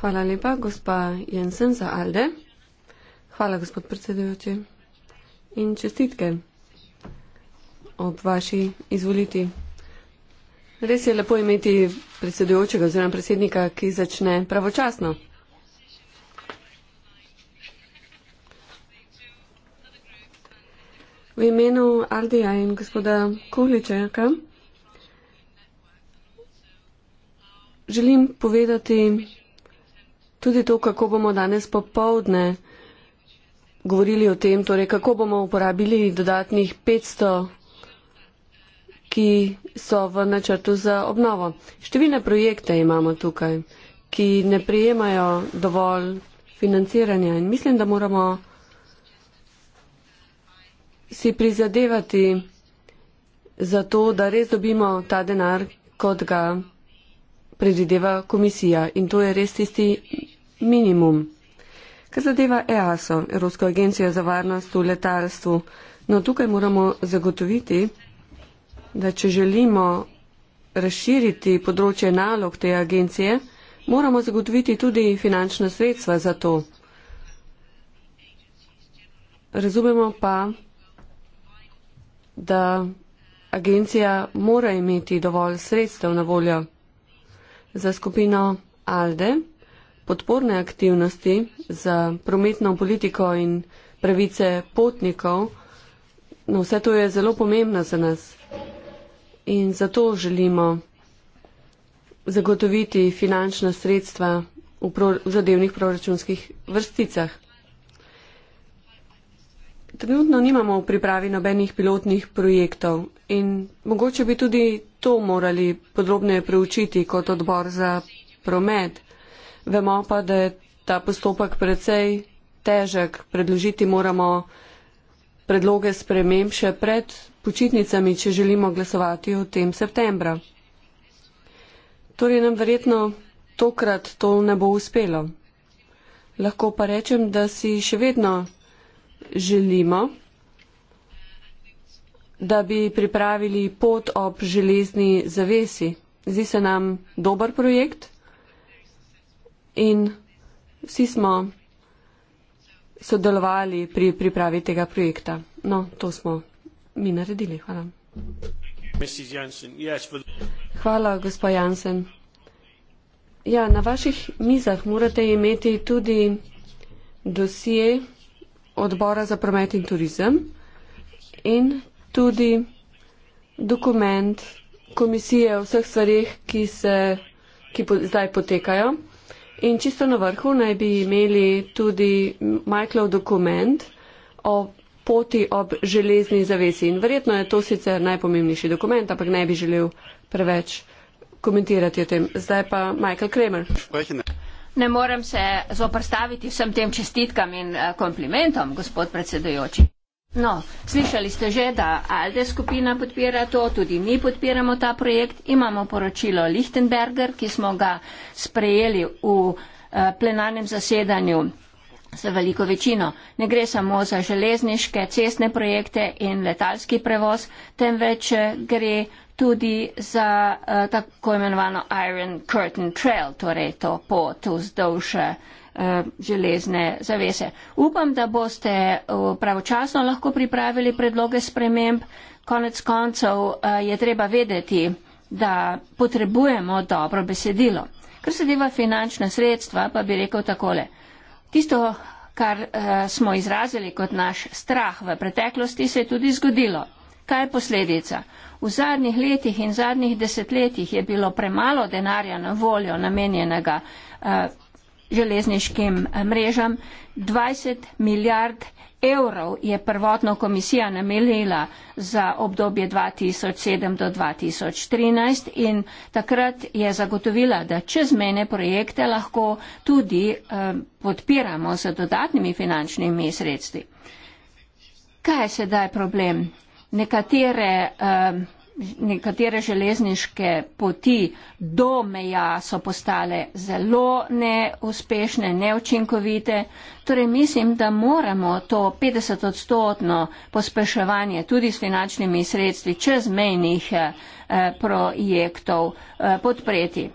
Hvala lepa, gospa Jensen za Alde. Hvala, gospod predsedujoči. In čestitke ob vaši izvoliti. Res je lepo imeti predsedujočega oziroma predsednika, ki začne pravočasno. V imenu Aldija in gospoda Kuličeka. želim povedati tudi to, kako bomo danes popovdne govorili o tem, torej kako bomo uporabili dodatnih 500, ki so v načrtu za obnovo. Številne projekte imamo tukaj, ki ne prijemajo dovolj financiranja in mislim, da moramo si prizadevati za to, da res dobimo ta denar, kot ga predvideva komisija in to je res tisti minimum. Kar zadeva EASO, Evropsko agencijo za varnost v letalstvu, no tukaj moramo zagotoviti, da če želimo razširiti področje nalog te agencije, moramo zagotoviti tudi finančna sredstva za to. Razumemo pa, da agencija mora imeti dovolj sredstev na voljo. Za skupino ALDE podporne aktivnosti za prometno politiko in pravice potnikov, no vse to je zelo pomembno za nas in zato želimo zagotoviti finančna sredstva v, pro, v zadevnih proračunskih vrsticah. Trenutno nimamo v pripravi nobenih pilotnih projektov in mogoče bi tudi to morali podrobneje preučiti kot odbor za promet. Vemo pa, da je ta postopek precej težek. Predložiti moramo predloge sprememb še pred počitnicami, če želimo glasovati o tem septembra. Torej nam verjetno tokrat to ne bo uspelo. Lahko pa rečem, da si še vedno želimo, da bi pripravili pot ob železni zavesi. Zdi se nam dober projekt in vsi smo sodelovali pri pripravi tega projekta. No, to smo mi naredili. Hvala. Hvala, gospod Jansen. Ja, na vaših mizah morate imeti tudi dosije odbora za promet in turizem in tudi dokument komisije o vseh stvarih, ki, se, ki po, zdaj potekajo. In čisto na vrhu naj bi imeli tudi Michaelov dokument o poti ob železni zavesi. In verjetno je to sicer najpomembnejši dokument, ampak ne bi želel preveč komentirati o tem. Zdaj pa Michael Kramer. Sprechene. Ne morem se zoprstaviti vsem tem čestitkam in eh, komplimentom, gospod predsedujoči. No, slišali ste že, da ALDE skupina podpira to, tudi mi podpiramo ta projekt. Imamo poročilo Lichtenberger, ki smo ga sprejeli v eh, plenarnem zasedanju za veliko večino. Ne gre samo za železniške, cestne projekte in letalski prevoz, temveč eh, gre tudi za uh, tako imenovano Iron Curtain Trail, torej to pot vzdolže eh, železne zavese. Upam, da boste eh, pravočasno lahko pripravili predloge sprememb. Konec koncev je treba vedeti, da potrebujemo dobro besedilo. Kar se deva finančna sredstva, pa bi rekel takole. Tisto, kar smo izrazili kot naš strah v preteklosti, se je tudi zgodilo. Kaj je posledica? V zadnjih letih in zadnjih desetletjih je bilo premalo denarja na voljo namenjenega eh, železniškim eh, mrežam. 20 milijard evrov je prvotno komisija namenila za obdobje 2007 do 2013 in takrat je zagotovila, da čezmene projekte lahko tudi eh, podpiramo z dodatnimi finančnimi sredstvi. Kaj je sedaj problem? nekatere, nekatere železniške poti do meja so postale zelo neuspešne, neučinkovite. Torej mislim, da moramo to 50 odstotno pospeševanje tudi s finančnimi sredstvi čezmejnih eh, projektov eh, podpreti.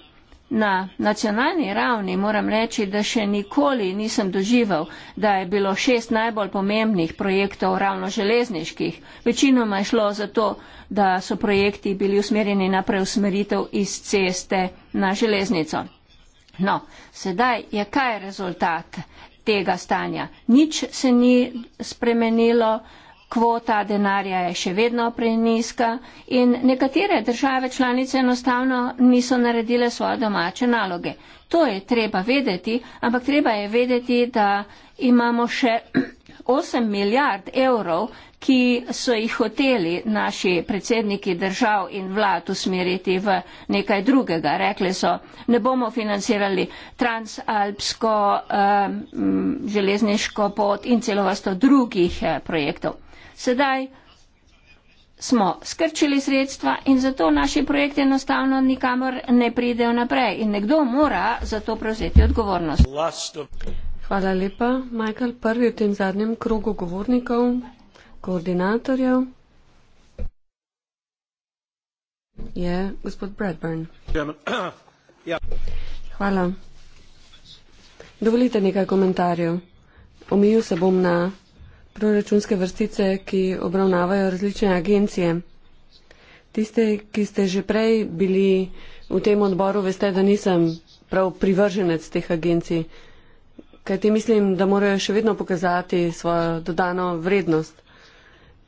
Na nacionalni ravni moram reči, da še nikoli nisem doživel, da je bilo šest najbolj pomembnih projektov ravno železniških. Večinoma je šlo za to, da so projekti bili usmerjeni na preusmeritev iz ceste na železnico. No, sedaj je kaj rezultat tega stanja? Nič se ni spremenilo kvota denarja je še vedno preniska in nekatere države članice enostavno niso naredile svoje domače naloge. To je treba vedeti, ampak treba je vedeti, da imamo še 8 milijard evrov, ki so jih hoteli naši predsedniki držav in vlad usmeriti v nekaj drugega. Rekli so, ne bomo financirali transalpsko um, železniško pot in celo vrsto drugih eh, projektov sedaj smo skrčili sredstva in zato naši projekti enostavno nikamor ne pridejo naprej in nekdo mora za to prevzeti odgovornost. Hvala lepa. Michael, prvi v tem zadnjem krogu govornikov, koordinatorjev. Je gospod Bradburn. Ja. Hvala. Dovolite nekaj komentarjev. Omejil se bom na proračunske vrstice, ki obravnavajo različne agencije. Tiste, ki ste že prej bili v tem odboru, veste, da nisem prav privrženec teh agencij, kajti mislim, da morajo še vedno pokazati svojo dodano vrednost.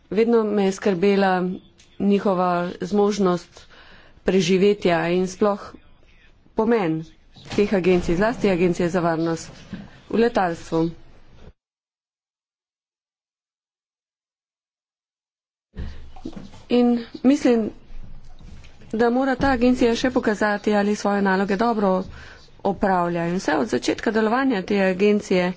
Vedno me je skrbela njihova zmožnost preživetja in sploh pomen teh agencij, zlasti agencije za varnost v letalstvu. In mislim, da mora ta agencija še pokazati, ali svoje naloge dobro opravlja. In vse od začetka delovanja te agencije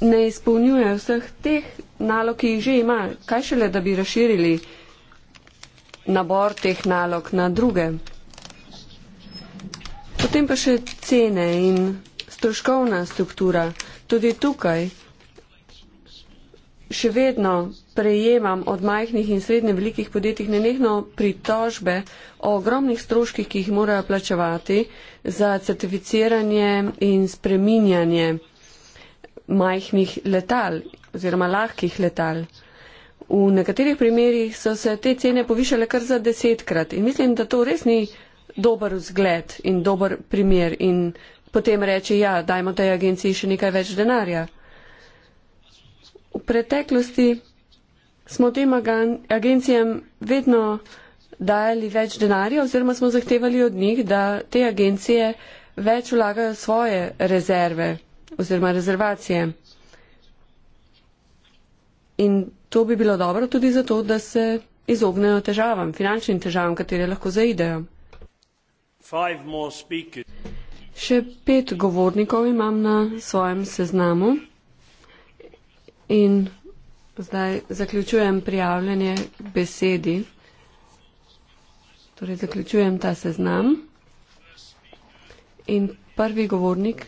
ne izpolnjuje vseh teh nalog, ki jih že ima. Kaj šele, da bi razširili nabor teh nalog na druge. Potem pa še cene in stroškovna struktura. Tudi tukaj še vedno prejemam od majhnih in srednje velikih podjetij nenehno pritožbe o ogromnih stroških, ki jih morajo plačevati za certificiranje in spreminjanje majhnih letal oziroma lahkih letal. V nekaterih primerjih so se te cene povišale kar za desetkrat in mislim, da to res ni dober vzgled in dober primer in potem reči, ja, dajmo tej agenciji še nekaj več denarja. V preteklosti smo tem agencijam vedno dajali več denarja oziroma smo zahtevali od njih, da te agencije več vlagajo svoje rezerve oziroma rezervacije. In to bi bilo dobro tudi zato, da se izognejo težavam, finančnim težavam, katere lahko zaidejo. Še pet govornikov imam na svojem seznamu. In Zdaj zaključujem prijavljanje besedi. Torej zaključujem ta seznam. In prvi govornik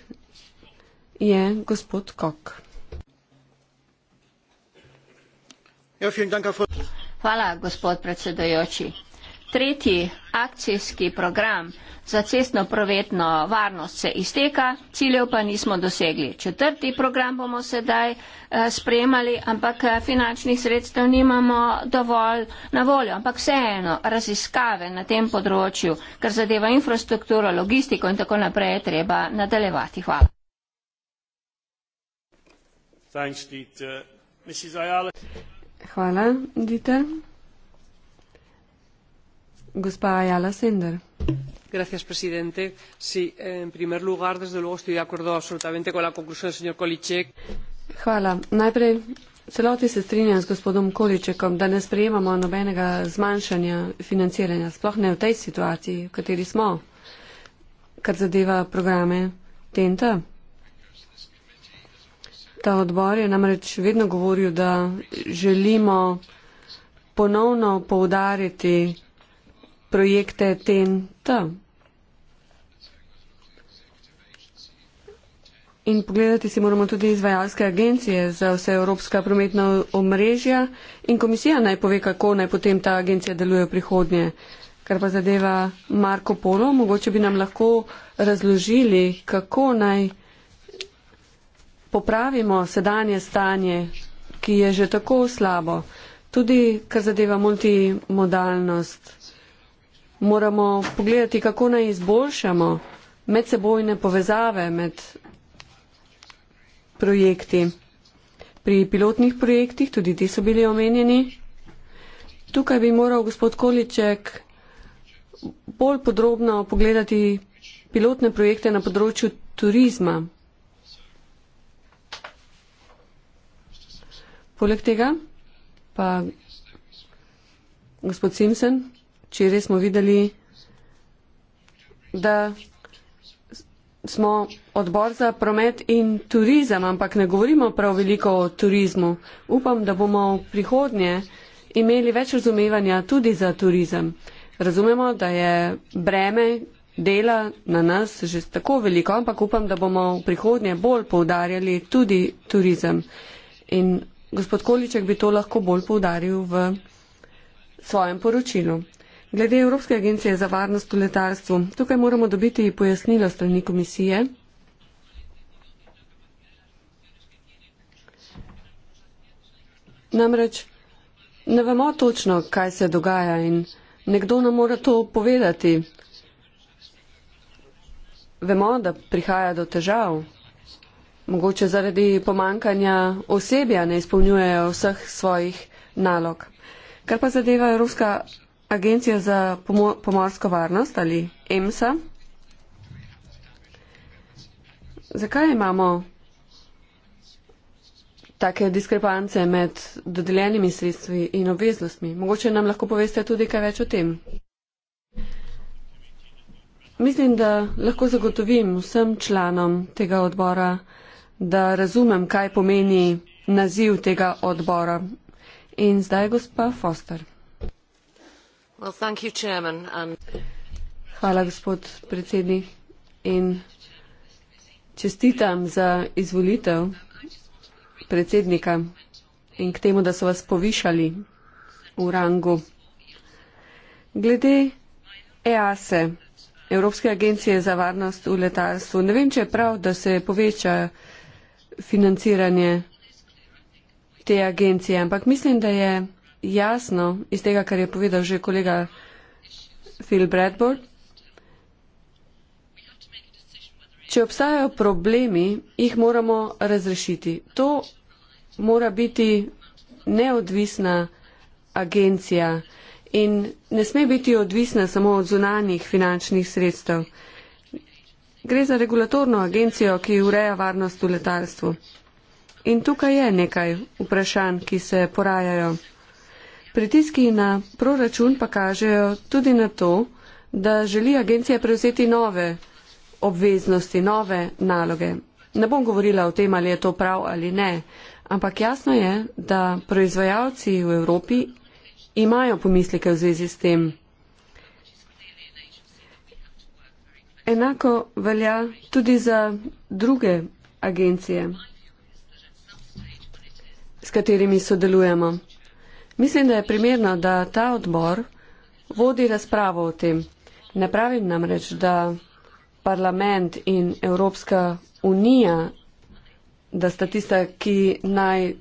je gospod Kok. Ja, Hvala, gospod predsedajoči tretji akcijski program za cestno provetno varnost se izteka, ciljev pa nismo dosegli. Četrti program bomo sedaj eh, spremali, ampak eh, finančnih sredstev nimamo dovolj na voljo. Ampak vseeno, raziskave na tem področju, kar zadeva infrastrukturo, logistiko in tako naprej, je treba nadaljevati. Hvala. Thanks, Dieter. Mrs. Hvala, Dieter señora presidenta sí en primer lugar desde luego estoy de acuerdo absolutamente con la conclusión del señor kohlek. najprej v celoti se strinjam z gospodom kohlekom da ne sprejemamo nobenega zmanjšanja financiranja sploh ne v tej situaciji v kateri smo kar zadeva programe tenta. ta odbor je namreč vedno govoril da želimo ponovno poudariti projekte TNT. In pogledati si moramo tudi izvajalske agencije za vse evropska prometna omrežja in komisija naj pove, kako naj potem ta agencija deluje v prihodnje. Kar pa zadeva Marko Polo, mogoče bi nam lahko razložili, kako naj popravimo sedanje stanje, ki je že tako slabo, tudi kar zadeva multimodalnost moramo pogledati, kako naj izboljšamo medsebojne povezave med projekti. Pri pilotnih projektih, tudi ti so bili omenjeni, tukaj bi moral gospod Količek bolj podrobno pogledati pilotne projekte na področju turizma. Poleg tega pa gospod Simpson. Včeraj smo videli, da smo odbor za promet in turizem, ampak ne govorimo prav veliko o turizmu. Upam, da bomo v prihodnje imeli več razumevanja tudi za turizem. Razumemo, da je breme dela na nas že tako veliko, ampak upam, da bomo v prihodnje bolj poudarjali tudi turizem. In gospod Količek bi to lahko bolj poudaril v svojem poročilu. Glede Evropske agencije za varnost v letalstvu, tukaj moramo dobiti pojasnilo strani komisije. Namreč ne vemo točno, kaj se dogaja in nekdo nam mora to povedati. Vemo, da prihaja do težav, mogoče zaradi pomankanja osebja ne izpolnjujejo vseh svojih nalog. Kar pa zadeva Evropska Agencija za pomorsko varnost ali EMSA. Zakaj imamo take diskrepance med dodeljenimi sredstvi in obveznostmi? Mogoče nam lahko poveste tudi kaj več o tem. Mislim, da lahko zagotovim vsem članom tega odbora, da razumem, kaj pomeni naziv tega odbora. In zdaj gospa Foster hvala gospod predsednik in čestitam za izvolitev predsednika in k temu, da so vas povišali v rangu. Glede EASE, e, Evropske agencije za varnost v letalstvu, ne vem, če je prav, da se poveča financiranje te agencije, ampak mislim, da je jasno iz tega, kar je povedal že kolega Phil Bradbourne. Če obstajajo problemi, jih moramo razrešiti. To mora biti neodvisna agencija in ne sme biti odvisna samo od zunanjih finančnih sredstev. Gre za regulatorno agencijo, ki ureja varnost v letalstvu. In tukaj je nekaj vprašanj, ki se porajajo. Pritiski na proračun pa kažejo tudi na to, da želi agencija prevzeti nove obveznosti, nove naloge. Ne bom govorila o tem, ali je to prav ali ne, ampak jasno je, da proizvajalci v Evropi imajo pomislike v zvezi s tem. Enako velja tudi za druge agencije, s katerimi sodelujemo. Mislim, da je primerno, da ta odbor vodi razpravo o tem. Ne pravim namreč, da parlament in Evropska unija, da sta tista, ki naj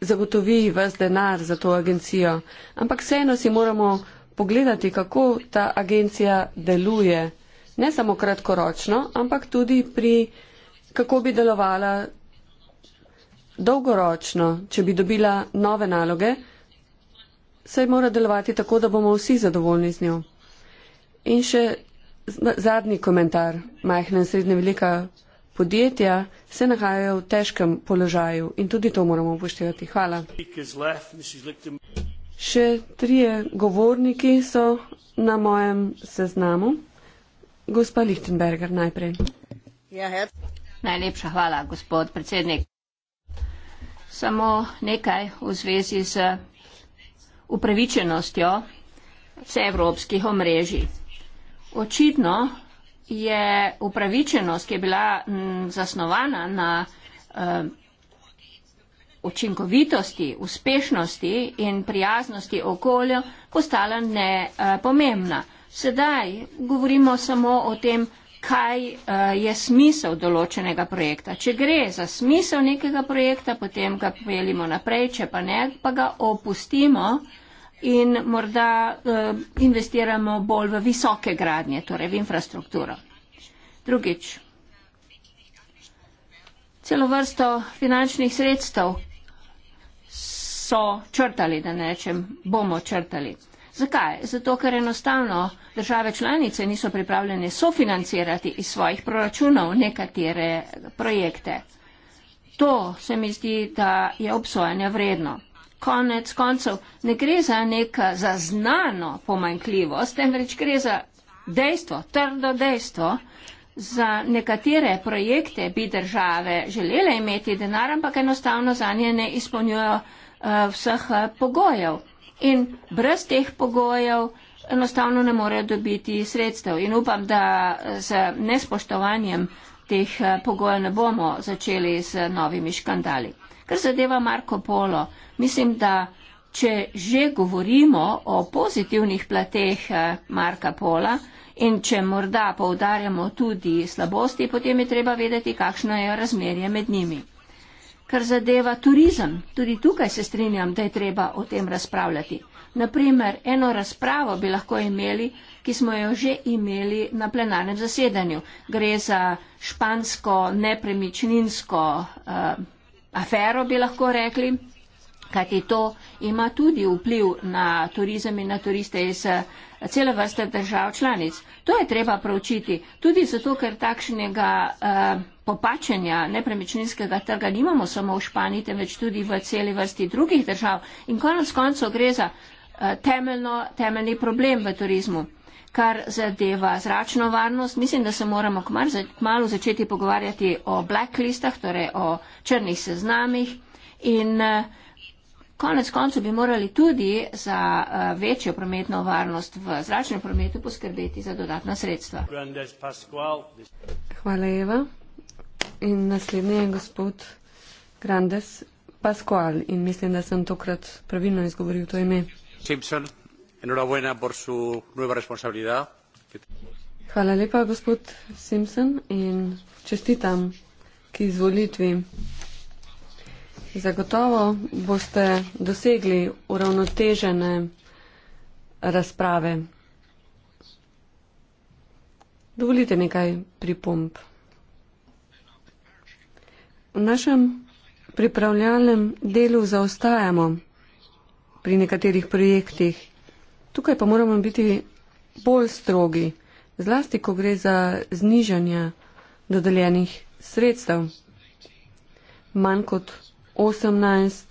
zagotovi vas denar za to agencijo, ampak vseeno si moramo pogledati, kako ta agencija deluje. Ne samo kratkoročno, ampak tudi pri, kako bi delovala dolgoročno, če bi dobila nove naloge saj mora delovati tako, da bomo vsi zadovoljni z njo. In še zadnji komentar. Majhne in srednje velika podjetja se nahajajo v težkem položaju in tudi to moramo upoštevati. Hvala. Še trije govorniki so na mojem seznamu. Gospa Lichtenberger najprej. Ja, Najlepša hvala, gospod predsednik. Samo nekaj v zvezi z upravičenostjo vseevropskih omrežij. Očitno je upravičenost, ki je bila zasnovana na eh, učinkovitosti, uspešnosti in prijaznosti okolju, postala nepomembna. Eh, Sedaj govorimo samo o tem, kaj eh, je smisel določenega projekta. Če gre za smisel nekega projekta, potem ga peljemo naprej, če pa ne, pa ga opustimo in morda eh, investiramo bolj v visoke gradnje, torej v infrastrukturo. Drugič, celo vrsto finančnih sredstev so črtali, da ne rečem, bomo črtali. Zakaj? Zato, ker enostavno države članice niso pripravljene sofinancirati iz svojih proračunov nekatere projekte. To se mi zdi, da je obsojanja vredno. Konec koncev ne gre za neka zaznano pomankljivost, temveč gre za dejstvo, trdo dejstvo. Za nekatere projekte bi države želele imeti denar, ampak enostavno za nje ne izpolnjujo uh, eh, vseh uh, pogojev in brez teh pogojev enostavno ne morejo dobiti sredstev. In upam, da z nespoštovanjem teh eh, pogojev ne bomo začeli z novimi škandali. Kar zadeva Marko Polo, mislim, da če že govorimo o pozitivnih plateh eh, Marka Pola in če morda poudarjamo tudi slabosti, potem je treba vedeti, kakšno je razmerje med njimi kar zadeva turizem. Tudi tukaj se strinjam, da je treba o tem razpravljati. Naprimer, eno razpravo bi lahko imeli, ki smo jo že imeli na plenarnem zasedanju. Gre za špansko nepremičninsko uh, afero, bi lahko rekli, kajti to ima tudi vpliv na turizem in na turiste iz uh, cele vrste držav članic. To je treba preučiti, tudi zato, ker takšnega eh, popačenja nepremičninskega trga nimamo samo v Španiji, temveč tudi v celi vrsti drugih držav. In konec koncev gre za eh, temeljno, temeljni problem v turizmu. Kar zadeva zračno varnost, mislim, da se moramo kmalo začeti pogovarjati o blacklistah, torej o črnih seznamih. In, eh, Konec koncev bi morali tudi za uh, večjo prometno varnost v zračnem prometu poskrbeti za dodatna sredstva. Hvala, Eva. In naslednji je gospod Grandes Pascual. In mislim, da sem tokrat pravilno izgovoril to ime. Simpson, enhorabuena por su nueva responsabilidad. Hvala lepa, gospod Simpson, in čestitam k izvolitvi. Zagotovo boste dosegli uravnotežene razprave. Dovolite nekaj pripomp. V našem pripravljalnem delu zaostajamo pri nekaterih projektih. Tukaj pa moramo biti bolj strogi, zlasti ko gre za znižanje dodeljenih sredstev. Manj kot 18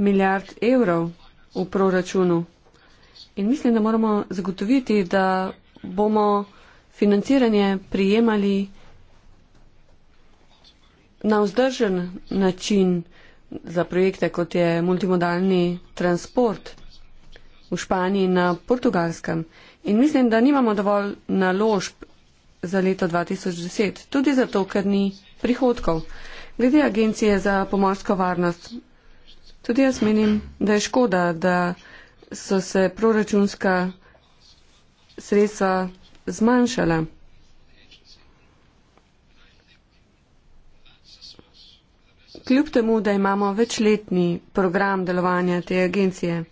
milijard evrov v proračunu. In mislim, da moramo zagotoviti, da bomo financiranje prijemali na vzdržen način za projekte, kot je multimodalni transport v Španiji in na Portugalskem. In mislim, da nimamo dovolj naložb za leto 2010, tudi zato, ker ni prihodkov. Glede agencije za pomorsko varnost. Tudi jaz menim, da je škoda, da so se proračunska sredstva zmanjšala. Kljub temu, da imamo večletni program delovanja te agencije,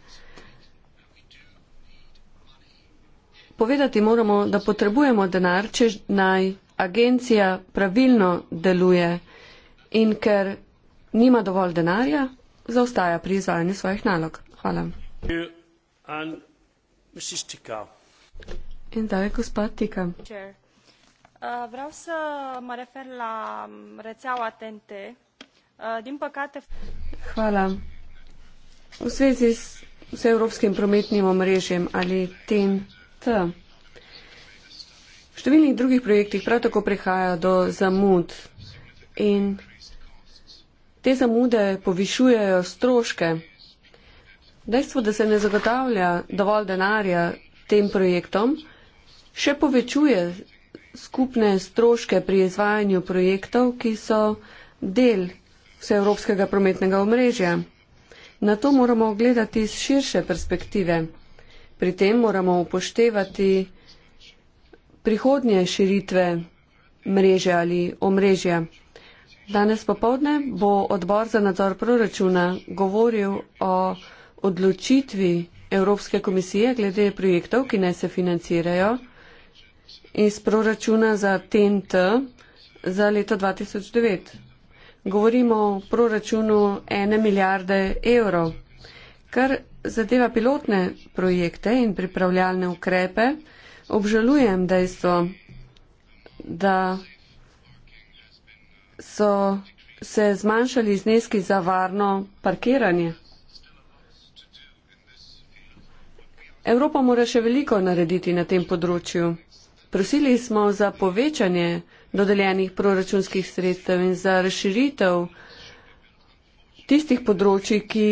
povedati moramo, da potrebujemo denar, če naj agencija pravilno deluje in ker nima dovolj denarja, zaostaja pri izvajanju svojih nalog. Hvala. In zdaj je gospod Tika. Uh, vreau să mă refer la um, rețeaua TNT. Uh, din păcate... Hvala. V svezi s, s evropskim prometnim omrežjem ali TNT. V številnih drugih projektih prav tako prihaja do zamud in Te zamude povišujejo stroške. Dejstvo, da se ne zagotavlja dovolj denarja tem projektom, še povečuje skupne stroške pri izvajanju projektov, ki so del vseevropskega prometnega omrežja. Na to moramo gledati iz širše perspektive. Pri tem moramo upoštevati prihodnje širitve mreže ali omrežja. Danes popovdne bo odbor za nadzor proračuna govoril o odločitvi Evropske komisije glede projektov, ki naj se financirajo iz proračuna za TNT za leto 2009. Govorimo o proračunu ene milijarde evrov. Kar zadeva pilotne projekte in pripravljalne ukrepe, obžalujem dejstvo, da so se zmanjšali zneski za varno parkiranje. Evropa mora še veliko narediti na tem področju. Prosili smo za povečanje dodeljenih proračunskih sredstev in za razširitev tistih področji, ki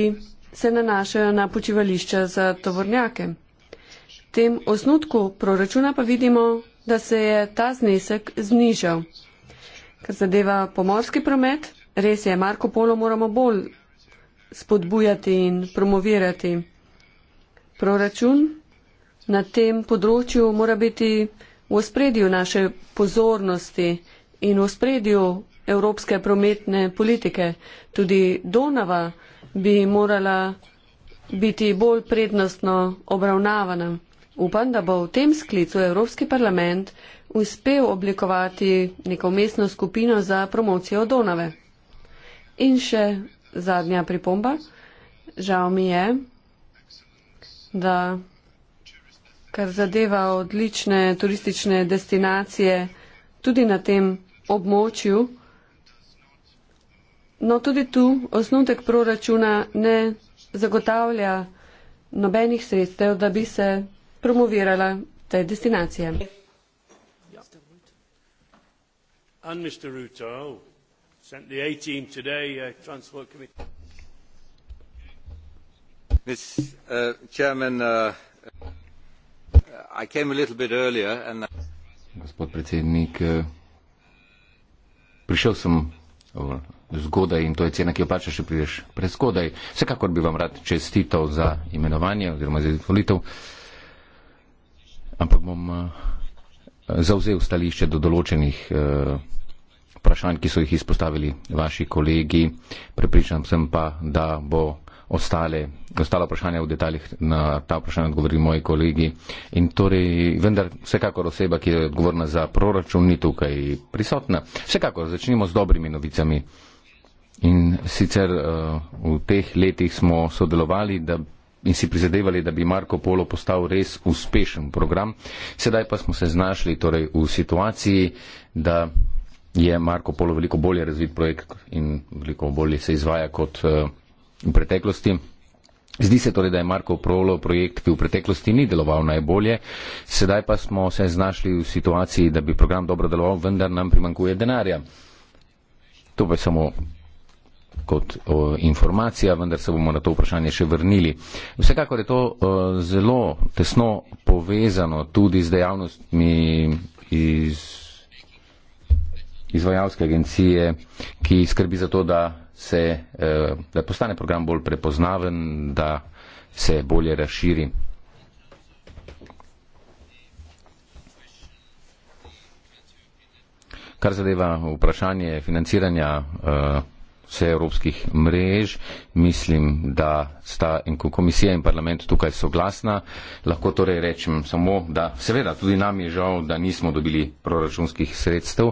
se nanašajo na počivališča za tovornjake. V tem osnutku proračuna pa vidimo, da se je ta znesek znižal. Kar zadeva pomorski promet, res je, Marko Polo moramo bolj spodbujati in promovirati. Proračun na tem področju mora biti v ospredju naše pozornosti in v ospredju evropske prometne politike. Tudi Donava bi morala biti bolj prednostno obravnavana. Upam, da bo v tem sklicu Evropski parlament uspel oblikovati neko mestno skupino za promocijo Donave. In še zadnja pripomba. Žal mi je, da kar zadeva odlične turistične destinacije tudi na tem območju, no tudi tu osnutek proračuna ne zagotavlja nobenih sredstev, da bi se promovirala te destinacije. Gospod predsednik, eh, prišel sem zgodaj in to je cena, ki jo plačaš, če prideš prezgodaj. Vsekakor bi vam rad čestital za imenovanje oziroma za izvolitev. Uh, ampak bom eh, zauzel stališče do določenih eh, vprašanj, ki so jih izpostavili vaši kolegi. Prepričan sem pa, da bo ostale, ostala vprašanja v detaljih na ta vprašanja odgovorili moji kolegi. In torej, vendar vsekakor oseba, ki je odgovorna za proračun, ni tukaj prisotna. Vsekakor začnimo z dobrimi novicami. In sicer uh, v teh letih smo sodelovali, da in si prizadevali, da bi Marko Polo postal res uspešen program. Sedaj pa smo se znašli torej, v situaciji, da je Marko Polo veliko bolje razvit projekt in veliko bolje se izvaja kot uh, v preteklosti. Zdi se torej, da je Marko Polo projekt, ki v preteklosti ni deloval najbolje, sedaj pa smo se znašli v situaciji, da bi program dobro deloval, vendar nam primankuje denarja. To pa je samo kot o, informacija, vendar se bomo na to vprašanje še vrnili. Vsekakor je to o, zelo tesno povezano tudi z dejavnostmi iz izvajalske agencije, ki skrbi za to, da, se, o, e, da postane program bolj prepoznaven, da se bolje razširi. Kar zadeva vprašanje financiranja uh, vse evropskih mrež. Mislim, da sta in ko komisija in parlament tukaj soglasna, lahko torej rečem samo, da seveda tudi nam je žal, da nismo dobili proračunskih sredstev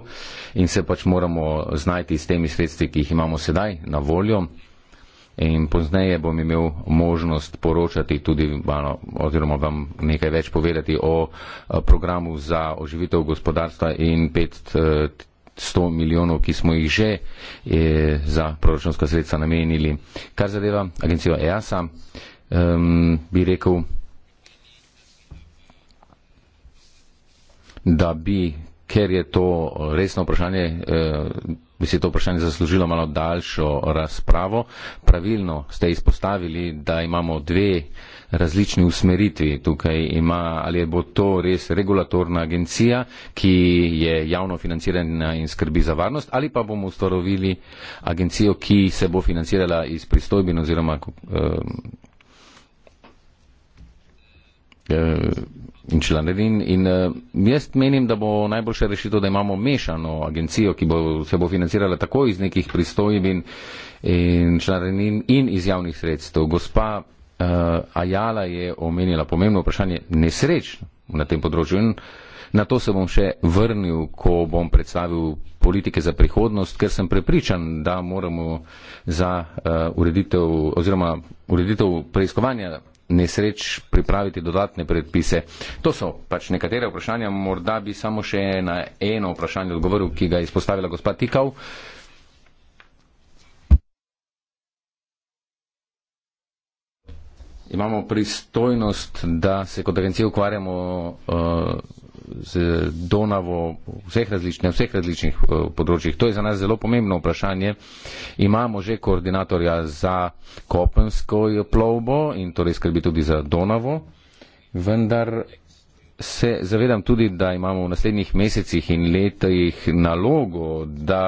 in se pač moramo znajti s temi sredstvi, ki jih imamo sedaj na voljo. In pozneje bom imel možnost poročati tudi, oziroma vam nekaj več povedati o eh, programu za oživitev gospodarstva in 5. 100 milijonov, ki smo jih že eh, za proračunska sredstva namenili. Kar zadeva agencijo EASA, um, bi rekel, da bi, ker je to resno vprašanje, eh, bi se to vprašanje zaslužilo malo daljšo razpravo. Pravilno ste izpostavili, da imamo dve različni usmeritvi tukaj ima, ali bo to res regulatorna agencija, ki je javno financirana in skrbi za varnost, ali pa bomo ustanovili agencijo, ki se bo financirala iz pristojbin oziroma uh, in članevin. In uh, jaz menim, da bo najboljše rešitev, da imamo mešano agencijo, ki bo, se bo financirala tako iz nekih pristojbin in članevin in iz javnih sredstev. Gospa Uh, Ajala je omenila pomembno vprašanje nesreč na tem področju in na to se bom še vrnil, ko bom predstavil politike za prihodnost, ker sem prepričan, da moramo za uh, ureditev oziroma ureditev preiskovanja nesreč pripraviti dodatne predpise. To so pač nekatere vprašanja, morda bi samo še na eno vprašanje odgovoril, ki ga je izpostavila gospod Tikal. Uh, imamo pristojnost, da se kot agencija ukvarjamo uh, z Donavo v vseh, različne, vseh različnih uh, področjih. To je za nas zelo pomembno vprašanje. Imamo že koordinatorja za kopensko plovbo in torej skrbi tudi za Donavo, vendar se zavedam tudi, da imamo v naslednjih mesecih in letih nalogo, da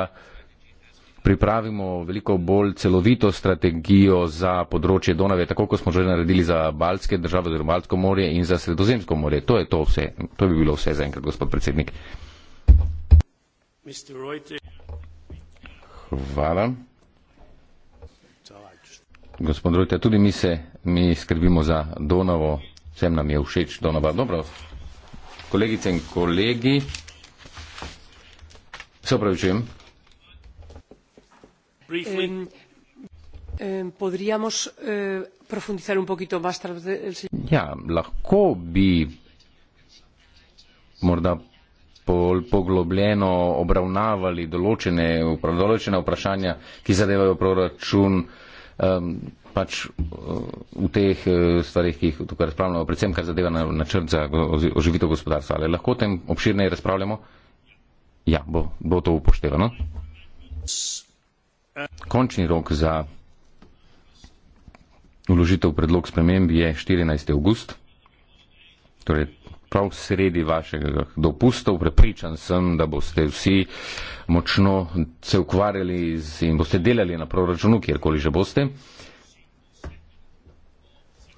pripravimo veliko bolj celovito strategijo za področje Donave, tako kot smo že naredili za Balske države, za Balsko morje in za Sredozemsko morje. To je to vse. To bi bilo vse za enkrat, gospod predsednik. Hvala. Gospod Rojte, tudi mi se, mi skrbimo za Donavo, vsem nam je všeč Donava. Dobro, kolegice in kolegi, se opravičujem ja, lahko bi morda pol poglobljeno obravnavali določene, določene vprašanja, ki zadevajo proračun um, pač eh, v teh eh, stvarih, ki jih tukaj razpravljamo, predvsem kar zadeva na načrt za oživitev gospodarstva. Ali lahko o tem obširneje razpravljamo? Ja, bo, bo to upoštevano. Končni rok za uložitev predlog sprememb je 14. august, torej prav sredi vašega dopustov. Prepričan sem, da boste vsi močno se ukvarjali z, in boste delali na proračunu, kjerkoli že boste.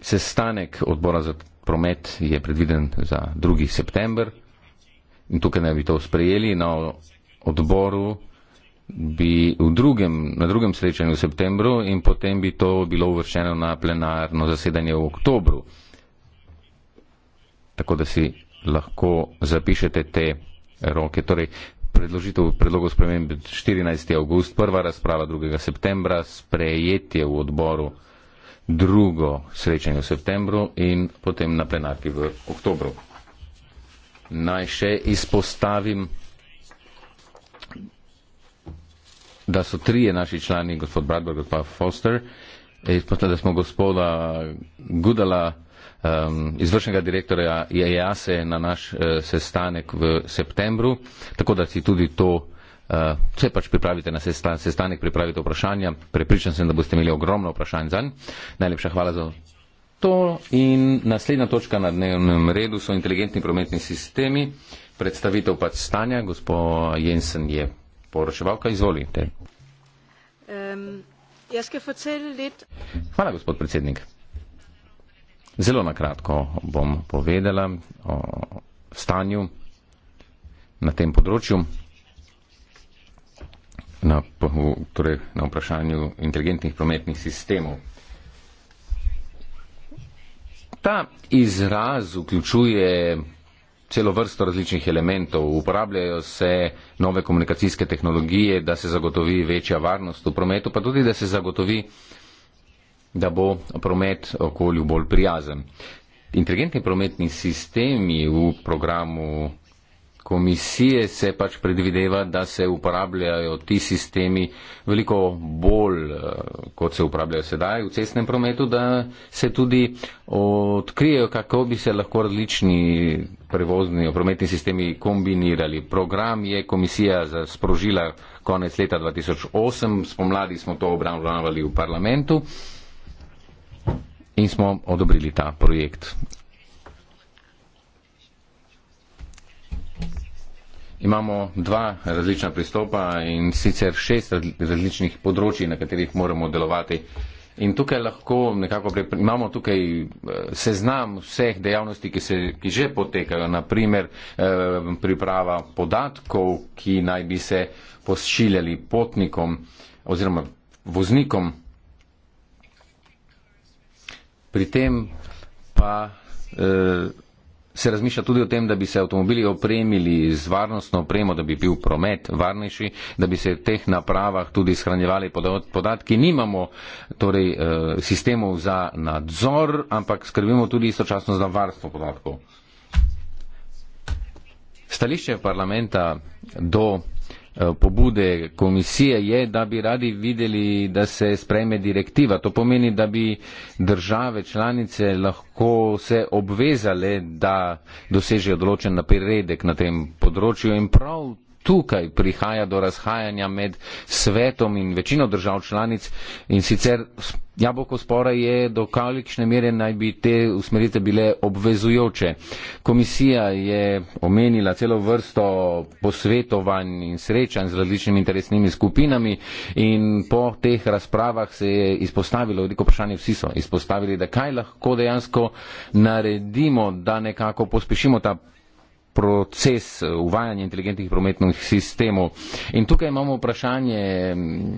Sestanek odbora za promet je predviden za 2. september in tukaj naj bi to sprejeli na odboru bi v drugem, na drugem srečanju v septembru in potem bi to bilo uvršeno na plenarno zasedanje v oktobru. Tako da si lahko zapišete te roke. Torej, predložitev predlogov spremembe 14. august, prva razprava 2. septembra, sprejetje v odboru drugo srečanje v septembru in potem na plenarki v oktobru. Naj še izpostavim da so trije naši člani, gospod Bradbar, gospod Foster, izpostavljam, da smo gospoda Gudala, um, izvršnega direktorja IAS-e e na naš uh, sestanek v septembru, tako da si tudi to, uh, eh, vse pač pripravite na sestan sestanek, pripravite vprašanja, prepričan sem, da boste imeli ogromno vprašanj zanj. Najlepša hvala za to. In naslednja točka na dnevnem redu so inteligentni prometni sistemi, predstavitev pač stanja, gospod Jensen je poročevalka izvolite. Um, jaz ga facelim let. Hvala, gospod predsednik. Zelo nakratko bom povedala o stanju na tem področju, na, torej na vprašanju inteligentnih prometnih sistemov. Ta izraz vključuje celo vrsto različnih elementov, uporabljajo se nove komunikacijske tehnologije, da se zagotovi večja varnost v prometu, pa tudi, da se zagotovi, da bo promet okolju bolj prijazen. Inteligentni prometni sistemi v programu komisije se pač predvideva, da se uporabljajo ti sistemi veliko bolj, eh, kot se uporabljajo sedaj v cestnem prometu, da se tudi odkrijejo, kako bi se lahko različni prevozni prometni sistemi kombinirali. Program je komisija sprožila konec leta 2008, spomladi smo to obravnavali v parlamentu in smo odobrili ta projekt. imamo dva različna pristopa in sicer šest različnih področji, na katerih moramo delovati. In tukaj lahko nekako prepri, imamo tukaj eh, seznam vseh dejavnosti, ki, se, ki že potekajo, naprimer eh, priprava podatkov, ki naj bi se pošiljali potnikom oziroma voznikom. Pri tem pa eh, se razmišlja tudi o tem, da bi se avtomobili opremili z varnostno opremo, da bi bil promet varnejši, da bi se v teh napravah tudi shranjevali podatki. Nimamo torej, eh, sistemov za nadzor, ampak skrbimo tudi istočasno za varstvo podatkov. Stališče parlamenta do Eh, pobude komisije je, da bi radi videli, da se sprejme direktiva. To pomeni, da bi države članice lahko se obvezale, da dosežejo določen napredek na tem področju in prav tukaj prihaja do razhajanja med svetom in večino držav članic in sicer jaboko spora je, do kakšne mere naj bi te usmeritve bile obvezujoče. Komisija je omenila celo vrsto posvetovanj in srečanj z različnimi interesnimi skupinami in po teh razpravah se je izpostavilo, veliko vprašanje vsi so izpostavili, da kaj lahko dejansko naredimo, da nekako pospešimo ta proces eh, uvajanja inteligentnih prometnih sistemov. In tukaj imamo vprašanje mm,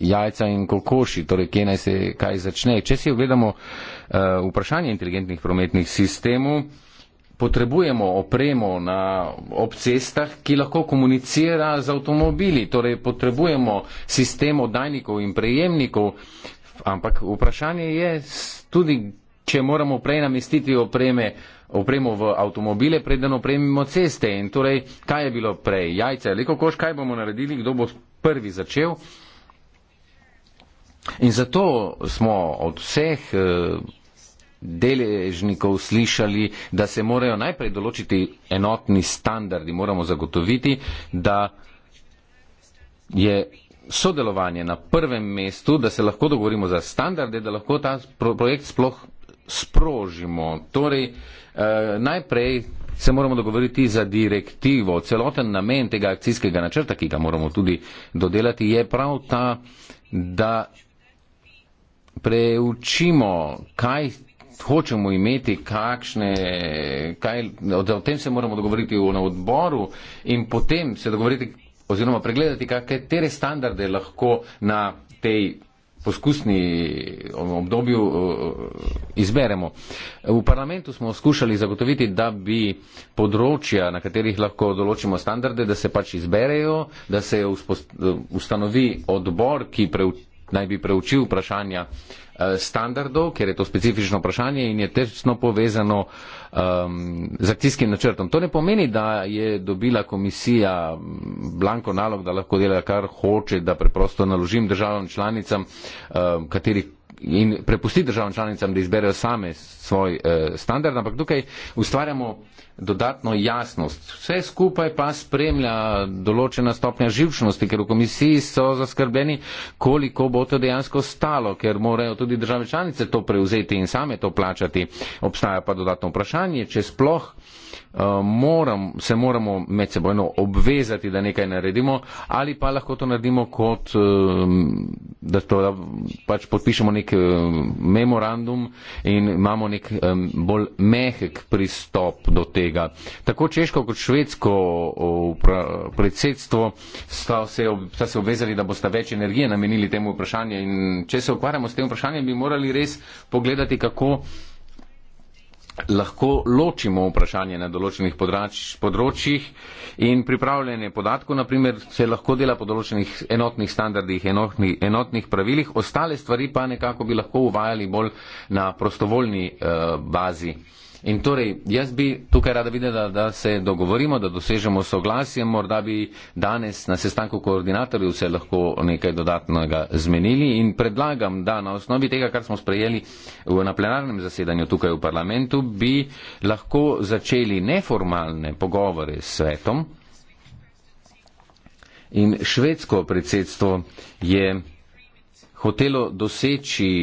jajca in kokoši, torej kje naj se kaj začne. Če si ogledamo uh, vprašanje inteligentnih prometnih sistemov, potrebujemo opremo na obcestah, ki lahko komunicira z avtomobili, torej potrebujemo sistem oddajnikov in prejemnikov, ampak vprašanje je tudi, če moramo prej namestiti opreme uh, opremo v avtomobile, preden opremimo ceste. In torej, kaj je bilo prej? Jajce, leko koš, kaj bomo naredili, kdo bo prvi začel? In zato smo od vseh eh, deležnikov slišali, da se morajo najprej določiti enotni standardi, moramo zagotoviti, da je sodelovanje na prvem mestu, da se lahko dogovorimo za standarde, da lahko ta projekt sploh sprožimo. Torej, Eh, najprej se moramo dogovoriti za direktivo. Celoten namen tega akcijskega načrta, ki ga moramo tudi dodelati, je prav ta, da preučimo, kaj hočemo imeti, kakšne, kaj, o, o tem se moramo dogovoriti v, na odboru in potem se dogovoriti oziroma pregledati, kakšne standarde lahko na tej poskusni obdobju izberemo. V parlamentu smo skušali zagotoviti, da bi področja, na katerih lahko določimo standarde, da se pač izberejo, da se ustanovi odbor, ki preu, naj bi preučil vprašanja uh, Eh, standardov, ker je to specifično vprašanje in je tesno povezano um, z akcijskim načrtom. To ne pomeni, da je dobila komisija mm, blanko nalog, da lahko dela kar hoče, da preprosto naložim državam članicam, um, katerih in prepusti državam članicam, da izberejo same svoj uh, standard, ampak tukaj ustvarjamo dodatno jasnost. Vse skupaj pa spremlja določena stopnja živčnosti, ker v komisiji so zaskrbljeni, koliko bo to dejansko stalo, ker morajo tudi države članice to prevzeti in same to plačati. Obstaja pa dodatno vprašanje, če sploh uh, moram, se moramo med sebojno obvezati, da nekaj naredimo, ali pa lahko to naredimo kot, uh, da, to, da pač podpišemo nek uh, memorandum in imamo nek um, bolj mehek pristop do tega tega. Tako češko kot švedsko predsedstvo sta se, sta se obvezali, da boste več energije namenili temu vprašanju in če se ukvarjamo s tem vprašanjem, bi morali res pogledati, kako lahko ločimo vprašanje na določenih področjih in pripravljanje podatkov, naprimer, se lahko dela po določenih enotnih standardih, enotnih, enotnih pravilih, ostale stvari pa nekako bi lahko uvajali bolj na prostovoljni uh, bazi. In torej, jaz bi tukaj rada videla, da, da se dogovorimo, da dosežemo soglasje, morda bi danes na sestanku koordinatorjev se lahko nekaj dodatnega zmenili in predlagam, da na osnovi tega, kar smo sprejeli na plenarnem zasedanju tukaj v parlamentu, bi lahko začeli neformalne pogovore s svetom. In švedsko predsedstvo je hotelo doseči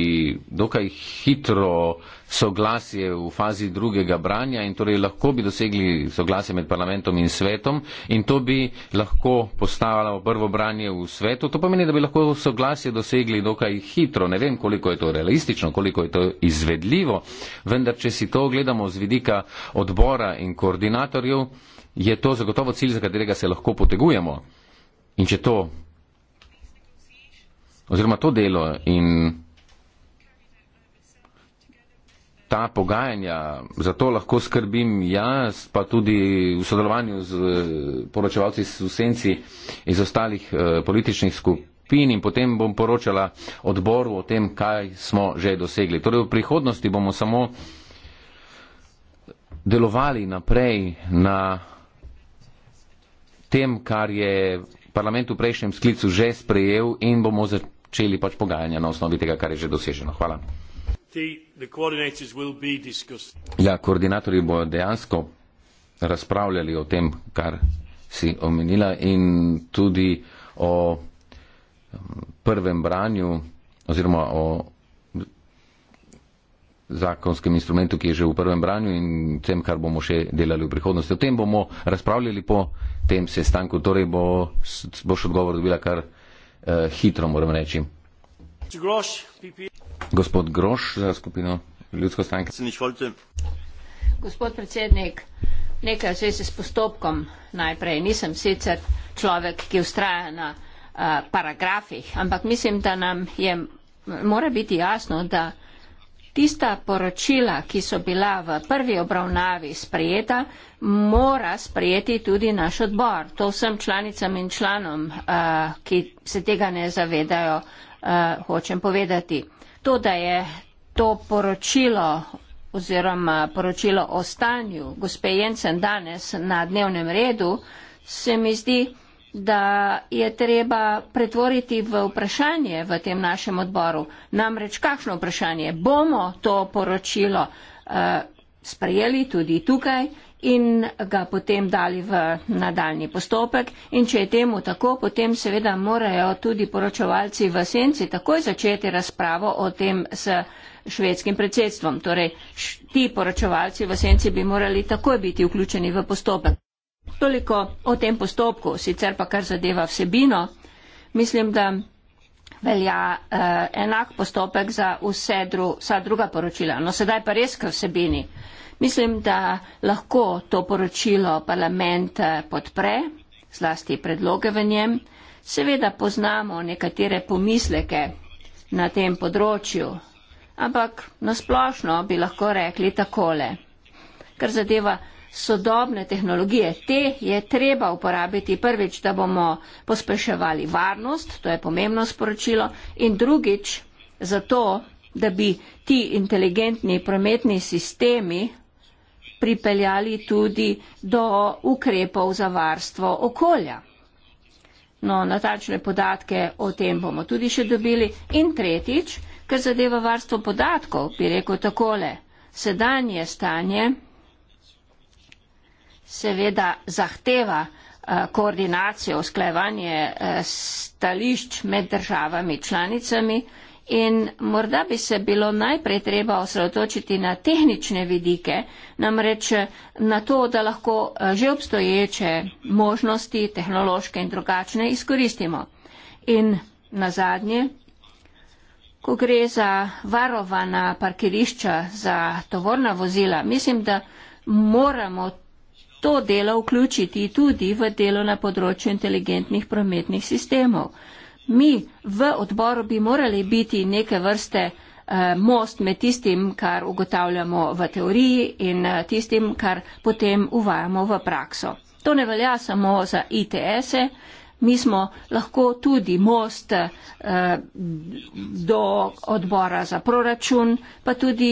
dokaj hitro uh, soglasje v fazi drugega branja in torej lahko bi dosegli soglasje med parlamentom in svetom in to bi lahko postavalo prvo branje v svetu. To pomeni, da bi lahko soglasje dosegli dokaj hitro. Ne vem, koliko je to realistično, koliko je to izvedljivo, vendar če si to gledamo z vidika odbora in koordinatorjev, je to zagotovo cilj, za katerega se lahko potegujemo. In če to oziroma to delo in ta pogajanja, za to lahko skrbim jaz, pa tudi v sodelovanju z eh, poročevalci iz Usenci iz ostalih eh, političnih skupin in potem bom poročala odboru o tem, kaj smo že dosegli. Torej v prihodnosti bomo samo delovali naprej na tem, kar je parlament v prejšnjem sklicu že sprejel in bomo začeli pač pogajanja na osnovi tega, kar je že doseženo. Hvala. Ja, koordinatorji bojo dejansko razpravljali o tem, kar si omenila in tudi o prvem branju oziroma o zakonskem instrumentu, ki je že v prvem branju in tem, kar bomo še delali v prihodnosti. O tem bomo razpravljali po tem sestanku, torej bo, boš odgovor dobila kar uh, hitro, moram reči. Groš, PPA. Gospod Groš za skupino Ljudsko stranke. Gospod predsednik, nekaj v zvezi s postopkom najprej. Nisem sicer človek, ki ustraja na uh, paragrafih, ampak mislim, da nam je, mora biti jasno, da tista poročila, ki so bila v prvi obravnavi sprejeta, mora sprejeti tudi naš odbor. To vsem članicam in članom, uh, ki se tega ne zavedajo, uh, hočem povedati. Uh, to, da je to poročilo oziroma poročilo o stanju gospe Jensen danes na dnevnem redu, se mi zdi, da je treba pretvoriti v vprašanje v tem našem odboru. Namreč kakšno vprašanje? Bomo to poročilo uh, sprejeli tudi tukaj? in ga potem dali v nadaljni postopek. In če je temu tako, potem seveda morajo tudi poročevalci v senci takoj začeti razpravo o tem s švedskim predsedstvom. Torej, ti poročevalci v senci bi morali takoj biti vključeni v postopek. Toliko o tem postopku, sicer pa kar zadeva vsebino, mislim, da velja uh, enak postopek za vse dru, vsa druga poročila. No sedaj pa res k vsebini. Mislim, da lahko to poročilo parlament eh, podpre, zlasti predloge v njem. Seveda poznamo nekatere pomisleke na tem področju, ampak nasplošno bi lahko rekli takole. Kar zadeva sodobne tehnologije. Te je treba uporabiti prvič, da bomo pospeševali varnost, to je pomembno sporočilo, in drugič, zato, da bi ti inteligentni prometni sistemi pripeljali tudi do ukrepov za varstvo okolja. No, natačne podatke o tem bomo tudi še dobili. In tretjič, kar zadeva varstvo podatkov, bi rekel takole, sedanje stanje seveda zahteva eh, koordinacijo, usklajevanje eh, stališč med državami članicami in morda bi se bilo najprej treba osredotočiti na tehnične vidike, namreč eh, na to, da lahko že obstoječe možnosti, tehnološke in drugačne, izkoristimo. In na zadnje, ko gre za varovana parkirišča za tovorna vozila, mislim, da moramo to delo vključiti tudi v delo na področju inteligentnih prometnih sistemov. Mi v odboru bi morali biti neke vrste eh, most med tistim, kar ugotavljamo v teoriji in eh, tistim, kar potem uvajamo v prakso. To ne velja samo za ITS-e, mi smo lahko tudi most eh, do odbora za proračun, pa tudi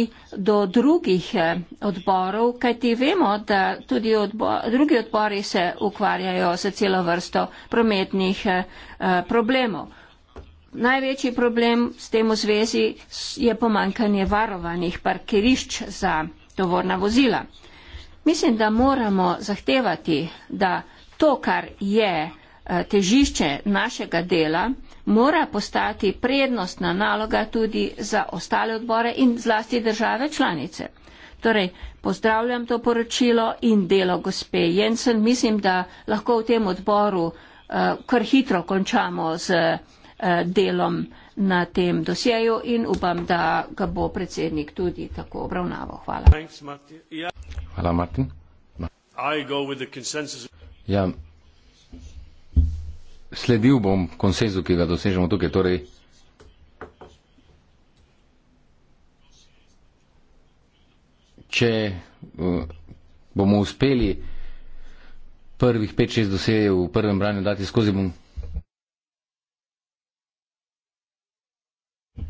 do drugih eh, odborov, kajti vemo, da tudi odbor, drugi odbori se ukvarjajo z celo vrsto prometnih eh, problemov. Največji problem s tem v zvezi je pomankanje varovanih parkirišč za tovorna vozila. Mislim, da moramo zahtevati, da to, kar je Eh, težišče našega dela, mora postati prednostna naloga tudi za ostale odbore in zlasti države članice. Torej, pozdravljam to poročilo in delo gospe Jensen. Mislim, da lahko v tem odboru uh, kar hitro končamo z uh, delom na tem dosjeju in upam, da ga bo predsednik tudi tako obravnaval. Hvala. Thanks, Martin. Ja. Hvala, Martin. Ja, sledil bom konsenzu, ki ga dosežemo tukaj. Torej, če uh, bomo uspeli prvih 5-6 dosejev v prvem branju dati skozi, bom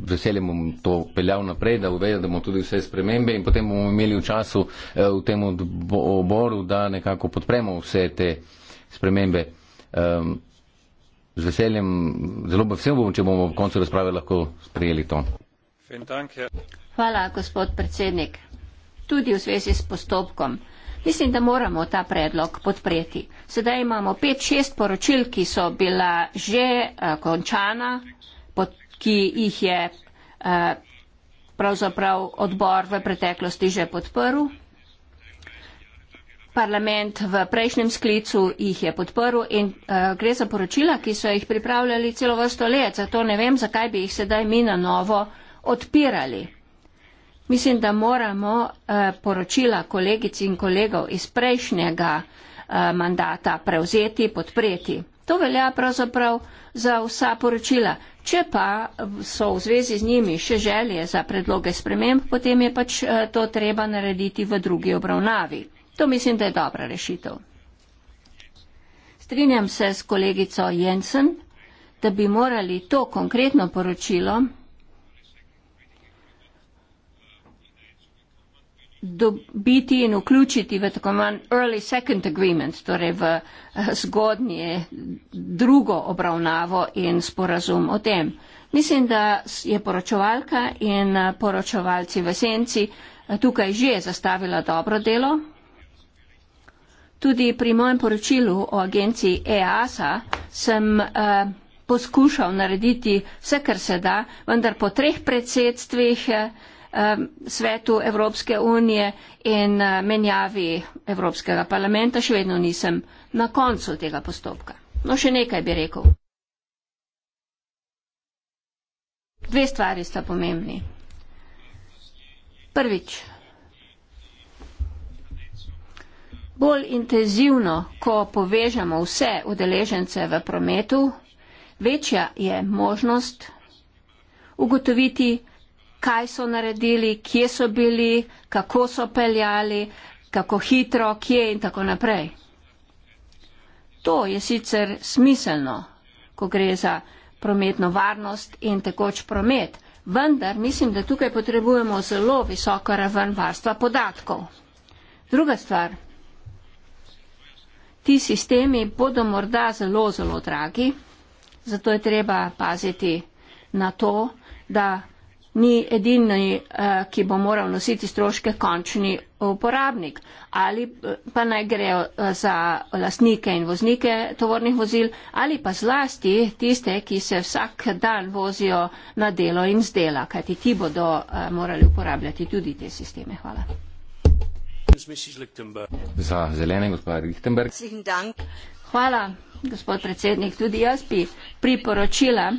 veseljem bom to peljal naprej, da uvedem, da bomo tudi vse spremembe in potem bomo imeli v času uh, v tem oboru, da nekako podpremo vse te spremembe. Um, z veseljem, zelo bi vsem bom, če bomo v koncu razprave lahko sprejeli to. Hvala, gospod predsednik. Tudi v zvezi s postopkom. Mislim, da moramo ta predlog podpreti. Sedaj imamo pet, šest poročil, ki so bila že uh, končana, pod, ki jih je uh, pravzaprav odbor v preteklosti že podprl parlament v prejšnjem sklicu jih je podporil in uh, gre za poročila, ki so jih pripravljali celo vrsto let, zato ne vem, zakaj bi jih sedaj mi na novo odpirali. Mislim, da moramo uh, poročila kolegic in kolegov iz prejšnjega uh, mandata prevzeti, podpreti. To velja pravzaprav za vsa poročila. Če pa so v zvezi z njimi še želje za predloge sprememb, potem je pač to treba narediti v drugi obravnavi. To mislim, da je dobra rešitev. Strinjam se s kolegico Jensen, da bi morali to konkretno poročilo dobiti in vključiti v tako imenovan early second agreement, torej v eh, zgodnje drugo obravnavo in sporazum o tem. Mislim, da je poročevalka in eh, poročevalci v senci eh, tukaj že zastavila dobro delo. Tudi pri mojem poročilu o agenciji EASA sem uh, poskušal narediti vse, kar se da, vendar po treh predsedstvih uh, svetu Evropske unije in uh, menjavi Evropskega parlamenta še vedno nisem na koncu tega postopka. No, še nekaj bi rekel. Dve stvari sta pomembni. Prvič, Bolj intenzivno, ko povežemo vse udeležence v prometu, večja je možnost ugotoviti, kaj so naredili, kje so bili, kako so peljali, kako hitro, kje in tako naprej. To je sicer smiselno, ko gre za prometno varnost in tekoč promet, vendar mislim, da tukaj potrebujemo zelo visoko raven varstva podatkov. Druga stvar ti sistemi bodo morda zelo, zelo dragi, zato je treba paziti na to, da ni edini, eh, ki bo moral nositi stroške, končni uporabnik. Ali eh, pa naj grejo eh, za lastnike in voznike tovornih vozil, ali pa zlasti tiste, ki se vsak dan vozijo na delo in z dela, kajti ti bodo morali uporabljati tudi te sisteme. Hvala. Za zelene, gospod Richtenberg. Hvala, gospod predsednik. Tudi jaz bi priporočila,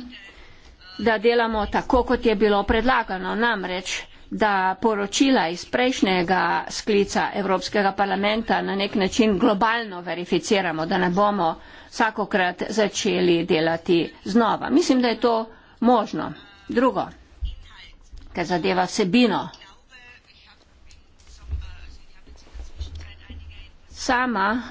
da delamo tako, kot je bilo predlagano. Namreč, da poročila iz prejšnjega sklica Evropskega parlamenta na nek način globalno verificiramo, da ne bomo vsakokrat začeli delati znova. Mislim, da je to možno. Drugo, kar zadeva vsebino sama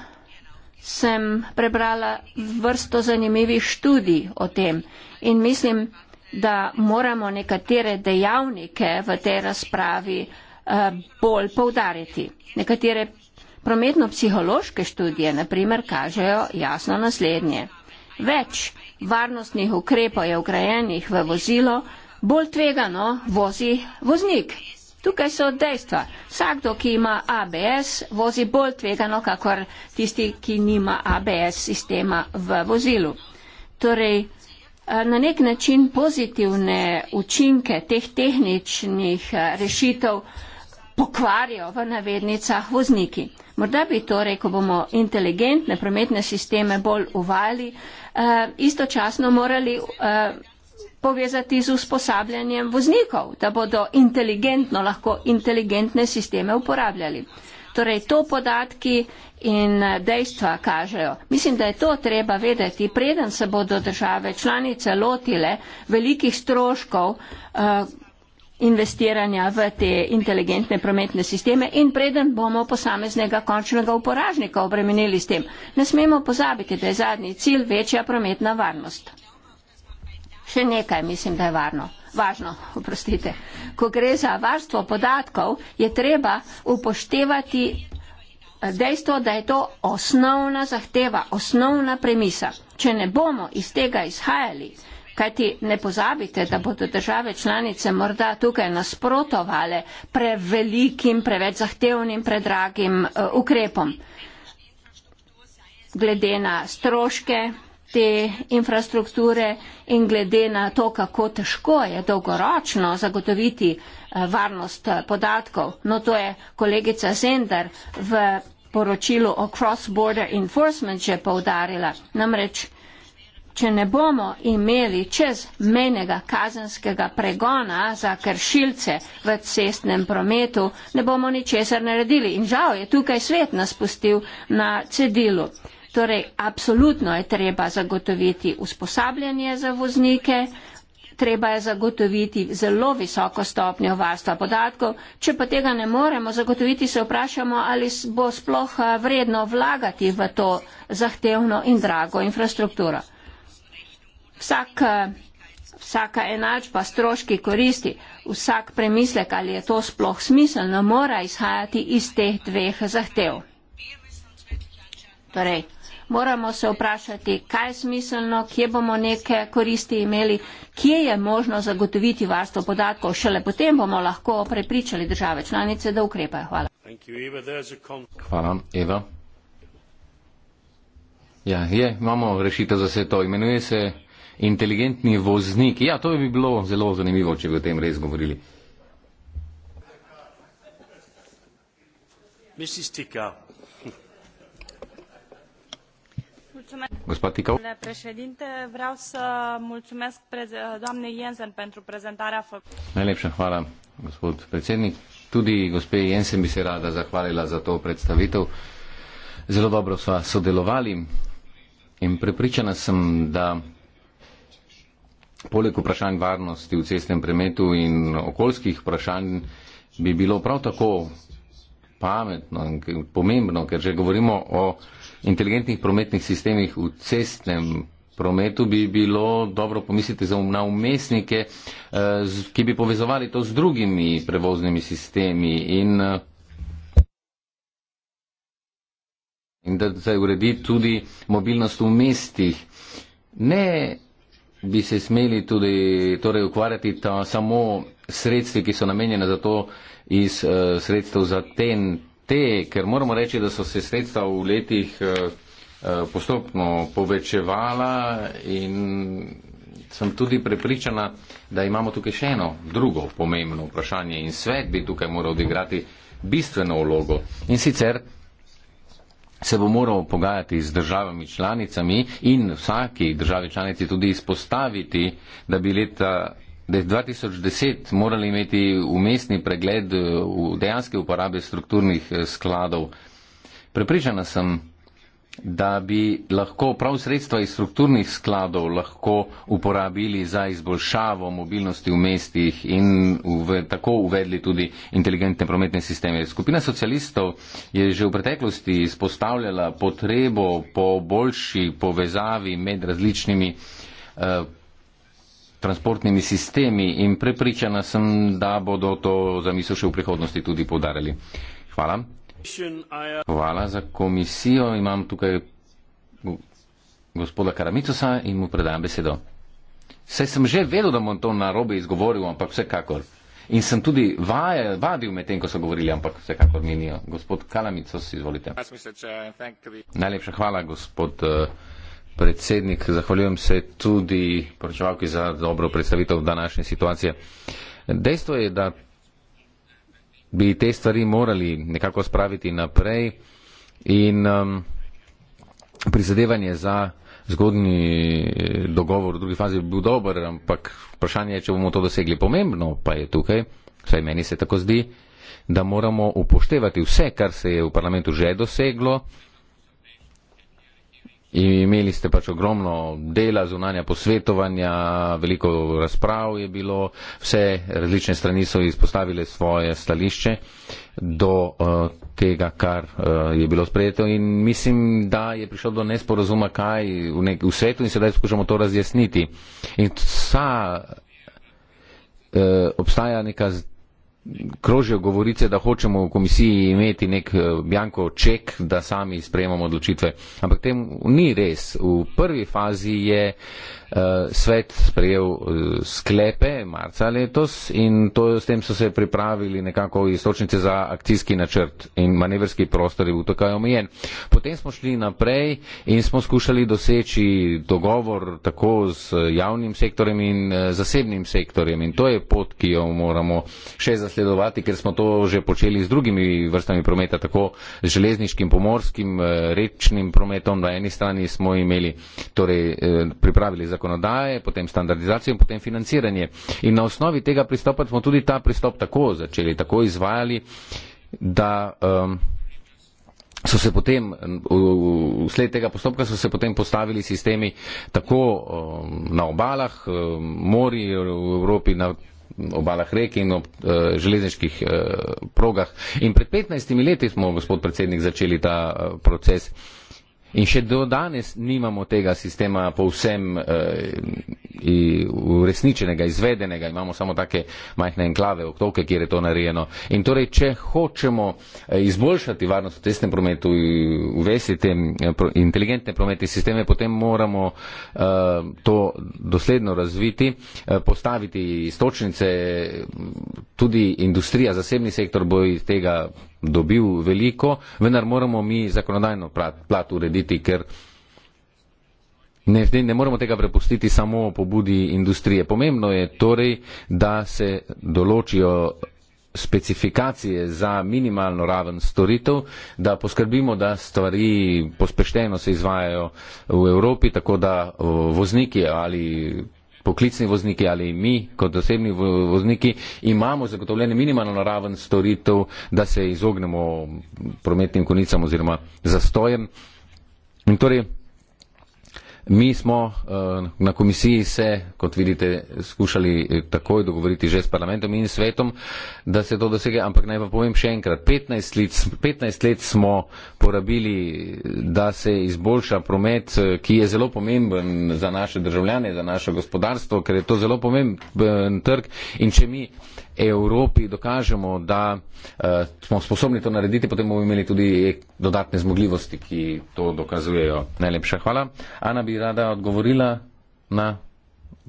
sem prebrala vrsto zanimivih študij o tem in mislim, da moramo nekatere dejavnike v tej razpravi eh, bolj poudariti. Nekatere prometno-psihološke študije, naprimer, kažejo jasno naslednje. Več varnostnih ukrepov je ugrajenih v vozilo, bolj tvegano vozi voznik. Tukaj so dejstva. Vsakdo, ki ima ABS, vozi bolj tvegano, kakor tisti, ki nima ABS sistema v vozilu. Torej, eh, na nek način pozitivne učinke teh tehničnih eh, rešitev pokvarijo v navednicah vozniki. Morda bi torej, ko bomo inteligentne prometne sisteme bolj uvali, eh, istočasno morali povezati z usposabljanjem voznikov, da bodo inteligentno lahko inteligentne sisteme uporabljali. Torej, to podatki in eh, dejstva kažejo. Mislim, da je to treba vedeti, preden se bodo države članice lotile velikih stroškov uh, investiranja v te inteligentne prometne sisteme in preden bomo posameznega končnega uporažnika obremenili s tem. Ne smemo pozabiti, da je zadnji cilj večja prometna varnost. Še nekaj mislim, da je varno. Važno, oprostite. Ko gre za varstvo podatkov, je treba upoštevati eh, dejstvo, da je to osnovna zahteva, osnovna premisa. Če ne bomo iz tega izhajali, kajti ne pozabite, da bodo države članice morda tukaj nasprotovale prevelikim, preveč zahtevnim, predragim uh, ukrepom glede na stroške, te infrastrukture in glede na to, kako težko je dolgoročno zagotoviti eh, varnost eh, podatkov. No, to je kolegica Zender v poročilu o cross-border enforcement že poudarila. Namreč, če ne bomo imeli čezmenega kazenskega pregona za kršilce v cestnem prometu, ne bomo ničesar naredili. In žal je tukaj svet nas pustil na cedilu. Torej, absolutno je treba zagotoviti usposabljanje za voznike, treba je zagotoviti zelo visoko stopnjo varstva podatkov. Če pa tega ne moremo zagotoviti, se vprašamo, ali bo sploh eh, vredno vlagati v to zahtevno in drago infrastrukturo. Vsak, eh, vsaka enačba stroški koristi, vsak premislek, ali je to sploh smiselno, mora izhajati iz teh dveh zahtev. Torej, moramo se vprašati, kaj je smiselno, kje bomo neke koristi imeli, kje je možno zagotoviti varstvo podatkov. Šele potem bomo lahko prepričali države članice, da ukrepajo. Hvala. Hvala, Eva. Ja, je, imamo rešitev za vse to. Imenuje se inteligentni voznik. Ja, to bi bilo zelo zanimivo, če bi o tem res govorili. Mrs. Ticker. domnule președinte vreau să mulțumesc doamnei jensen pentru prezentarea făcută. Zelo dobro sva sodelovali in prepričana sem, da poleg vprašanj varnosti v cestnem premetu in okoljskih vprašanj bi bilo prav tako pametno in pomembno, ker že govorimo o inteligentnih prometnih sistemih v cestnem prometu bi bilo dobro pomisliti za na umestnike, eh, ki bi povezovali to z drugimi prevoznimi sistemi in, eh, in da se uredi tudi mobilnost v mestih. Ne bi se smeli tudi torej ukvarjati ta samo sredstvi, ki so namenjene za to iz uh, sredstev za ten te, ker moramo reči, da so se sredstva v letih eh, eh, postopno povečevala in sem tudi prepričana, da imamo tukaj še eno drugo pomembno vprašanje in svet bi tukaj moral odigrati bistveno vlogo. In sicer se bo moral pogajati z državami članicami in vsaki državi članici tudi izpostaviti, da bi leta da je 2010 morali imeti umestni pregled eh, v dejanske uporabe strukturnih eh, skladov. Prepričana sem, da bi lahko prav sredstva iz strukturnih skladov lahko uporabili za izboljšavo mobilnosti v mestih in v, tako uvedli tudi inteligentne prometne sisteme. Skupina socialistov je že v preteklosti izpostavljala potrebo po boljši povezavi med različnimi eh, transportnimi sistemi in prepričana sem, da bodo to zamisel še v prihodnosti tudi podarili. Hvala. Hvala za komisijo. Imam tukaj gospoda Karamicosa in mu predajam besedo. Vse sem že vedel, da bom to narobe izgovoril, ampak vsekakor. In sem tudi vaje, vadil med tem, ko so govorili, ampak vsekakor minijo. Gospod Kalamicos, izvolite. Najlepša hvala, gospod. Uh, predsednik, zahvaljujem se tudi poročevalki za dobro predstavitev današnje situacije. Dejstvo je, da bi te stvari morali nekako spraviti naprej in um, prizadevanje za zgodni eh, dogovor v drugi fazi bi bil dober, ampak vprašanje je, če bomo to dosegli. Pomembno pa je tukaj, vsaj meni se tako zdi, da moramo upoštevati vse, kar se je v parlamentu že doseglo, In imeli ste pač ogromno dela, zunanja posvetovanja, veliko razprav je bilo, vse različne strani so izpostavile svoje stališče do uh, tega, kar uh, je bilo sprejeto in mislim, da je prišlo do nesporazuma, kaj v, nek, v svetu in sedaj skušamo to razjasniti. In vsa uh, eh, obstaja neka krožijo govorice, da hočemo v komisiji imeti nek eh, bjanko ček, da sami sprejemamo odločitve. Ampak tem ni res. V prvi fazi je uh, Eh, svet sprejel eh, sklepe marca letos in to, s tem so se pripravili nekako istočnice za akcijski načrt in manevrski prostor je bil tukaj omejen. Potem smo šli naprej in smo skušali doseči dogovor tako z javnim sektorjem in eh, zasebnim sektorjem in to je pot, ki jo moramo še zasledovati, ker smo to že počeli z drugimi vrstami prometa, tako z železniškim, pomorskim, rečnim prometom. Na eni strani smo imeli, torej, pripravili zakon zakonodaje, potem standardizacijo in potem financiranje. In na osnovi tega pristopa smo tudi ta pristop tako začeli, tako izvajali, da um, so se potem, vsled tega postopka so se potem postavili sistemi tako um, na obalah, um, mori v Evropi, na obalah reke in ob uh, železniških uh, progah. In pred 15 leti smo, gospod predsednik, začeli ta uh, proces. In še do danes nimamo tega sistema povsem eh, uresničenega, izvedenega, imamo samo take majhne enklave, oktoke, kjer je to narejeno. In torej, če hočemo eh, izboljšati varnost v cestnem prometu in eh, uvesti te eh, inteligentne prometne sisteme, potem moramo eh, to dosledno razviti, eh, postaviti istočnice, tudi industrija, zasebni sektor bo iz tega dobil veliko, vendar moramo mi zakonodajno plat urediti, ker ne, ne moramo tega prepustiti samo pobudi industrije. Pomembno je torej, da se določijo specifikacije za minimalno raven storitev, da poskrbimo, da stvari pospešteno se izvajajo v Evropi, tako da vozniki ali poklicni vozniki ali mi kot osebni vozniki imamo zagotovljene minimalno raven storitev, da se izognemo prometnim konicam oziroma zastojem. In torej Mi smo eh, na komisiji se, kot vidite, skušali eh, takoj dogovoriti že s parlamentom in svetom, da se to dosege, ampak naj vam povem še enkrat, 15 let, 15 let smo porabili, eh, da se izboljša promet, ki je zelo pomemben za naše državljane, za naše gospodarstvo, ker je to zelo pomemben trg in če mi Evropi dokažemo, da uh, smo sposobni to narediti, potem bomo imeli tudi dodatne zmogljivosti, ki to dokazujejo. Najlepša hvala. Ana bi rada odgovorila na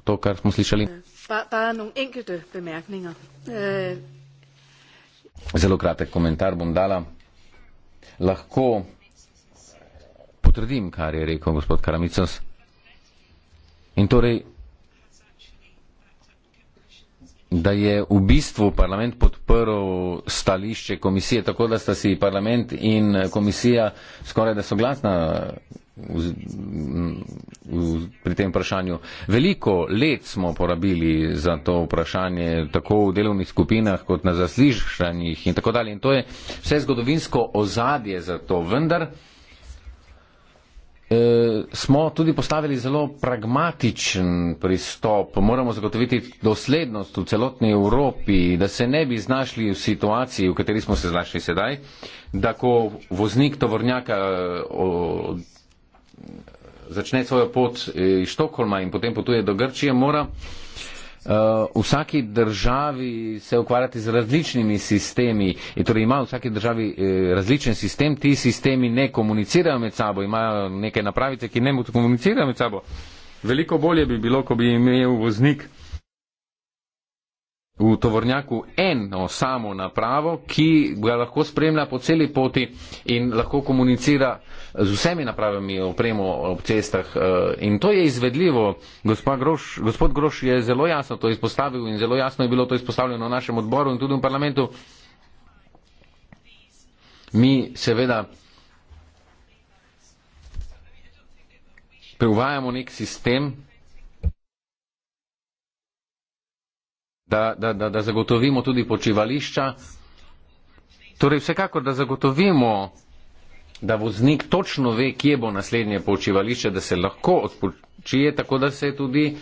to, kar smo slišali. Øh. Zelo kratek komentar bom dala. Lahko potrdim, kar je rekel gospod Karamicos. In torej da je v bistvu parlament podprl stališče komisije, tako da sta si parlament in komisija skoraj da soglasna v, v, v, pri tem vprašanju. Veliko let smo porabili za to vprašanje, tako v delovnih skupinah kot na zaslišanjih in tako dalje. In to je vse zgodovinsko ozadje za to, vendar. Eh, smo tudi postavili zelo pragmatičen pristop. Moramo zagotoviti doslednost v celotni Evropi, da se ne bi znašli v situaciji, v kateri smo se znašli sedaj, da ko voznik tovornjaka eh, začne svojo pot eh, iz Štokholma in potem potuje do Grčije, mora uh, vsaki državi se ukvarjati z različnimi sistemi in torej ima vsaki državi uh, različen sistem, ti sistemi ne komunicirajo med sabo, imajo neke napravice, ki ne komunicirajo med sabo. Veliko bolje bi bilo, ko bi imel voznik tovornjaku eno samo napravo, ki ga lahko spremlja po celi poti in lahko komunicira z vsemi napravami opremo ob cestah. Eh, in to je izvedljivo. Groš, gospod Groš je zelo jasno to izpostavil in zelo jasno je bilo to izpostavljeno na našem odboru in tudi v parlamentu. Mi seveda preuvajamo nek sistem, da, da, da, da zagotovimo tudi počivališča. Torej, vsekakor, da zagotovimo, da voznik točno ve, kje bo naslednje počivališče, da se lahko odpočije, tako da se tudi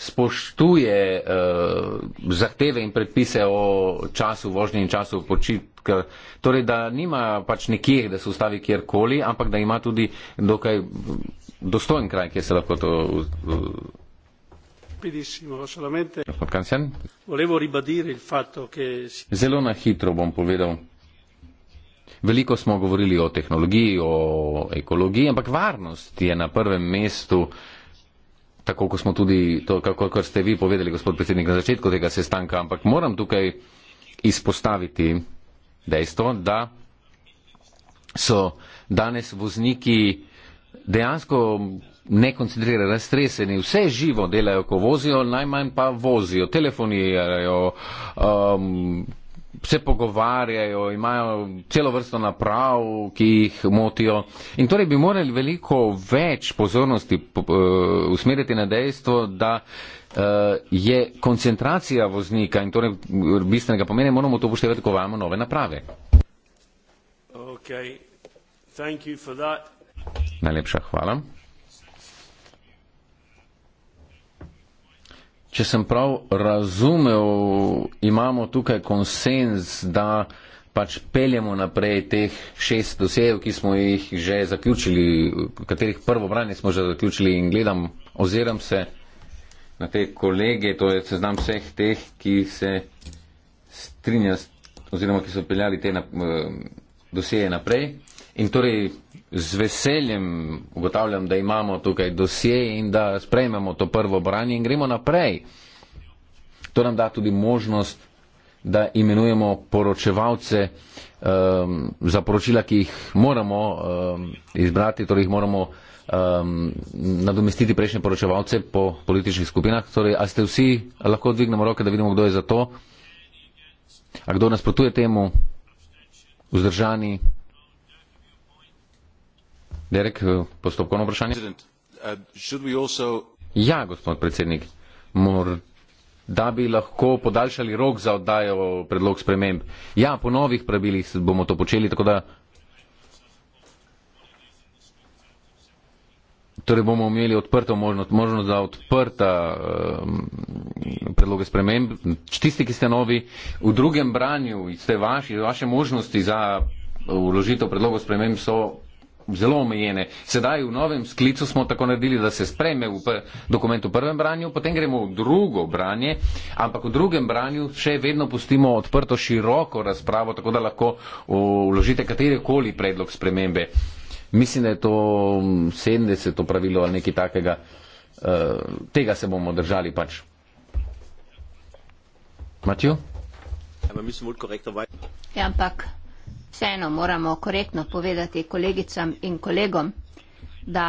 spoštuje uh, zahteve in predpise o času vožnje in času počitka. Torej, da nima pač nekje, da se ustavi kjerkoli, ampak da ima tudi dokaj dostojen kraj, kjer se lahko to. Uh, No zelo na hitro bom povedal veliko smo govorili o tehnologiji o ekologiji ampak varnost je na prvem mestu tako kot smo tudi to kako kar ste vi povedali gospod predsednik na začetku tega sestanka ampak moram tukaj izpostaviti dejstvo da so danes vozniki dejansko ne koncentrirajo, raztreseni, vse živo delajo, ko vozijo, najmanj pa vozijo, telefonirajo, um, se pogovarjajo, imajo celo vrsto naprav, ki jih motijo. In torej bi morali veliko več pozornosti uh, usmeriti na dejstvo, da uh, je koncentracija voznika in torej eh, bistvenega pomena, moramo to upoštevati, ko vajamo nove naprave. Okay. Najlepša hvala. Če sem prav razumel, imamo tukaj konsens, da pač peljemo naprej teh šest dosejev, ki smo jih že zaključili, katerih prvo branje smo že zaključili in gledam, oziram se na te kolege, to je seznam vseh teh, ki se strinja oziroma ki so peljali te na, eh, doseje naprej. In torej z veseljem ugotavljam, da imamo tukaj dosje in da sprejmemo to prvo branje in gremo naprej. To nam da tudi možnost, da imenujemo poročevalce um, za poročila, ki jih moramo um, izbrati, torej jih moramo um, nadomestiti prejšnje poročevalce po političnih skupinah. Torej, a ste vsi, a lahko dvignemo roke, da vidimo, kdo je za to, a kdo nasprotuje temu, vzdržani, Derek, postopkovno vprašanje. Uh, ja, gospod predsednik, morda bi lahko podaljšali rok za oddajo predlog sprememb. Ja, po novih pravilih bomo to počeli, tako da. Torej bomo imeli odprto možnost, možnost za odprta um, predloge sprememb. Tisti, ki ste novi, v drugem branju ste vaši, vaše možnosti za uložitev predlogov sprememb so zelo omejene. Sedaj v novem sklicu smo tako naredili, da se spreme v dokument v prvem branju, potem gremo v drugo branje, ampak v drugem branju še vedno pustimo odprto široko razpravo, tako da lahko vložite katerekoli predlog spremembe. Mislim, da je to 70 mm, pravilo ali nekaj takega. Uh, tega se bomo držali pač. Matijo? Ja, ja, ampak vseeno moramo korektno povedati kolegicam in kolegom, da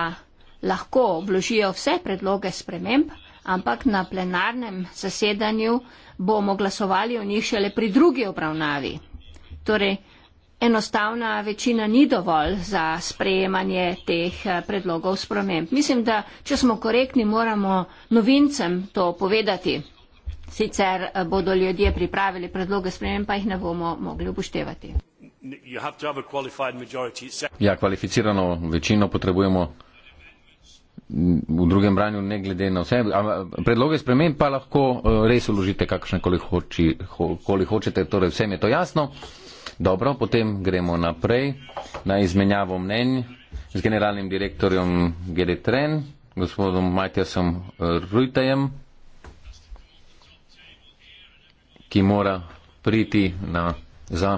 lahko vložijo vse predloge sprememb, ampak na plenarnem zasedanju bomo glasovali o njih šele pri drugi obravnavi. Torej, enostavna večina ni dovolj za sprejemanje teh eh, predlogov sprememb. Mislim, da če smo korektni, moramo novincem to povedati. Sicer eh, bodo ljudje pripravili predloge sprememb, pa jih ne bomo mogli upoštevati. Ja, kvalificirano večino potrebujemo v drugem branju, ne glede na vse. Predloge spremen pa lahko eh, res uložite, kakšne koli, hoči, ho, koli hočete. Torej, vsem je to jasno. Dobro, potem gremo naprej na izmenjavo mnenj z generalnim direktorjem GD Tren, gospodom Matjasom Rujtajem, ki mora priti na za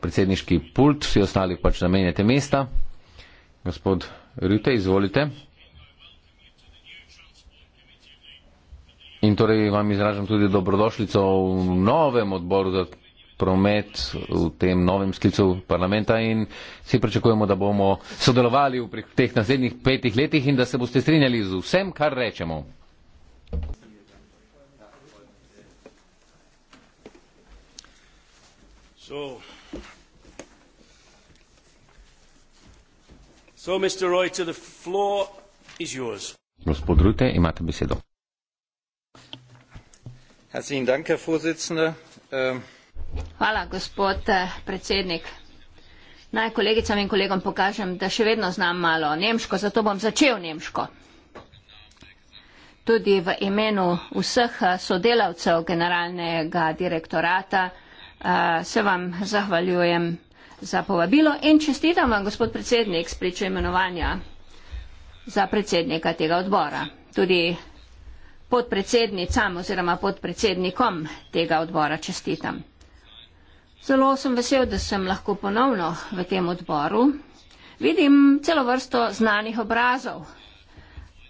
predsedniški pult, vsi ostali pač namenjate mesta. Gospod Rute, izvolite. In torej vam izražam tudi dobrodošljico v novem odboru za promet v tem novem sklicu parlamenta in vsi pričakujemo, da bomo sodelovali v teh naslednjih petih letih in da se boste strinjali z vsem, kar rečemo. So. So, Roy, Gospod Rute, imate besedo. Dank, Herr ähm, Hvala, gospod eh, predsednik. Naj kolegicam in kolegom pokažem, da še vedno znam malo nemško, zato bom začel nemško. Tudi v imenu vseh eh, sodelavcev generalnega direktorata eh, se vam zahvaljujem za povabilo in čestitam vam, gospod predsednik, s pričo imenovanja za predsednika tega odbora. Tudi podpredsednicam oziroma podpredsednikom tega odbora čestitam. Zelo sem vesel, da sem lahko ponovno v tem odboru. Vidim celo vrsto znanih obrazov.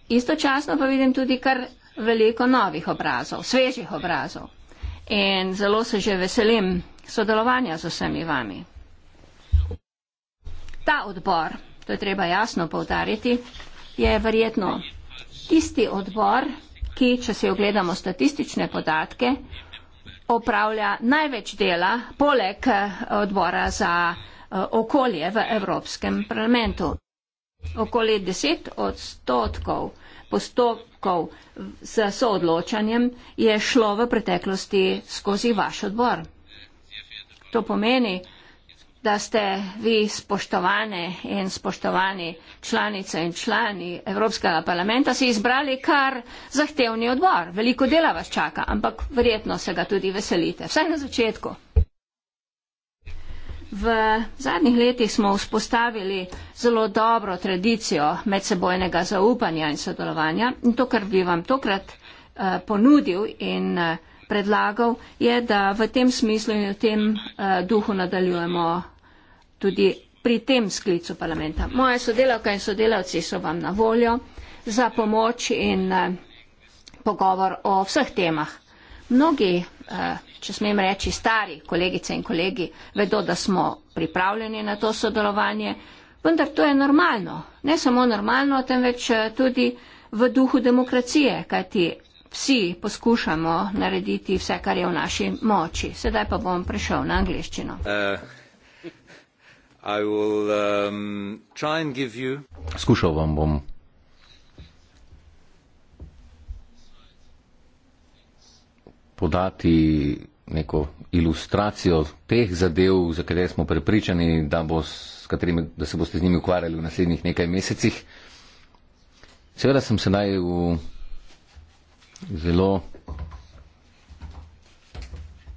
Istočasno pa vidim tudi kar veliko novih obrazov, svežih obrazov. In zelo se že veselim sodelovanja z vsemi vami ta odbor, to je treba jasno povdariti, je verjetno tisti odbor, ki, če se ogledamo statistične podatke, opravlja največ dela poleg eh, odbora za eh, okolje v Evropskem parlamentu. Okoli 10 odstotkov postopkov s soodločanjem je šlo v preteklosti skozi vaš odbor. To pomeni, da ste vi spoštovane in spoštovani članice in člani Evropskega parlamenta si izbrali kar zahtevni odbor. Veliko dela vas čaka, ampak verjetno se ga tudi veselite. Vsaj na začetku. V zadnjih letih smo vzpostavili zelo dobro tradicijo medsebojnega zaupanja in sodelovanja in to, kar bi vam tokrat uh, ponudil in uh, predlagal, je, da v tem smislu in v tem eh, duhu nadaljujemo tudi pri tem sklicu parlamenta. Moje sodelavke in sodelavci so vam na voljo za pomoč in eh, pogovor o vseh temah. Mnogi, eh, če smem reči, stari kolegice in kolegi vedo, da smo pripravljeni na to sodelovanje, vendar to je normalno. Ne samo normalno, temveč tudi v duhu demokracije, kajti vsi poskušamo narediti vse, kar je v naši moči. Sedaj pa bom prešel na angliščino. Uh, will, um, you... Skušal vam bom. podati neko ilustracijo teh zadev, za katere smo prepričani, da, bo s, katerimi, da se boste z njimi ukvarjali v naslednjih nekaj mesecih. Seveda sem sedaj v zelo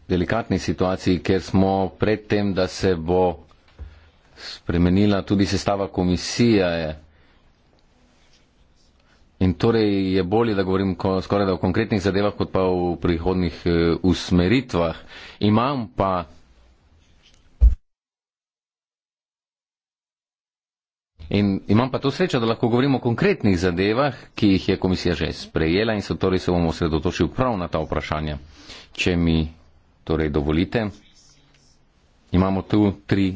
delikatni situaciji, ker smo pred tem, da se bo spremenila tudi sestava komisije. In torej je bolje, da govorim ko, skoraj da o konkretnih zadevah, kot pa o prihodnih eh, usmeritvah. Imam pa In imam pa to srečo, da lahko govorimo o konkretnih zadevah, ki jih je komisija že sprejela in se torej se bomo sredotočil prav na ta vprašanja. Če mi torej dovolite, imamo tu tri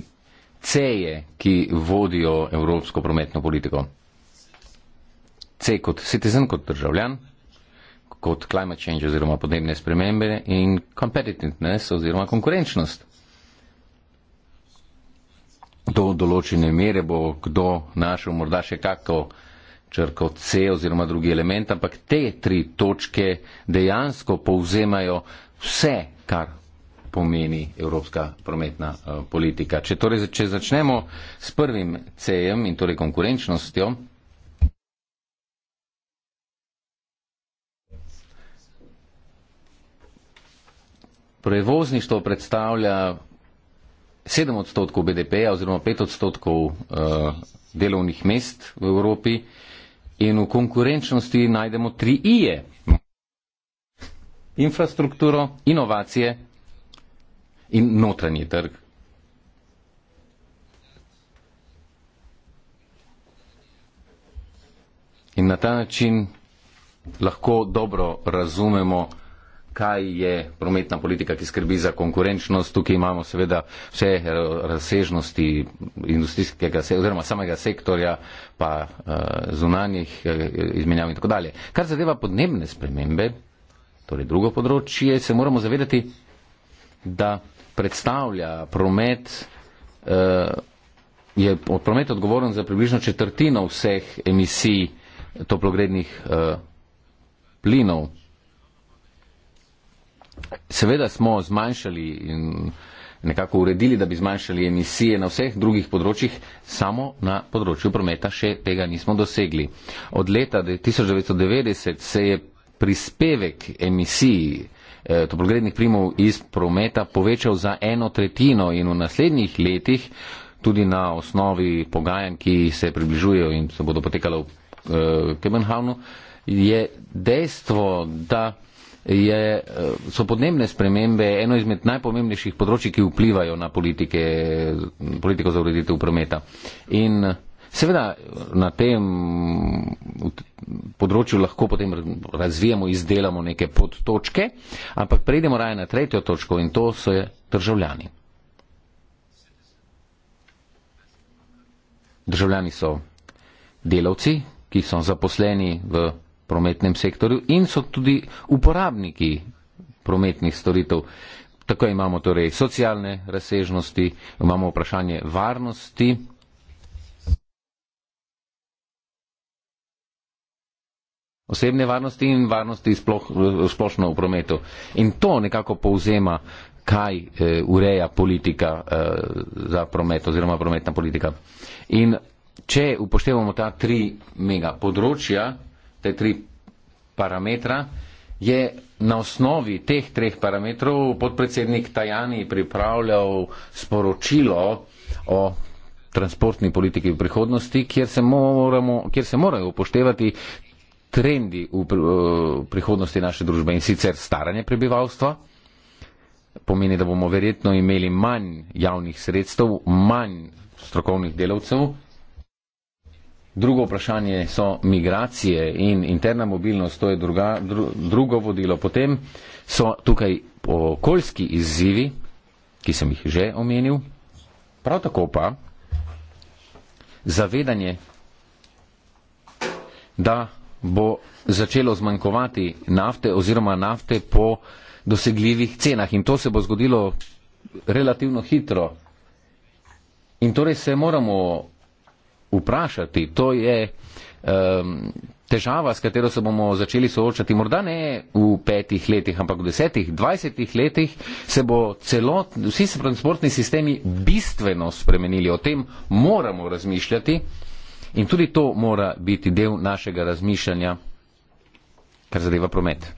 C-je, ki vodijo evropsko prometno politiko. C kot citizen, kot državljan, kot climate change oziroma podnebne spremembe in competitiveness oziroma konkurenčnost do določene mere bo kdo našel morda še kako črko C oziroma drugi element, ampak te tri točke dejansko povzemajo vse, kar pomeni evropska prometna eh, politika. Če torej če začnemo s prvim C-jem in torej konkurenčnostjo, prevozništvo predstavlja 7 odstotkov BDP-ja oziroma 5 odstotkov uh, delovnih mest v Evropi in v konkurenčnosti najdemo tri IE. Infrastrukturo, inovacije in notranji trg. In na ta način lahko dobro razumemo, kaj je prometna politika, ki skrbi za konkurenčnost. Tukaj imamo seveda vse razsežnosti industrijskega oziroma samega sektorja, pa eh, zunanjih eh, izmenjav in tako dalje. Kar zadeva podnebne spremembe, torej drugo področje, se moramo zavedati, da predstavlja promet, eh, je promet odgovoren za približno četrtino vseh emisij toplogrednih plinov. Seveda smo zmanjšali in nekako uredili, da bi zmanjšali emisije na vseh drugih področjih, samo na področju prometa še tega nismo dosegli. Od leta 1990 se je prispevek emisij eh, toplogrednih primov iz prometa povečal za eno tretjino in v naslednjih letih tudi na osnovi pogajanj, ki se približujejo in se bodo potekalo v eh, Kemenhavnu, je dejstvo, da je, eh, so podnebne spremembe eno izmed najpomembnejših področji, ki vplivajo na politike, politiko za ureditev prometa. In eh, seveda na tem področju lahko potem razvijamo, izdelamo neke podtočke, ampak prejdemo raje na tretjo točko in to so državljani. Državljani so delavci, ki so zaposleni v prometnem sektorju in so tudi uporabniki prometnih storitev. Tako imamo torej socialne razsežnosti, imamo vprašanje varnosti. osebne varnosti in varnosti sploh, splošno v prometu. In to nekako povzema, kaj e, ureja politika e, za promet oziroma prometna politika. In če upoštevamo ta tri mega področja, te tri parametra, je na osnovi teh treh parametrov podpredsednik Tajani pripravljal sporočilo o transportni politiki v prihodnosti, kjer se, moramo, kjer se morajo upoštevati trendi v eh, prihodnosti naše družbe in sicer staranje prebivalstva, pomeni, da bomo verjetno imeli manj javnih sredstev, manj strokovnih delavcev, Drugo vprašanje so migracije in interna mobilnost, to je druga, dru, drugo vodilo. Potem so tukaj okoljski izzivi, ki sem jih že omenil, prav tako pa zavedanje, da bo začelo zmanjkovati nafte oziroma nafte po dosegljivih cenah in to se bo zgodilo relativno hitro. In torej se moramo vprašati. To je um, težava, s katero se bomo začeli soočati. Morda ne v petih letih, ampak v desetih, dvajsetih letih se bo celot, vsi se transportni sistemi bistveno spremenili. O tem moramo razmišljati in tudi to mora biti del našega razmišljanja, kar zadeva promet.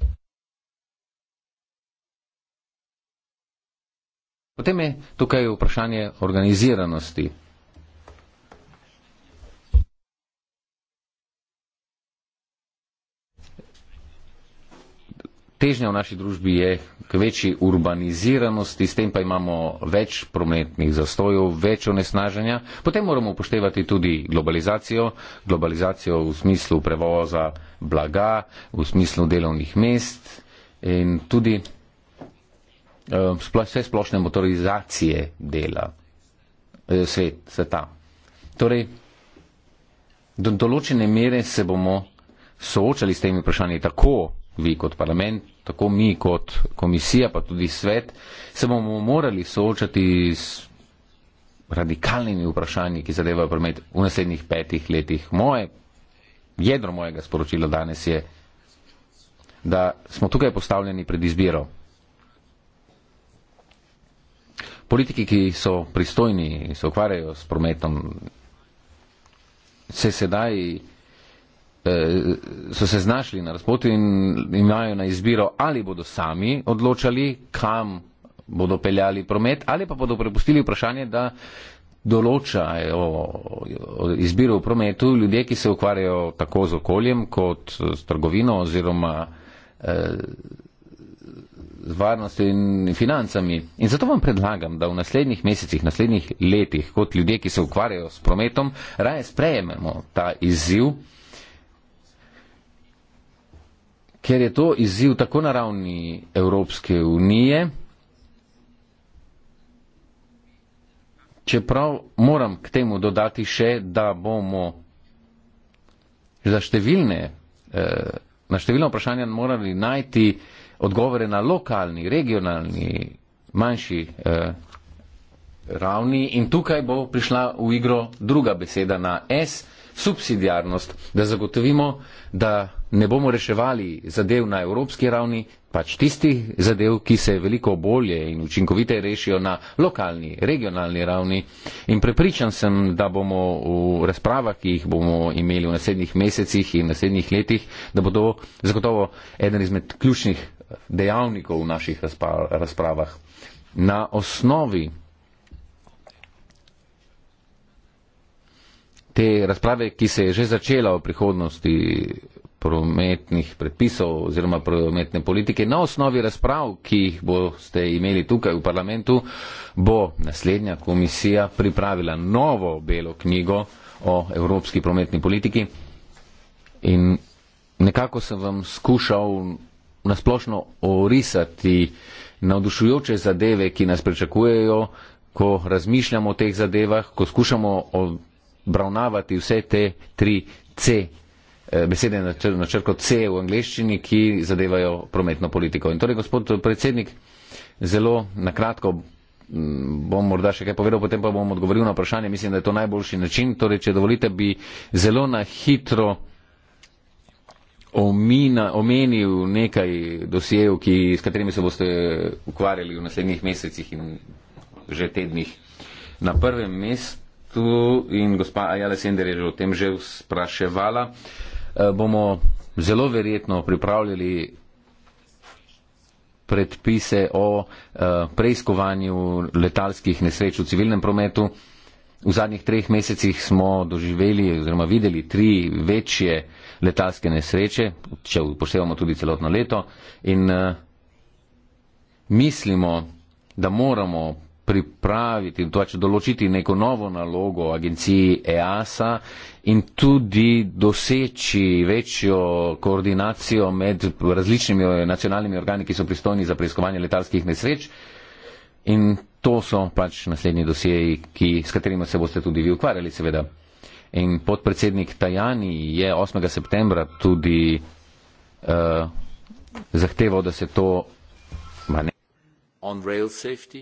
Potem je tukaj vprašanje organiziranosti. težnja v naši družbi je k večji urbaniziranosti, s tem pa imamo več prometnih zastojov, več onesnaženja. Potem moramo upoštevati tudi globalizacijo, globalizacijo v smislu prevoza blaga, v smislu delovnih mest in tudi eh, vse splošne motorizacije dela eh, svet, sveta. Torej, do določene mere se bomo soočali s temi vprašanji tako vi kot parlament, tako mi kot komisija, pa tudi svet, se bomo morali soočati s radikalnimi vprašanji, ki zadevajo promet v naslednjih petih letih. Moje, jedro mojega sporočila danes je, da smo tukaj postavljeni pred izbiro. Politiki, ki so pristojni in se ukvarjajo s prometom, se sedaj Eh, so se znašli na razpotu in imajo na izbiro, ali bodo sami odločali, kam bodo peljali promet, ali pa bodo prepustili vprašanje, da določajo izbiro v prometu ljudje, ki se ukvarjajo tako z okoljem kot s trgovino oziroma eh, z varnostjo in financami. In zato vam predlagam, da v naslednjih mesecih, naslednjih letih, kot ljudje, ki se ukvarjajo s prometom, raje sprejememo ta izziv ker je to izziv tako na ravni Evropske unije, čeprav moram k temu dodati še, da bomo za številne, eh, na številno vprašanje morali najti odgovore na lokalni, regionalni, manjši eh, ravni in tukaj bo prišla v igro druga beseda na S, subsidijarnost, da zagotovimo, da ne bomo reševali zadev na evropski ravni, pač tistih zadev, ki se veliko bolje in učinkovite rešijo na lokalni, regionalni ravni. In prepričan sem, da bomo v razpravah, ki jih bomo imeli v naslednjih mesecih in naslednjih letih, da bo to zagotovo eden izmed ključnih dejavnikov v naših razpravah. Na osnovi te razprave, ki se je že začela o prihodnosti prometnih predpisov oziroma prometne politike. Na osnovi razprav, ki jih boste imeli tukaj v parlamentu, bo naslednja komisija pripravila novo belo knjigo o evropski prometni politiki in nekako sem vam skušal nasplošno orisati navdušujoče zadeve, ki nas pričakujejo, ko razmišljamo o teh zadevah, ko skušamo obravnavati vse te tri C Eh, besede na črko C v angleščini, ki zadevajo prometno politiko. In torej, gospod eh, predsednik, zelo na kratko mm, bom morda še kaj povedal, potem pa bom odgovoril na vprašanje. Mislim, da je to najboljši način. Torej, če dovolite, bi zelo na hitro omina, omenil nekaj dosijev, s katerimi se boste ukvarjali v naslednjih mesecih in že tednih. Na prvem mestu in gospa Ajala Sender je že o tem že spraševala. Uh, Eh, bomo zelo verjetno pripravljali predpise o eh, preiskovanju letalskih nesreč v civilnem prometu. V zadnjih treh mesecih smo doživeli oziroma videli tri večje letalske nesreče, če upoštevamo tudi celotno leto, in uh, mislimo, da moramo pripraviti, to pač določiti neko novo nalogo agenciji EASA in tudi doseči večjo koordinacijo med različnimi nacionalnimi organi, ki so pristojni za preiskovanje letalskih nesreč. In to so pač naslednji dosjeji, ki, s katerimi se boste tudi vi ukvarjali, seveda. In podpredsednik Tajani je 8. septembra tudi uh, zahteval, da se to. On rail safety.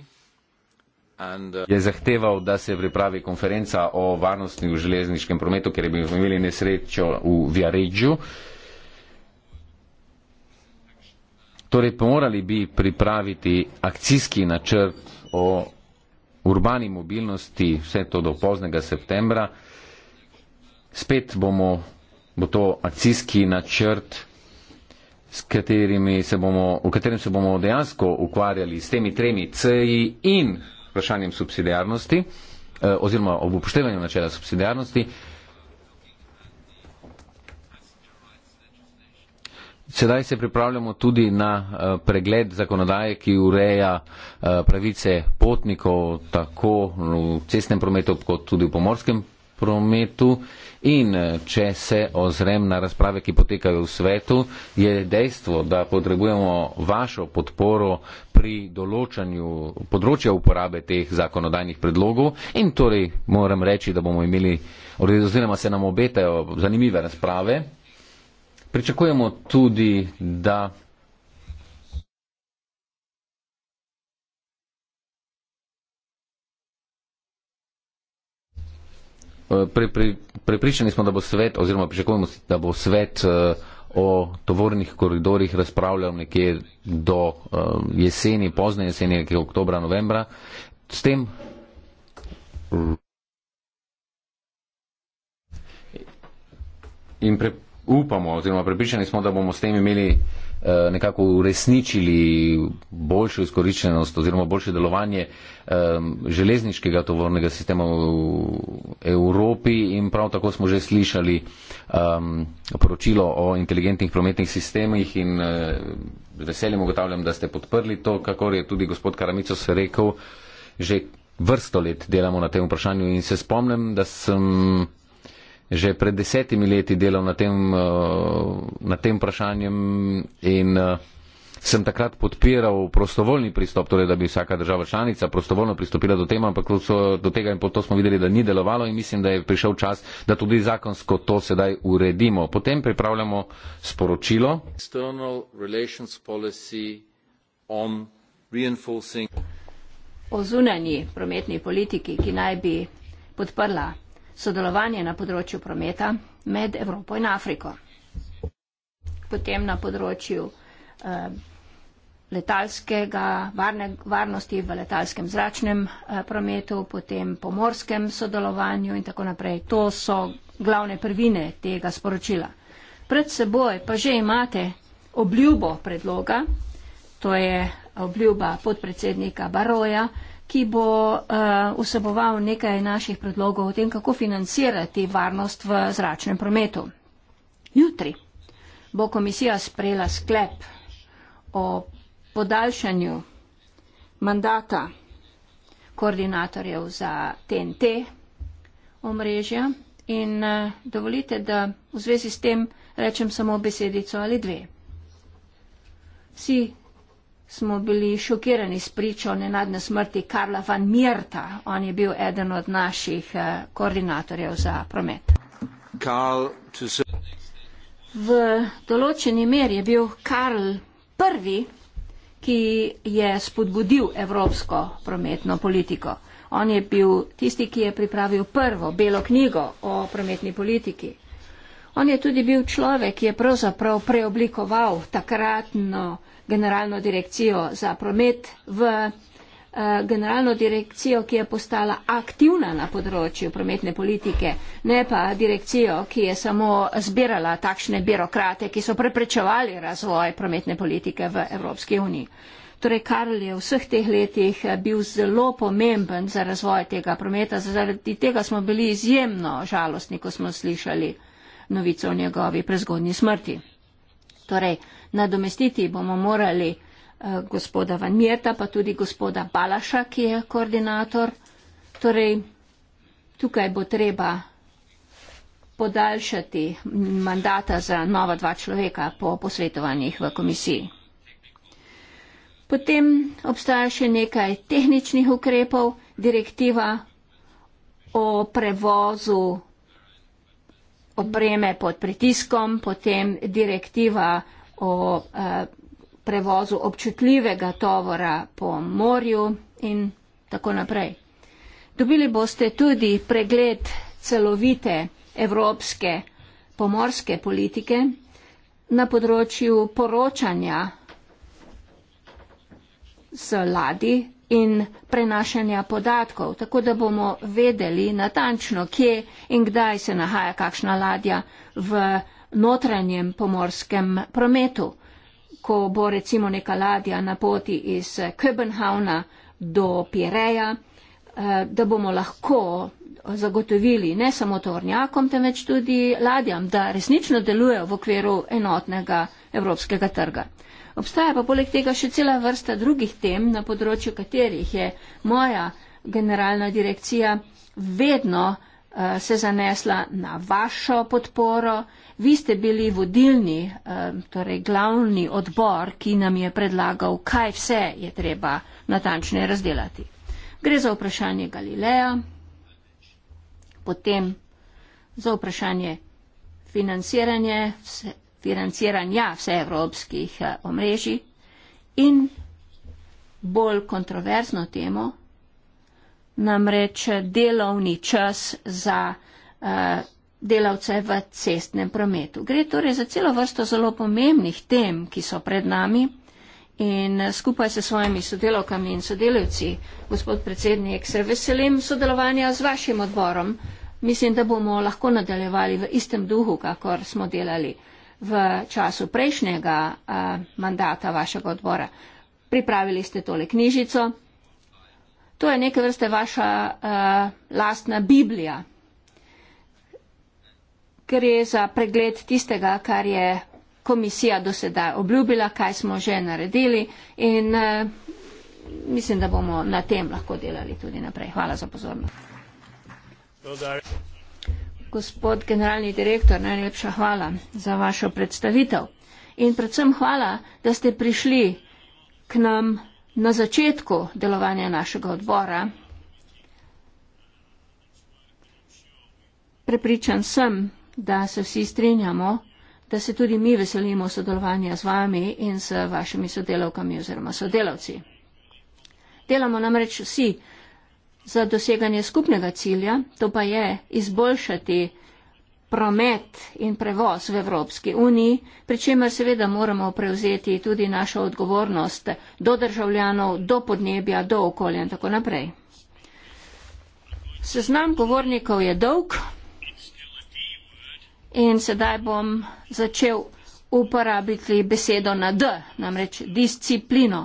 Uh, je zahteval, da se pripravi konferenca o varnosti v železniškem prometu, ker je bil imeli nesrečo v Viareggiu. Torej, morali bi pripraviti akcijski načrt o urbani mobilnosti, vse to do poznega septembra. Spet bomo, bo to akcijski načrt, katerimi se bomo, v katerem se bomo dejansko ukvarjali s temi tremi C-ji in vprašanjem subsidijarnosti eh, oziroma ob upoštevanju načela subsidijarnosti. Sedaj se pripravljamo tudi na eh, pregled zakonodaje, ki ureja eh, pravice potnikov tako v cestnem prometu kot tudi v pomorskem prometu in eh, če se ozrem na razprave, ki potekajo v svetu, je dejstvo, da potrebujemo vašo podporo pri določanju področja uporabe teh zakonodajnih predlogov in torej moram reči, da bomo imeli, oziroma se nam obetajo zanimive razprave. Pričakujemo tudi, da pri, eh, pri, prepričani smo, da bo svet, oziroma pričakujemo, da bo svet eh, o tovornih koridorjih razpravljal nekje do eh, jeseni, pozne jeseni, nekje oktobra, novembra. S tem. In pre, upamo, oziroma prepričani smo, da bomo s tem imeli. Eh, nekako uresničili boljšo izkoriščenost oziroma boljše delovanje eh, železniškega tovornega sistema v Evropi in prav tako smo že slišali eh, poročilo o inteligentnih prometnih sistemih in veseljem ugotavljam, da ste podprli to, kakor je tudi gospod Karamicos rekel, že vrsto let delamo na tem vprašanju in se spomnim, da sem že pred desetimi leti delal na tem, eh, na tem vprašanju in eh, sem takrat podpiral prostovoljni pristop, torej da bi vsaka država članica prostovoljno pristopila do tema, ampak do tega in potem smo videli, da ni delovalo in mislim, da je prišel čas, da tudi zakonsko to sedaj uredimo. Potem pripravljamo sporočilo. O zunanji prometni politiki, ki naj bi podprla sodelovanje na področju prometa med Evropo in Afriko. Potem na področju eh, letalskega, varne, varnosti v letalskem zračnem eh, prometu, potem pomorskem sodelovanju in tako naprej. To so glavne prvine tega sporočila. Pred seboj pa že imate obljubo predloga, to je obljuba podpredsednika Baroja, ki bo eh, vseboval nekaj naših predlogov o tem, kako financirati varnost v zračnem prometu. Jutri bo komisija sprejela sklep o podaljšanju mandata koordinatorjev za TNT omrežja in eh, dovolite, da v zvezi s tem rečem samo besedico ali dve. Vsi smo bili šokirani s pričo nenadne smrti Karla van Mirta. On je bil eden od naših eh, koordinatorjev za promet. Karl, v določeni meri je bil Karl prvi, ki je spodbudil evropsko prometno politiko. On je bil tisti, ki je pripravil prvo belo knjigo o prometni politiki. On je tudi bil človek, ki je pravzaprav preoblikoval takratno generalno direkcijo za promet, v eh, generalno direkcijo, ki je postala aktivna na področju prometne politike, ne pa direkcijo, ki je samo zbirala takšne birokrate, ki so preprečevali razvoj prometne politike v Evropski uniji. Torej, Karl je v vseh teh letih eh, bil zelo pomemben za razvoj tega prometa, zaradi tega smo bili izjemno žalostni, ko smo slišali novico o njegovi prezgodnji smrti. Torej, nadomestiti bomo morali eh, gospoda Van Mirta, pa tudi gospoda Balaša, ki je koordinator. Torej, tukaj bo treba podaljšati mandata za nova dva človeka po posvetovanjih v komisiji. Potem obstaja še nekaj tehničnih ukrepov, direktiva o prevozu opreme pod pritiskom, potem direktiva o eh, prevozu občutljivega tovora po morju in tako naprej. Dobili boste tudi pregled celovite evropske pomorske politike na področju poročanja z ladi in prenašanja podatkov, tako da bomo vedeli natančno, kje in kdaj se nahaja kakšna ladja v notranjem pomorskem prometu, ko bo recimo neka ladja na poti iz Köbenhavna do Pireja, eh, da bomo lahko zagotovili ne samo tovornjakom, temveč tudi ladjam, da resnično delujejo v okviru enotnega evropskega trga. Obstaja pa poleg tega še cela vrsta drugih tem, na področju katerih je moja generalna direkcija vedno Eh, se zanesla na vašo podporo. Vi ste bili vodilni, eh, torej glavni odbor, ki nam je predlagal, kaj vse je treba natančne razdelati. Gre za vprašanje Galileja, potem za vprašanje financiranje, vse, financiranja vseevropskih eh, omrežij in bolj kontroverzno temo, namreč delovni čas za uh, delavce v cestnem prometu. Gre torej za celo vrsto zelo pomembnih tem, ki so pred nami in eh, skupaj se svojimi sodelovkami in sodelovci, gospod predsednik, se veselim sodelovanja z vašim odborom. Mislim, da bomo lahko nadaljevali v istem duhu, kakor smo delali v času prejšnjega uh, mandata vašega odbora. Pripravili ste tole knjižico, To je neke vrste vaša uh, lastna Biblija. Gre za pregled tistega, kar je komisija do sedaj obljubila, kaj smo že naredili in uh, mislim, da bomo na tem lahko delali tudi naprej. Hvala za pozornost. Gospod generalni direktor, najlepša hvala za vašo predstavitev. In predvsem hvala, da ste prišli k nam na začetku delovanja našega odbora. Prepričan sem, da se vsi strinjamo, da se tudi mi veselimo sodelovanja z vami in s vašimi sodelavkami oziroma sodelavci. Delamo namreč vsi za doseganje skupnega cilja, to pa je izboljšati promet in prevoz v Evropski uniji, pri čemer seveda moramo prevzeti tudi našo odgovornost do državljanov, do podnebja, do okolja in tako naprej. Seznam govornikov je dolg in sedaj bom začel uporabiti besedo na D, namreč disciplino.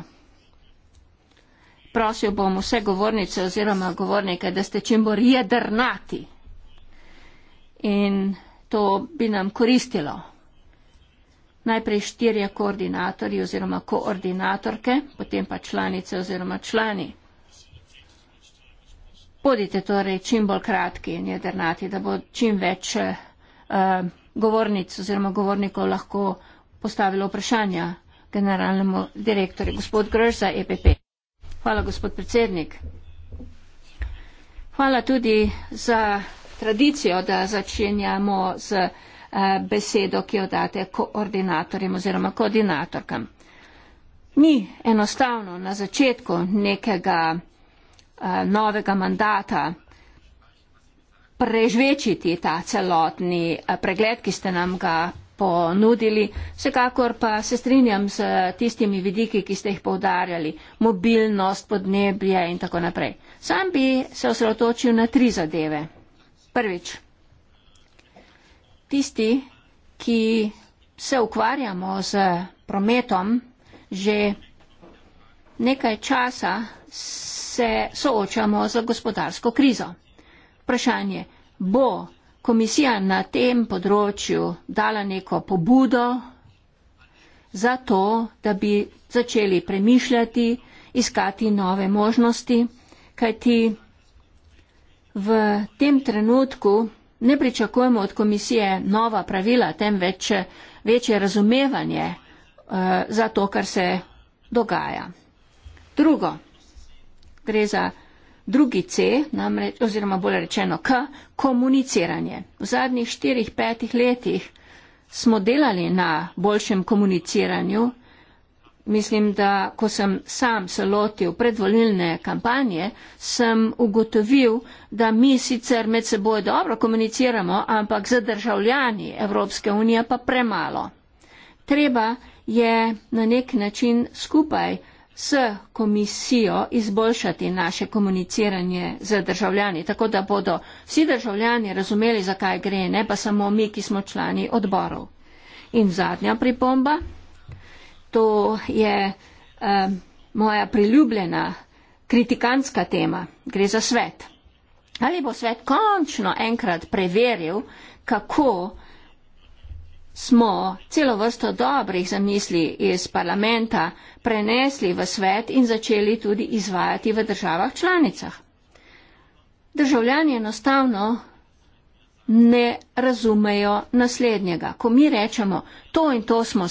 Prosil bom vse govornice oziroma govornike, da ste čim bolj jedrnati in to bi nam koristilo. Najprej štirje koordinatorji oziroma koordinatorke, potem pa članice oziroma člani. Podite torej čim bolj kratki in jedrnati, da bo čim več uh, govornic oziroma govornikov lahko postavilo vprašanja generalnemu direktorju, gospod Grž za EPP. Hvala, gospod predsednik. Hvala tudi za tradicijo, da začenjamo z eh, besedo, ki jo date koordinatorjem oziroma koordinatorkam. Ni enostavno na začetku nekega eh, novega mandata prežvečiti ta celotni eh, pregled, ki ste nam ga ponudili. Vsekakor pa se strinjam z tistimi vidiki, ki ste jih povdarjali, mobilnost, podnebje in tako naprej. Sam bi se osredotočil na tri zadeve. Prvič, tisti, ki se ukvarjamo z prometom, že nekaj časa se soočamo z gospodarsko krizo. Vprašanje, bo komisija na tem področju dala neko pobudo za to, da bi začeli premišljati, iskati nove možnosti, kajti v tem trenutku ne pričakujemo od komisije nova pravila, temveč večje razumevanje eh, za to, kar se dogaja. Drugo, gre za drugi C, namreč, oziroma bolj rečeno K, komuniciranje. V zadnjih štirih, petih letih smo delali na boljšem komuniciranju Mislim, da ko sem sam se lotil predvolilne kampanje, sem ugotovil, da mi sicer med seboj dobro komuniciramo, ampak za državljani Evropske unije pa premalo. Treba je na nek način skupaj s komisijo izboljšati naše komuniciranje z državljani, tako da bodo vsi državljani razumeli, zakaj gre, ne pa samo mi, ki smo člani odborov. In zadnja pripomba to je um, moja priljubljena kritikanska tema. Gre za svet. Ali bo svet končno enkrat preveril, kako smo celo vrsto dobrih zamisli iz parlamenta prenesli v svet in začeli tudi izvajati v državah članicah. Državljani enostavno ne razumejo naslednjega. Ko mi rečemo, to in to smo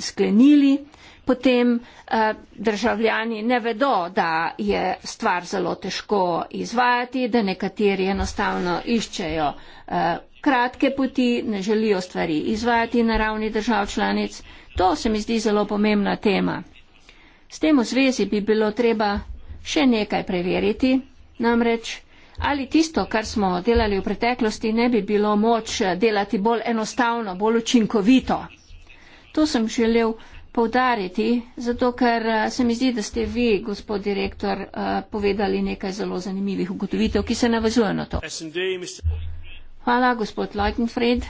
sklenili, potem eh, državljani ne vedo, da je stvar zelo težko izvajati, da nekateri enostavno iščejo eh, kratke poti, ne želijo stvari izvajati na ravni držav članic. To se mi zdi zelo pomembna tema. S tem v zvezi bi bilo treba še nekaj preveriti, namreč ali tisto, kar smo delali v preteklosti, ne bi bilo moč delati bolj enostavno, bolj učinkovito. To sem želel povdariti, zato ker eh, se mi zdi, da ste vi, gospod direktor, eh, povedali nekaj zelo zanimivih ugotovitev, ki se navezuje na to. Hvala, gospod Leutenfried.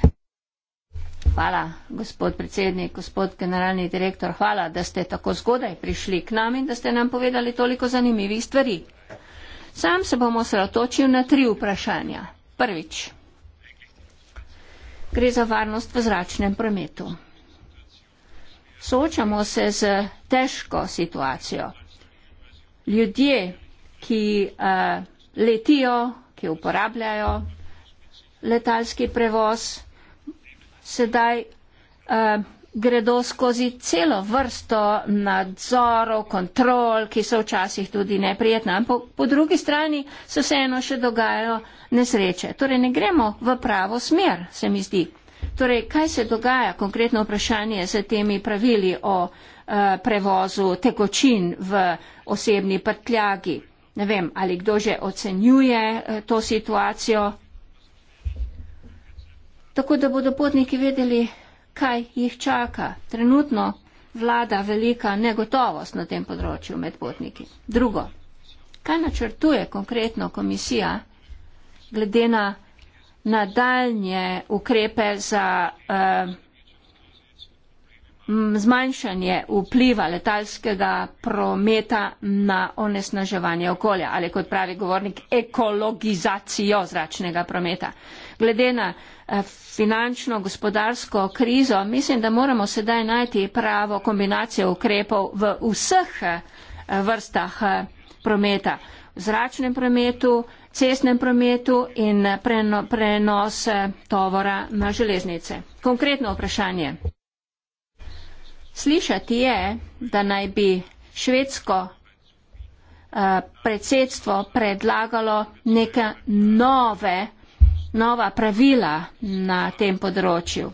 Hvala, gospod predsednik, gospod generalni direktor. Hvala, da ste tako zgodaj prišli k nam in da ste nam povedali toliko zanimivih stvari. Sam se bom osredotočil na tri vprašanja. Prvič. Gre za varnost v zračnem prometu. Soočamo se z težko situacijo. Ljudje, ki uh, letijo, ki uporabljajo letalski prevoz, sedaj uh, gredo skozi celo vrsto nadzorov, kontrol, ki so včasih tudi neprijetna, ampak po drugi strani se vseeno še dogajajo nesreče. Torej ne gremo v pravo smer, se mi zdi. Torej, kaj se dogaja, konkretno vprašanje z temi pravili o uh, prevozu tekočin v osebni prtljagi? Ne vem, ali kdo že ocenjuje uh, to situacijo. Tako da bodo potniki vedeli, kaj jih čaka. Trenutno vlada velika negotovost na tem področju med potniki. Drugo, kaj načrtuje konkretno komisija glede na nadaljnje ukrepe za uh, zmanjšanje vpliva letalskega prometa na onesnaževanje okolja ali, kot pravi govornik, ekologizacijo zračnega prometa. Uh, glede na eh, finančno gospodarsko krizo, mislim, da moramo sedaj najti pravo kombinacijo ukrepov v vseh eh, vrstah eh, prometa. V zračnem prometu, cestnem prometu in preno, prenos tovora na železnice. Konkretno vprašanje. Slišati je, da naj bi švedsko predsedstvo predlagalo neke nove nova pravila na tem področju.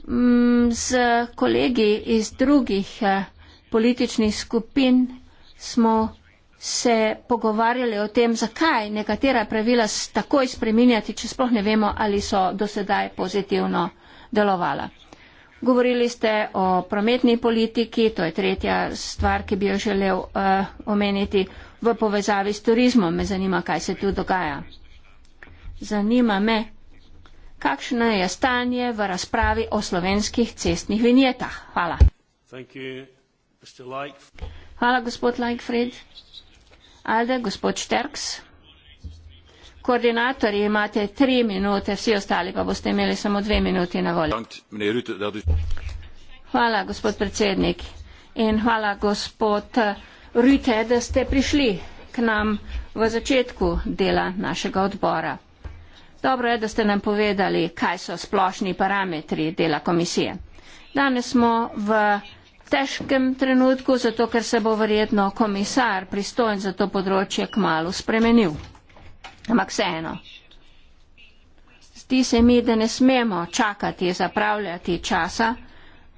Z mm, kolegi iz drugih eh, političnih skupin smo se pogovarjali o tem, zakaj nekatera pravila takoj spreminjati, če sploh ne vemo, ali so do sedaj pozitivno delovala. Govorili ste o prometni politiki, to je tretja stvar, ki bi jo želel uh, omeniti, v povezavi s turizmom. Me zanima, kaj se tu dogaja. Zanima me, kakšno je stanje v razpravi o slovenskih cestnih vinjetah. Hvala. Hvala, gospod Lajkfred. Alde, gospod Šterks. Koordinatorji imate tri minute, vsi ostali pa boste imeli samo dve minuti na voljo. Hvala, gospod predsednik. In hvala, gospod. Uh, Rite, da ste prišli k nam v začetku dela našega odbora. Dobro je, da ste nam povedali, kaj so splošni parametri dela komisije. Danes smo v težkem trenutku, zato ker se bo verjetno komisar pristojen za to področje kmalo spremenil. Ampak vseeno. Zdi se mi, da ne smemo čakati, zapravljati časa,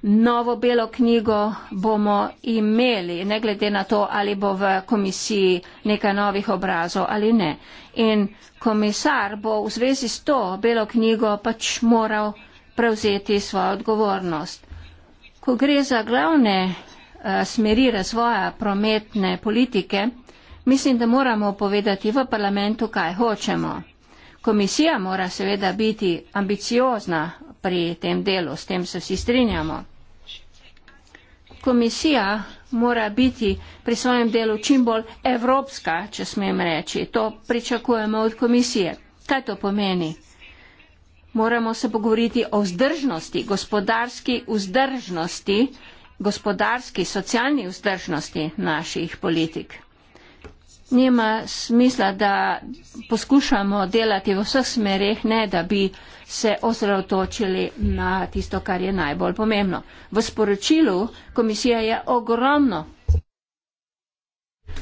Novo belo knjigo bomo imeli, ne glede na to, ali bo v komisiji nekaj novih obrazov ali ne. In komisar bo v zvezi s to belo knjigo pač moral prevzeti svojo odgovornost. Ko gre za glavne uh, smeri razvoja prometne politike, mislim, da moramo povedati v parlamentu, kaj hočemo. Komisija mora seveda biti ambiciozna pri tem delu, s tem se vsi strinjamo komisija mora biti pri svojem delu čim bolj evropska, če smem reči. To pričakujemo od komisije. Kaj to pomeni? Moramo se pogovoriti o vzdržnosti, gospodarski vzdržnosti, gospodarski, socialni vzdržnosti naših politik nima smisla, da poskušamo delati v vseh smereh, ne da bi se osredotočili na tisto, kar je najbolj pomembno. V sporočilu komisija je ogromno,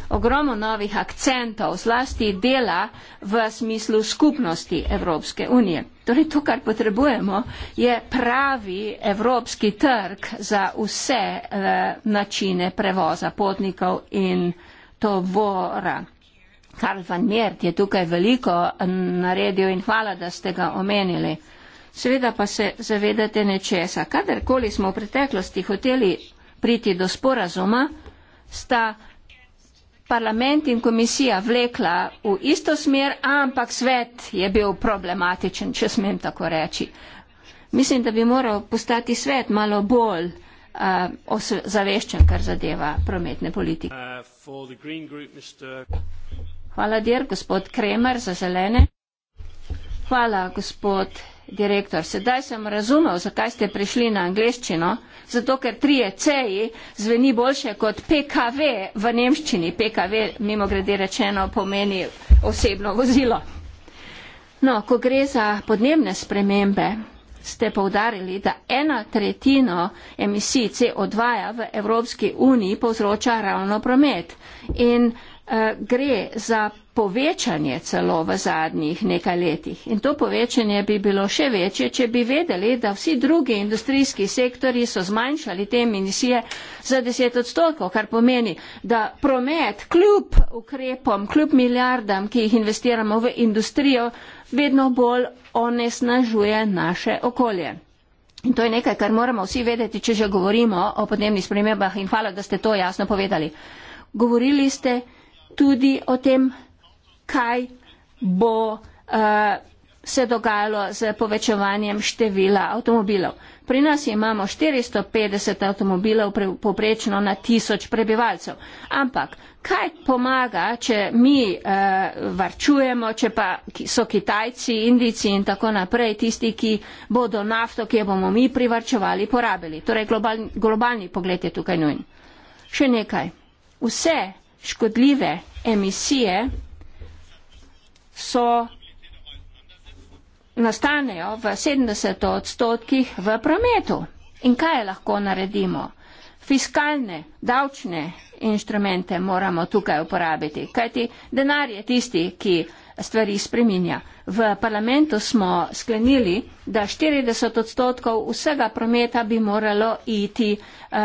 ogromno novih akcentov, zlasti dela v smislu skupnosti Evropske unije. Torej, to, kar potrebujemo, je pravi evropski trg za vse eh, načine prevoza potnikov in tovora. Karl van Miert je tukaj veliko naredil in hvala, da ste ga omenili. Seveda pa se zavedate nečesa. Kadarkoli smo v preteklosti hoteli priti do sporazuma, sta parlament in komisija vlekla v isto smer, ampak svet je bil problematičen, če smem tako reči. Mislim, da bi moral postati svet malo bolj uh, Eh, osveščen, kar zadeva prometne politike. Uh, group, Mr... Hvala, dir, gospod Kremer za zelene. Hvala, gospod direktor. Sedaj sem razumel, zakaj ste prišli na angleščino. Zato, ker trije C-ji zveni boljše kot PKV v nemščini. PKV, mimo grede rečeno, pomeni osebno vozilo. No, ko gre za podnebne spremembe, ste povdarili, da ena tretjina emisij CO2 ja v Evropski uniji povzroča ravno promet. In uh, gre za povečanje celo v zadnjih nekaj letih. In to povečanje bi bilo še večje, če bi vedeli, da vsi drugi industrijski sektori so zmanjšali te emisije za 10 odstotkov, kar pomeni, da promet kljub ukrepom, kljub milijardam, ki jih investiramo v industrijo, vedno bolj onesnažuje naše okolje. In to je nekaj, kar moramo vsi vedeti, če že govorimo o podnebnih spremembah in hvala, da ste to jasno povedali. Govorili ste tudi o tem, kaj bo uh, se dogajalo z povečevanjem števila avtomobilov. Pri nas imamo 450 avtomobilov poprečno na tisoč prebivalcev, ampak kaj pomaga, če mi eh, varčujemo, če pa so Kitajci, Indijci in tako naprej tisti, ki bodo nafto, ki jo bomo mi privarčevali, porabili. Torej, globalni, globalni pogled je tukaj nujen. Še nekaj. Vse škodljive emisije so nastanejo v 70 odstotkih v prometu. In kaj lahko naredimo? fiskalne, davčne inštrumente moramo tukaj uporabiti, kajti denar je tisti, ki stvari spreminja. V parlamentu smo sklenili, da 40 odstotkov vsega prometa bi moralo iti uh,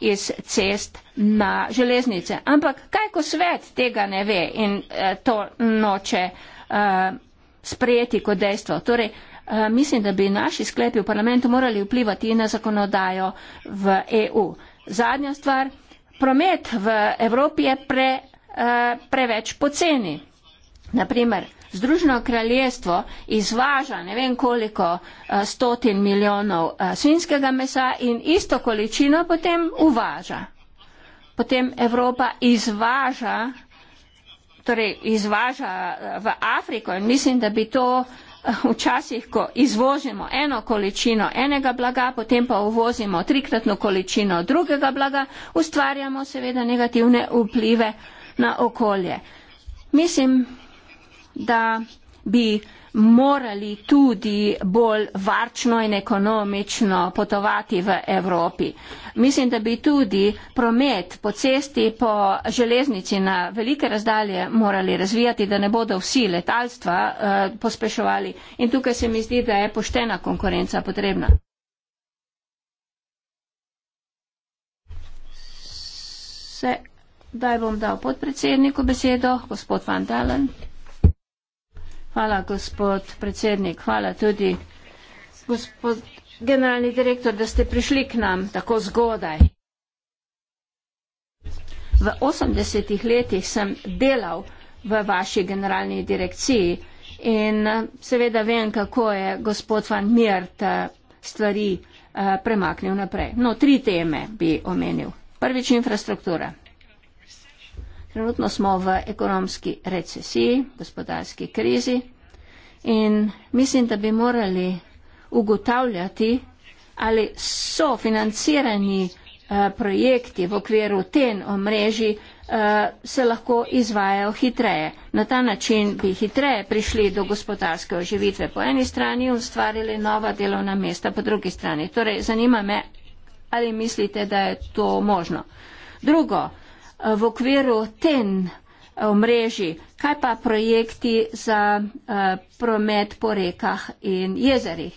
iz cest na železnice. Ampak kaj, ko svet tega ne ve in uh, to noče uh, sprejeti kot dejstvo? Torej, Uh, mislim, da bi naši sklepi v parlamentu morali vplivati na zakonodajo v EU zadnja stvar, promet v Evropi je pre, eh, preveč poceni. Naprimer, Združeno kraljestvo izvaža ne vem koliko eh, stotin milijonov eh, svinskega mesa in isto količino potem uvaža. Potem Evropa izvaža, torej izvaža v Afriko in mislim, da bi to včasih, ko izvozimo eno količino enega blaga, potem pa uvozimo trikratno količino drugega blaga, ustvarjamo seveda negativne vplive na okolje. Mislim, da bi morali tudi bolj varčno in ekonomično potovati v Evropi. Mislim, da bi tudi promet po cesti, po železnici na velike razdalje morali razvijati, da ne bodo vsi letalstva uh, pospeševali. In tukaj se mi zdi, da je poštena konkurenca potrebna. Se, daj bom dal podpredsedniku besedo, gospod Van Dalen. Hvala, gospod predsednik. Hvala tudi, gospod generalni direktor, da ste prišli k nam tako zgodaj. V 80-ih letih sem delal v vaši generalni direkciji in eh, seveda vem, kako je gospod Van Miert eh, stvari eh, premaknil naprej. No, tri teme bi omenil. Prvič infrastruktura. Trenutno smo v ekonomski recesiji, gospodarski krizi in mislim, da bi morali ugotavljati, ali so financirani eh, projekti v okviru ten omrežji eh, se lahko izvajajo hitreje. Na ta način bi hitreje prišli do gospodarske oživitve po eni strani in ustvarili nova delovna mesta po drugi strani. Torej, zanima me, ali mislite, da je to možno. Drugo, v okviru ten omrežji, kaj pa projekti za eh, promet po rekah in jezerih.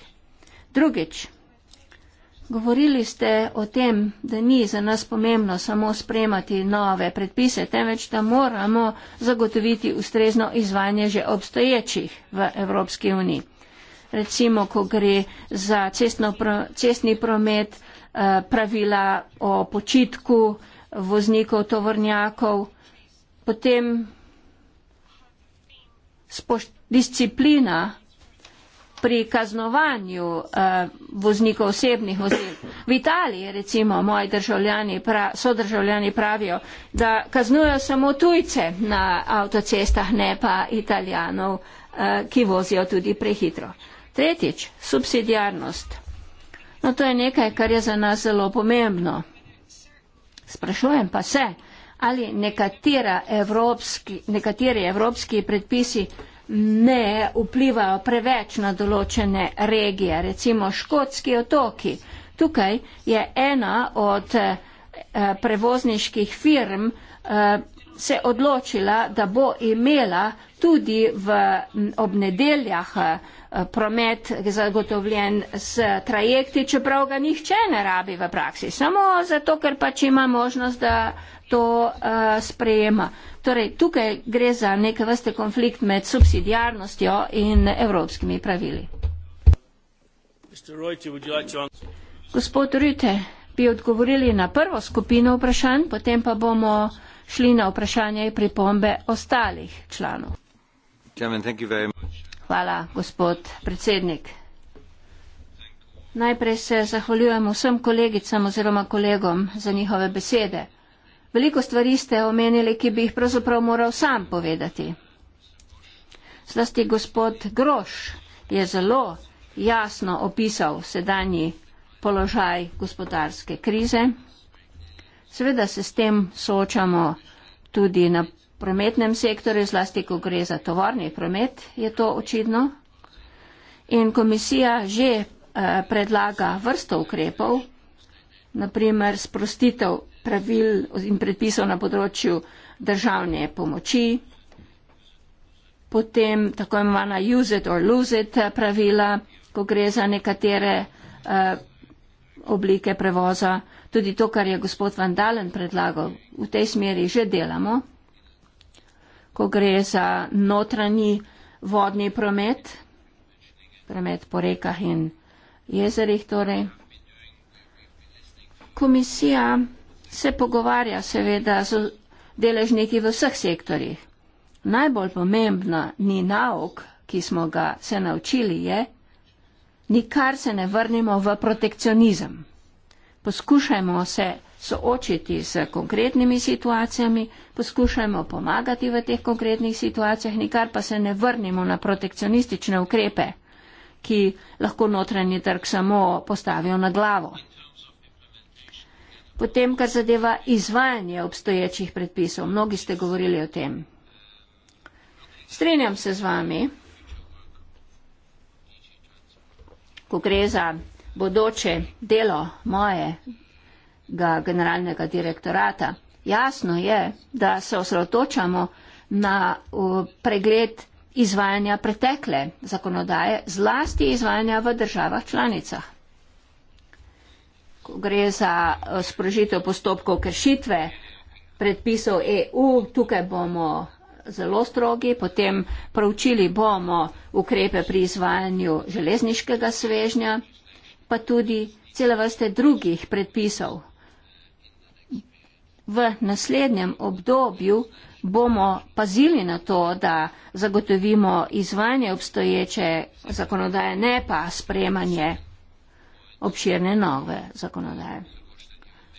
Drugič, govorili ste o tem, da ni za nas pomembno samo spremati nove predpise, temveč da moramo zagotoviti ustrezno izvajanje že obstoječih v Evropski uniji. Recimo, ko gre za cestno, cestni promet, eh, pravila o počitku, voznikov tovornjakov, potem disciplina pri kaznovanju uh, voznikov osebnih vozil. V Italiji recimo moji državljani, pra, sodržavljani pravijo, da kaznujo samo tujce na avtocestah, ne pa italijanov, uh, ki vozijo tudi prehitro. Tretjič, subsidijarnost. No, to je nekaj, kar je za nas zelo pomembno. Sprašujem pa se, ali evropski, nekateri evropski predpisi ne vplivajo preveč na določene regije, recimo škotski otoki. Tukaj je ena od eh, prevozniških firm eh, se odločila, da bo imela tudi v, ob nedeljah eh, promet zagotovljen s trajekti, čeprav ga nihče ne rabi v praksi, samo zato, ker pač ima možnost, da to uh, sprejema. Torej, tukaj gre za neke vrste konflikt med subsidijarnostjo in evropskimi pravili. Reuter, like Gospod Rüte, bi odgovorili na prvo skupino vprašanj, potem pa bomo šli na vprašanje in pripombe ostalih članov hvala gospod predsednik najprej se zahvaljujem vsem kolegicam oziroma kolegom za njihove besede veliko stvari ste omenili ki bi jih pravzaprav moral sam povedati zlasti gospod groš je zelo jasno opisal sedanji položaj gospodarske krize seveda se s tem soočamo tudi na prometnem sektorju, zlasti ko gre za tovarni promet, je to očitno. In komisija že eh, predlaga vrsto ukrepov, naprimer sprostitev pravil in predpisov na področju državne pomoči, potem tako imena use it or lose it eh, pravila, ko gre za nekatere eh, oblike prevoza. Tudi to, kar je gospod Vandalen predlagal, v tej smeri že delamo ko gre za notranji vodni promet, promet po rekah in jezerih torej. Komisija se pogovarja seveda z deležniki v vseh sektorjih. Najbolj pomembna ni nauk, ki smo ga se naučili, je, nikar se ne vrnimo v protekcionizem. Poskušajmo se soočiti s konkretnimi situacijami, poskušajmo pomagati v teh konkretnih situacijah, nikar pa se ne vrnimo na protekcionistične ukrepe, ki lahko notranji trg samo postavijo na glavo. Potem, kar zadeva izvajanje obstoječih predpisov, mnogi ste govorili o tem. Strenjam se z vami, ko gre za bodoče delo moje generalnega direktorata. Jasno je, da se osredotočamo na uh, pregled izvajanja pretekle zakonodaje, zlasti izvajanja v državah članicah. Ko gre za uh, sprožitev postopkov kršitve predpisov EU, tukaj bomo zelo strogi, potem pravčili bomo ukrepe pri izvajanju železniškega svežnja, pa tudi cele vrste drugih predpisov, v naslednjem obdobju bomo pazili na to, da zagotovimo izvanje obstoječe zakonodaje, ne pa sprejemanje obširne nove zakonodaje.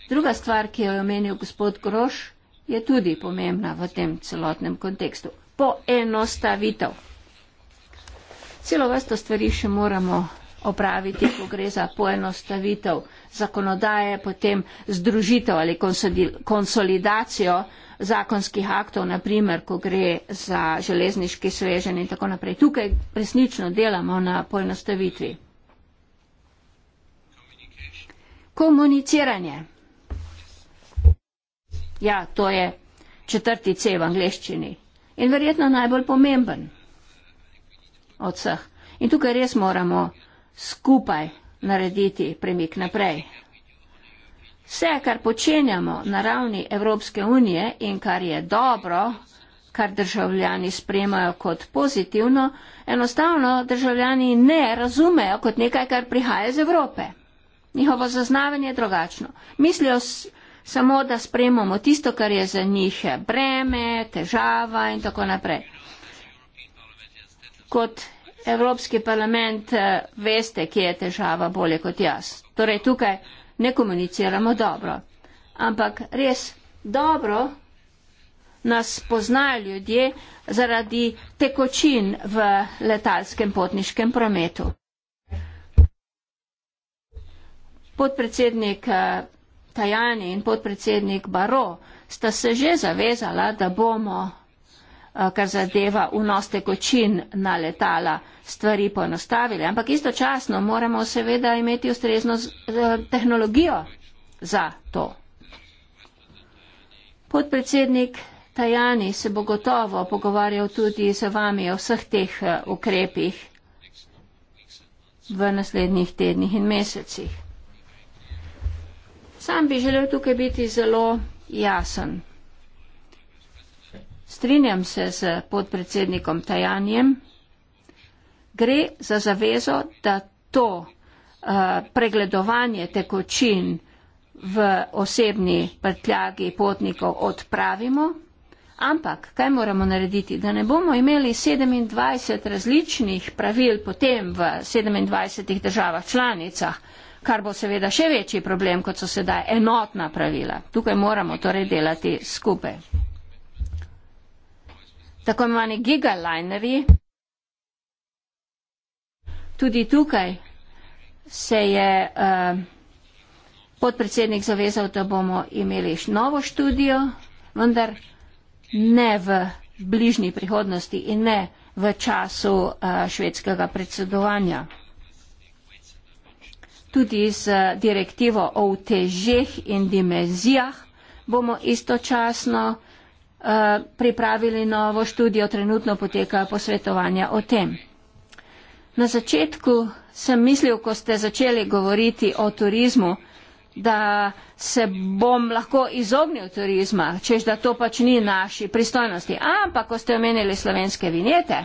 Druga stvar, ki jo je omenil gospod Groš, je tudi pomembna v tem celotnem kontekstu. Poenostavitev. Celo vrsto stvari še moramo opraviti, ko gre za poenostavitev zakonodaje, potem združitev ali konsolidacijo zakonskih aktov, naprimer, ko gre za železniški svežen in tako naprej. Tukaj resnično delamo na poenostavitvi. Komuniciranje. Ja, to je četrti C v angleščini in verjetno najbolj pomemben od vseh. In tukaj res moramo skupaj narediti premik naprej. Vse, kar počenjamo na ravni Evropske unije in kar je dobro, kar državljani spremajo kot pozitivno, enostavno državljani ne razumejo kot nekaj, kar prihaja iz Evrope. Njihovo zaznavanje je drugačno. Mislijo samo, da spremamo tisto, kar je za njih breme, težava in tako naprej. Kot Evropski parlament eh, veste, kje je težava bolje kot jaz. Torej tukaj ne komuniciramo dobro. Ampak res dobro nas poznajo ljudje zaradi tekočin v letalskem potniškem prometu. Podpredsednik eh, Tajani in podpredsednik Baro sta se že zavezala, da bomo Eh, kar zadeva vnos tekočin na letala, stvari poenostavili. Ampak istočasno moramo seveda imeti ustrezno eh, tehnologijo za to. Podpredsednik Tajani se bo gotovo pogovarjal tudi z vami o vseh teh eh, ukrepih v naslednjih tednih in mesecih. Sam bi želel tukaj biti zelo jasen. Strinjam se z podpredsednikom Tajanjem. Gre za zavezo, da to uh, pregledovanje tekočin v osebni prtljagi potnikov odpravimo. Ampak, kaj moramo narediti? Da ne bomo imeli 27 različnih pravil potem v 27 državah članicah, kar bo seveda še večji problem, kot so sedaj enotna pravila. Tukaj moramo torej delati skupaj tako imenovani gigalinerji. Tudi tukaj se je uh, podpredsednik zavezal, da bomo imeli novo študijo, vendar ne v bližnji prihodnosti in ne v času uh, švedskega predsedovanja. Tudi z direktivo o težih in dimenzijah bomo istočasno Eh, pripravili novo študijo, trenutno poteka posvetovanja o tem. Na začetku sem mislil, ko ste začeli govoriti o turizmu, da se bom lahko izognil turizma, čež da to pač ni naši pristojnosti. Ampak, ko ste omenili slovenske vinjete,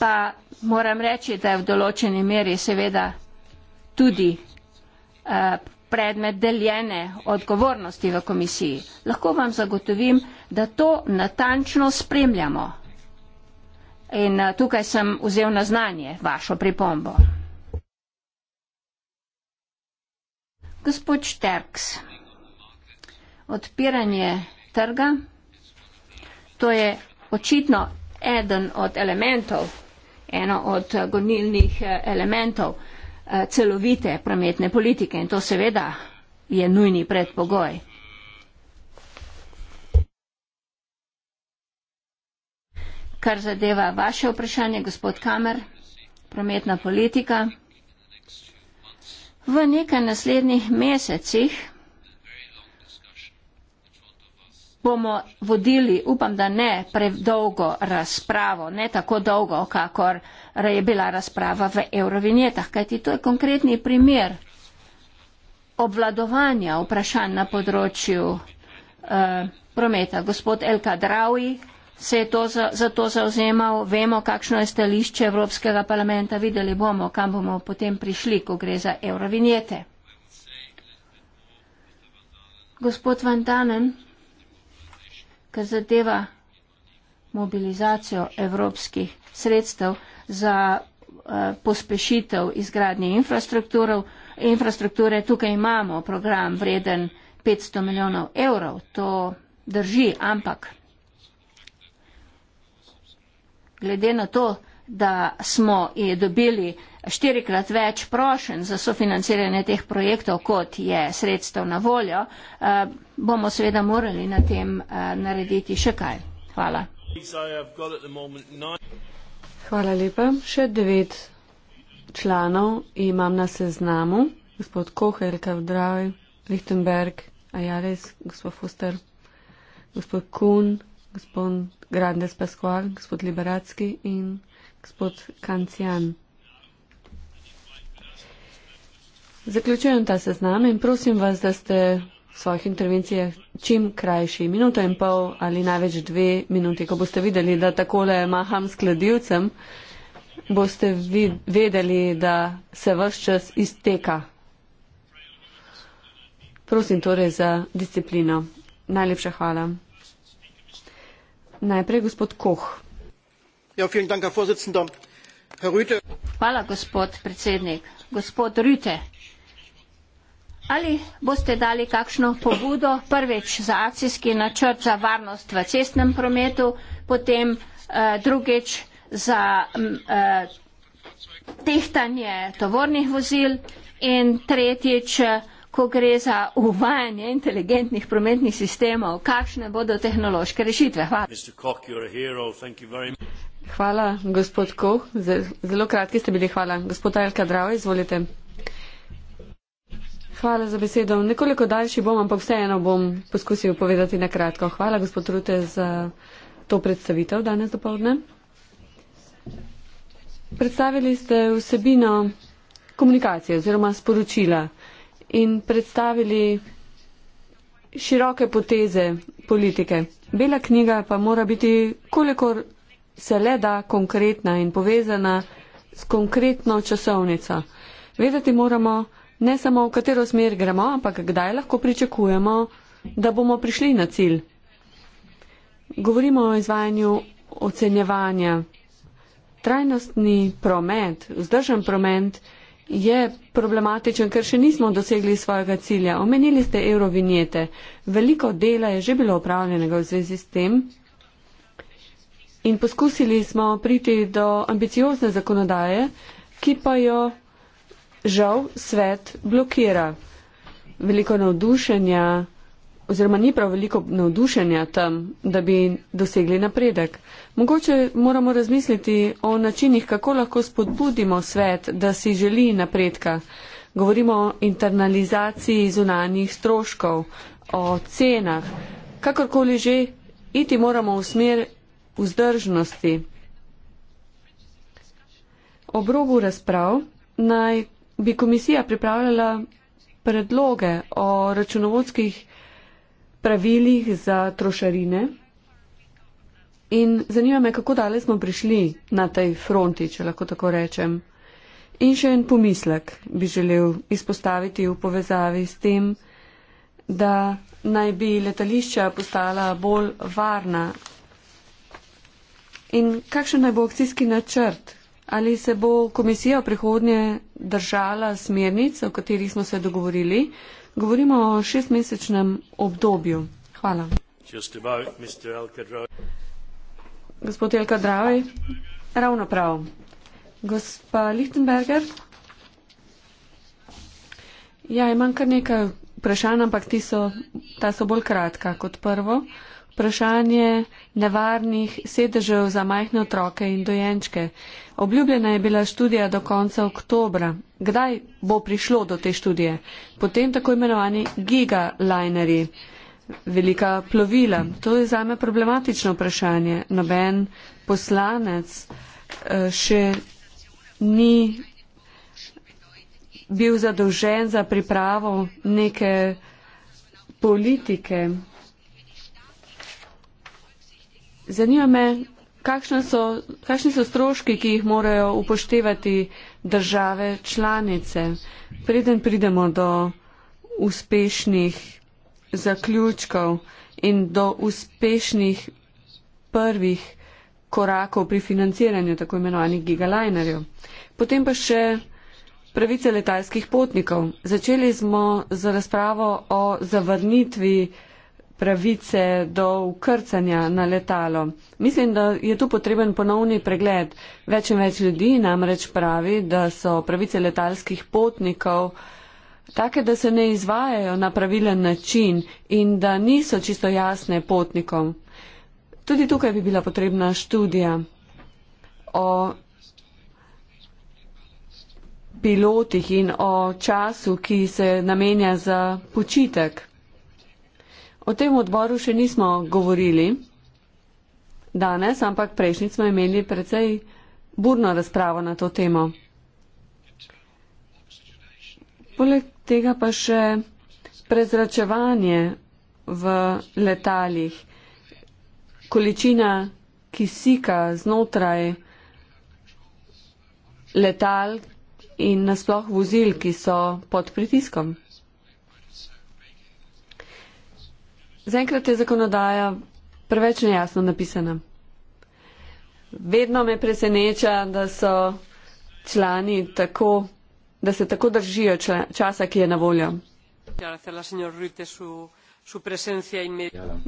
pa moram reči, da je v določeni meri seveda tudi uh, predmet deljene odgovornosti v komisiji. Lahko vam zagotovim, da to natančno spremljamo. In eh, tukaj sem vzel na znanje vašo pripombo. Gospod Šterks, odpiranje trga, to je očitno eden od elementov, eno od gonilnih eh, elementov. Eh, celovite prometne politike in to seveda je nujni predpogoj. Kar zadeva vaše vprašanje, gospod Kamer, prometna politika. V nekaj naslednjih mesecih bomo vodili, upam, da ne predolgo razpravo, ne tako dolgo, kakor je bila razprava v eurovinjetah, kajti to je konkretni primer obvladovanja vprašanj na področju uh, prometa. Gospod Elka Draui se je to za, za to zauzemal, vemo, kakšno je stališče Evropskega parlamenta, videli bomo, kam bomo potem prišli, ko gre za eurovinjete. Gospod Van Danen kar zadeva mobilizacijo evropskih sredstev za eh, pospešitev izgradnje infrastrukture. Tukaj imamo program vreden 500 milijonov evrov, to drži, ampak glede na to, da smo dobili štirikrat več prošen za sofinanciranje teh projektov, kot je sredstev na voljo, eh, bomo seveda morali na tem eh, narediti še kaj. Hvala. Hvala lepa. Še devet članov imam na seznamu. Gospod Koher, Kavdraj, Lichtenberg, Ajales, gospod Fuster, gospod Kuhn, gospod Grandes Pasqual, gospod Liberacki in gospod Kancijan. Zaključujem ta seznam in prosim vas, da ste v svojih intervencijah čim krajši, minuto in pol ali največ dve minuti. Ko boste videli, da takole maham skladilcem, boste vedeli, da se vaš čas izteka. Prosim torej za disciplino. Najlepša hvala. Najprej gospod Koh. Ja, vielen Dank, Herr Vorsitzender. Herr Rüte. Hvala, gospod predsednik. Gospod Rüte. Ali boste dali kakšno pobudo, prvič za akcijski načrt za varnost v cestnem prometu, potem eh, drugič za mm, eh, tehtanje tovornih vozil in tretjič, eh, ko gre za uvajanje inteligentnih prometnih sistemov, kakšne bodo tehnološke rešitve? Hvala. Hvala, gospod Koh. Zelo kratki ste bili. Hvala. Gospod Alka Drava, izvolite. Hvala za besedo. Nekoliko daljši bom, ampak vseeno bom poskusil povedati na kratko. Hvala, gospod Rute, za to predstavitev danes do povdne. Predstavili ste vsebino komunikacije oziroma sporočila in predstavili široke poteze politike. Bela knjiga pa mora biti, kolikor se le da, konkretna in povezana s konkretno časovnico. Vedeti moramo, ne samo v katero smer gremo, ampak kdaj lahko pričakujemo, da bomo prišli na cilj. Govorimo o izvajanju ocenjevanja. Trajnostni promet, vzdržen promet je problematičen, ker še nismo dosegli svojega cilja. Omenili ste eurovinjete. Veliko dela je že bilo upravljenega v zvezi s tem in poskusili smo priti do ambiciozne zakonodaje, ki pa jo žal svet blokira. Veliko navdušenja, oziroma ni prav veliko navdušenja tam, da bi dosegli napredek. Mogoče moramo razmisliti o načinih, kako lahko spodbudimo svet, da si želi napredka. Govorimo o internalizaciji zunanjih stroškov, o cenah. Kakorkoli že, iti moramo v smer vzdržnosti. Ob robu razprav naj bi komisija pripravljala predloge o računovodskih pravilih za trošarine. In zanima me, kako dalje smo prišli na tej fronti, če lahko tako rečem. In še en pomislek bi želel izpostaviti v povezavi s tem, da naj bi letališča postala bolj varna. In kakšen naj bo akcijski načrt? Ali se bo komisija v prihodnje držala smernic, o katerih smo se dogovorili. Govorimo o šestmesečnem obdobju. Hvala. Gospod Elka Dravaj, ravno prav. Gospa Lichtenberger. Ja, imam kar nekaj vprašanj, ampak so, ta so bolj kratka kot prvo vprašanje nevarnih sedežev za majhne otroke in dojenčke. Obljubljena je bila študija do konca oktobra. Kdaj bo prišlo do te študije? Potem tako imenovani gigalinerji, velika plovila. To je zame problematično vprašanje. Noben poslanec eh, še ni bil zadolžen za pripravo neke politike Zanima me, so, kakšni so stroški, ki jih morajo upoštevati države članice, preden pridemo do uspešnih zaključkov in do uspešnih prvih korakov pri financiranju tako imenovanih gigalinerjev. Potem pa še pravice letalskih potnikov. Začeli smo z razpravo o zavrnitvi pravice do ukrcanja na letalo. Mislim, da je tu potreben ponovni pregled. Več in več ljudi namreč pravi, da so pravice letalskih potnikov take, da se ne izvajajo na pravilen način in da niso čisto jasne potnikom. Tudi tukaj bi bila potrebna študija o pilotih in o času, ki se namenja za počitek. O tem odboru še nismo govorili danes, ampak prejšnjič smo imeli precej burno razpravo na to temo. Poleg tega pa še prezračevanje v letalih, količina kisika znotraj letal in nasploh vozil, ki so pod pritiskom. Zaenkrat je zakonodaja preveč nejasno napisana. Vedno me preseneča, da so člani tako, da se tako držijo čla, časa, ki je na voljo.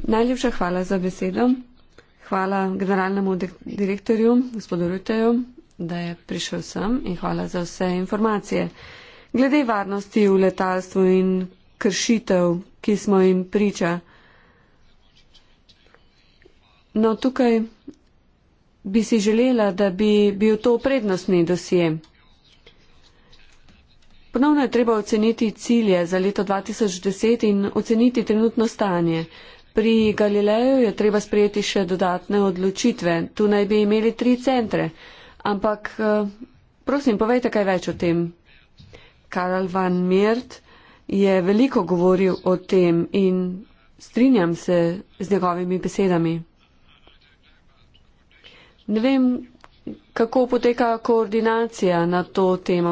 Najlepša hvala za besedo. Hvala generalnemu direktorju, gospodu Ruteju, da je prišel sem in hvala za vse informacije. Glede varnosti v letalstvu in kršitev, ki smo jim pričali, No, tukaj bi si želela, da bi bil to prednostni dosje. Ponovno je treba oceniti cilje za leto 2010 in oceniti trenutno stanje. Pri Galileju je treba sprejeti še dodatne odločitve. Tu naj bi imeli tri centre. Ampak, eh, prosim, povejte kaj več o tem. Karl van Miert je veliko govoril o tem in strinjam se z njegovimi besedami. Ne vem, kako poteka koordinacija na to temo.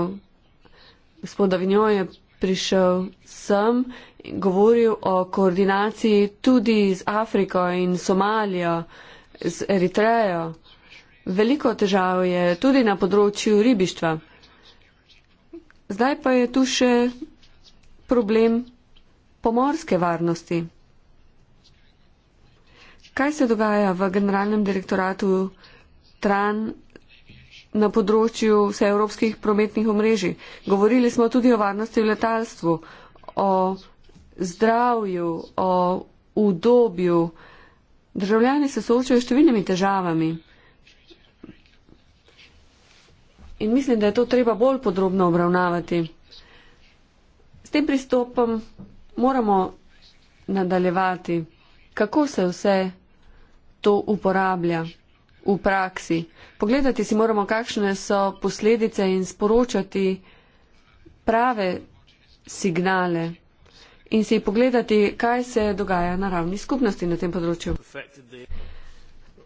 Gospod Davinjo je prišel sem in govoril o koordinaciji tudi z Afriko in Somalijo, z Eritrejo. Veliko težav je tudi na področju ribištva. Zdaj pa je tu še problem pomorske varnosti. Kaj se dogaja v generalnem direktoratu? stran na področju vseevropskih prometnih omrežij. Govorili smo tudi o varnosti v letalstvu, o zdravju, o udobju. Državljani se soočajo s številnimi težavami. In mislim, da je to treba bolj podrobno obravnavati. S tem pristopom moramo nadaljevati, kako se vse to uporablja v praksi. Pogledati si moramo, kakšne so posledice in sporočati prave signale in si pogledati, kaj se dogaja na ravni skupnosti na tem področju.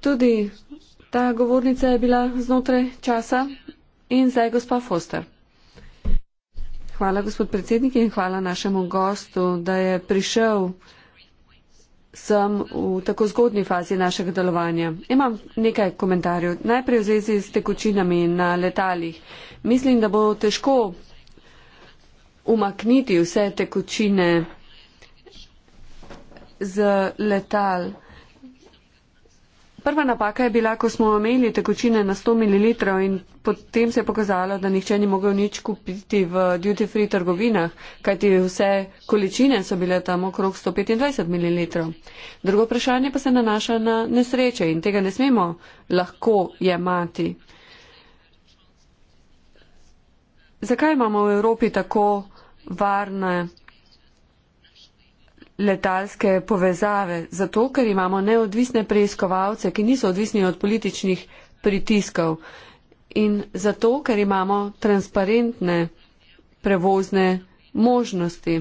Tudi ta govornica je bila znotraj časa in zdaj gospa Foster. Hvala, gospod predsednik, in hvala našemu gostu, da je prišel sem v tako zgodni fazi našega delovanja. Imam nekaj komentarjev. Najprej v zvezi s tekočinami na letalih. Mislim, da bo težko umakniti vse tekočine z letal prva napaka je bila, ko smo imeli tekočine na 100 ml in potem se je pokazalo, da nihče ni mogel nič kupiti v duty free trgovinah, kajti vse količine so bile tam okrog 125 ml. Drugo vprašanje pa se nanaša na nesreče in tega ne smemo lahko jemati. Zakaj imamo v Evropi tako varne letalske povezave, zato ker imamo neodvisne preiskovalce, ki niso odvisni od političnih pritiskov in zato ker imamo transparentne prevozne možnosti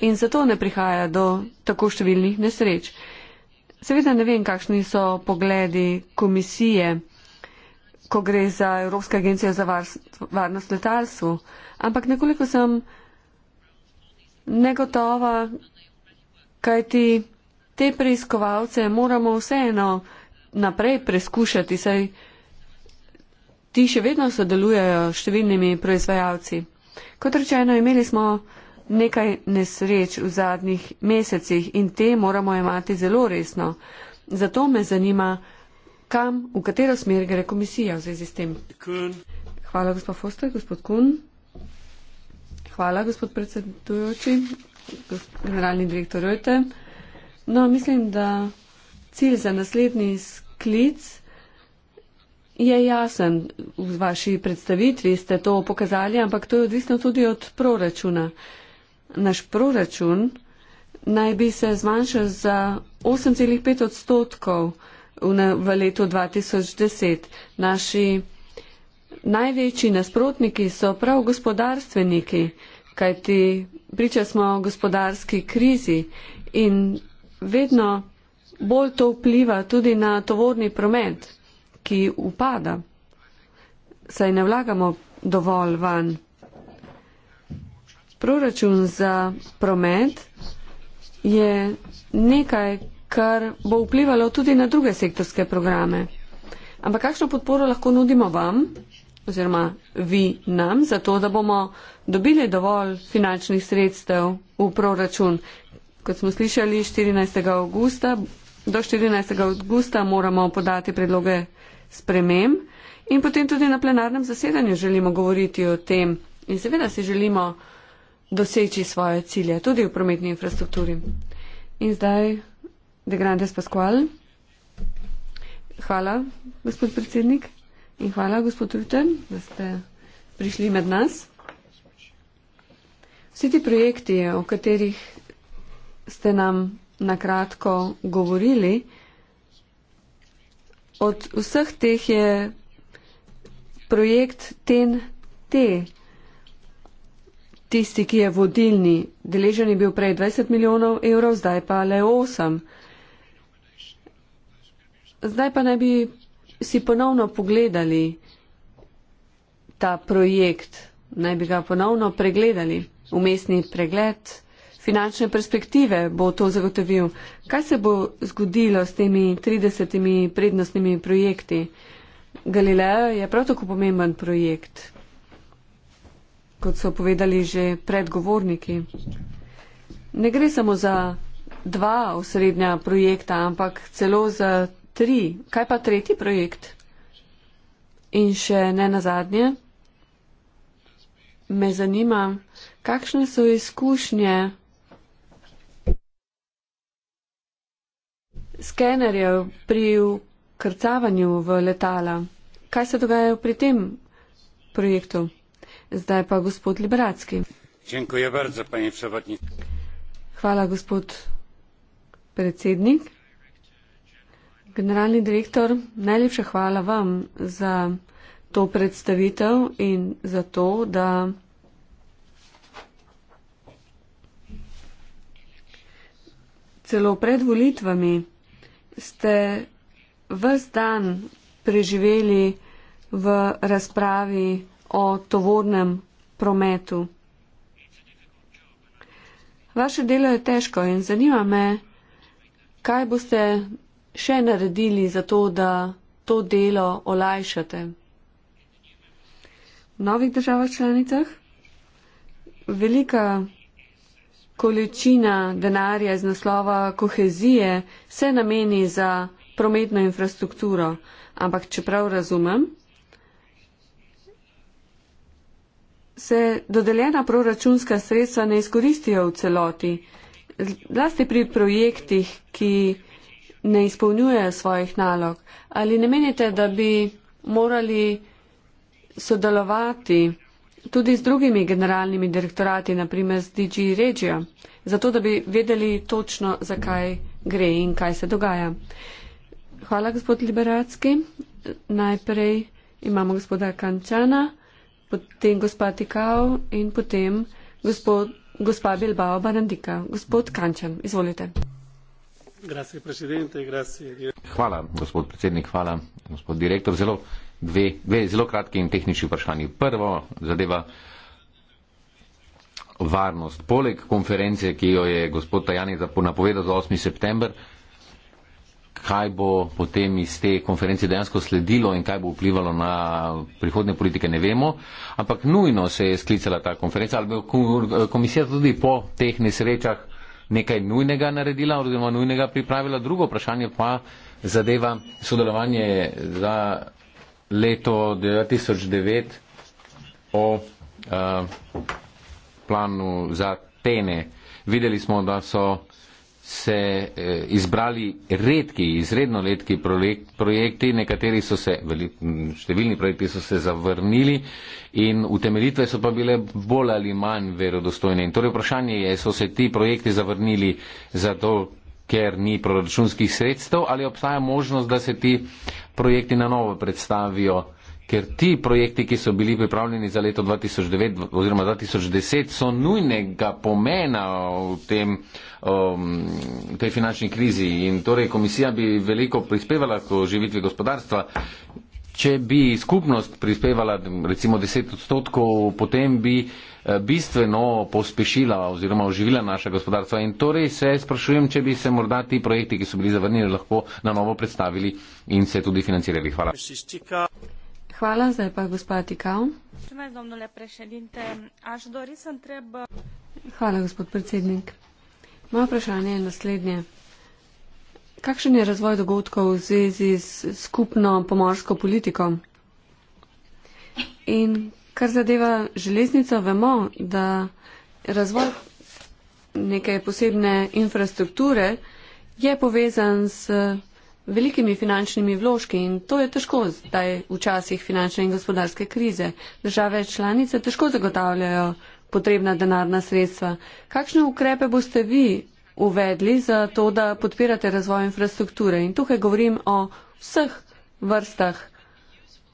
in zato ne prihaja do tako številnih nesreč. Seveda ne vem, kakšni so pogledi komisije, ko gre za Evropsko agencijo za varnost letalstvu, ampak nekoliko sem negotova, kajti te preiskovalce moramo vseeno naprej preskušati, saj ti še vedno sodelujejo s številnimi proizvajalci. Kot rečeno, imeli smo nekaj nesreč v zadnjih mesecih in te moramo imati zelo resno. Zato me zanima, kam, v katero smer gre komisija v zvezi s tem. Kun. Hvala, gospod Foster, gospod Kun. Hvala, gospod predsedujoči generalni direktor Rojte. No, mislim, da cilj za naslednji sklic je jasen. V vaši predstavitvi ste to pokazali, ampak to je odvisno tudi od proračuna. Naš proračun naj bi se zmanjšal za 8,5 odstotkov v, na, v letu 2010. Naši največji nasprotniki so prav gospodarstveniki kajti priča smo o gospodarski krizi in vedno bolj to vpliva tudi na tovorni promet, ki upada, saj ne vlagamo dovolj van. Proračun za promet je nekaj, kar bo vplivalo tudi na druge sektorske programe. Ampak kakšno podporo lahko nudimo vam? oziroma vi nam, zato da bomo dobili dovolj finančnih sredstev v proračun. Kot smo slišali, 14. augusta, do 14. augusta moramo podati predloge spremem in potem tudi na plenarnem zasedanju želimo govoriti o tem in seveda si želimo doseči svoje cilje, tudi v prometni infrastrukturi. In zdaj, De Grandes Pasqual. Hvala, gospod predsednik. In hvala, gospod Ruten, da ste prišli med nas. Vsi ti projekti, o katerih ste nam nakratko govorili, od vseh teh je projekt TNT tisti, ki je vodilni. Deležen je bil prej 20 milijonov evrov, zdaj pa le 8. Zdaj pa naj bi si ponovno pogledali ta projekt, naj bi ga ponovno pregledali, umestni pregled, finančne perspektive bo to zagotovil. Kaj se bo zgodilo s temi 30 prednostnimi projekti? Galileo je prav tako pomemben projekt, kot so povedali že predgovorniki. Ne gre samo za dva osrednja projekta, ampak celo za tri, kaj pa tretji projekt? In še ne nazadnje, me zanima, kakšne so izkušnje skenerjev pri ukrcavanju v letala. Kaj se dogaja pri tem projektu? Zdaj pa gospod Liberacki. Hvala, gospod predsednik. Generalni direktor, najlepša hvala vam za to predstavitev in za to, da celo pred volitvami ste vse dan preživeli v razpravi o tovornem prometu. Vaše delo je težko in zanima me, kaj boste še naredili za to, da to delo olajšate? V novih državah članicah velika količina denarja iz naslova kohezije se nameni za prometno infrastrukturo, ampak čeprav razumem, se dodeljena proračunska sredstva ne izkoristijo v celoti, zlasti pri projektih, ki ne izpolnjujejo svojih nalog. Ali ne menite, da bi morali sodelovati tudi z drugimi generalnimi direktorati, naprimer z DG Regio, zato da bi vedeli točno, zakaj gre in kaj se dogaja. Hvala, gospod Liberacki. Najprej imamo gospoda Kančana, potem gospa Tikao in potem gospod, gospa Bilbao Barandika. Gospod Kančan, izvolite. Hvala, gospod predsednik, hvala, gospod direktor. Zelo, dve, dve zelo kratki in tehnični vprašanji. Prvo zadeva varnost. Poleg konference, ki jo je gospod Tajani napovedal za 8. september, kaj bo potem iz te konference dejansko sledilo in kaj bo vplivalo na prihodne politike, ne vemo. Ampak nujno se je sklicala ta konferenca, ali bo komisija tudi po teh nesrečah nekaj nujnega naredila oziroma nujnega pripravila. Drugo vprašanje pa zadeva sodelovanje za leto 2009 o uh, planu za tene. Videli smo, da so se eh, izbrali redki, izredno redki projekti, nekateri so se, številni projekti so se zavrnili in utemeljitve so pa bile bolj ali manj verodostojne. In torej vprašanje je, so se ti projekti zavrnili zato, ker ni proračunskih sredstev ali obstaja možnost, da se ti projekti na novo predstavijo ker ti projekti, ki so bili pripravljeni za leto 2009 oziroma 2010, so nujnega pomena v tem, um, tej finančni krizi in torej komisija bi veliko prispevala k oživitvi gospodarstva. Če bi skupnost prispevala recimo 10 odstotkov, potem bi eh, bistveno pospešila oziroma oživila naše gospodarstvo. In torej se sprašujem, če bi se morda ti projekti, ki so bili zavrnjeni, lahko na novo predstavili in se tudi financirali. Hvala. Hvala, zdaj pa gospa Tikal. Hvala, gospod predsednik. Moje vprašanje je naslednje. Kakšen je razvoj dogodkov v zvezi s skupno pomorsko politiko? In kar zadeva železnico, vemo, da razvoj neke posebne infrastrukture je povezan s velikimi finančnimi vložki in to je težko zdaj v časih finančne in gospodarske krize. Države članice težko zagotavljajo potrebna denarna sredstva. Kakšne ukrepe boste vi uvedli za to, da podpirate razvoj infrastrukture? In tukaj govorim o vseh vrstah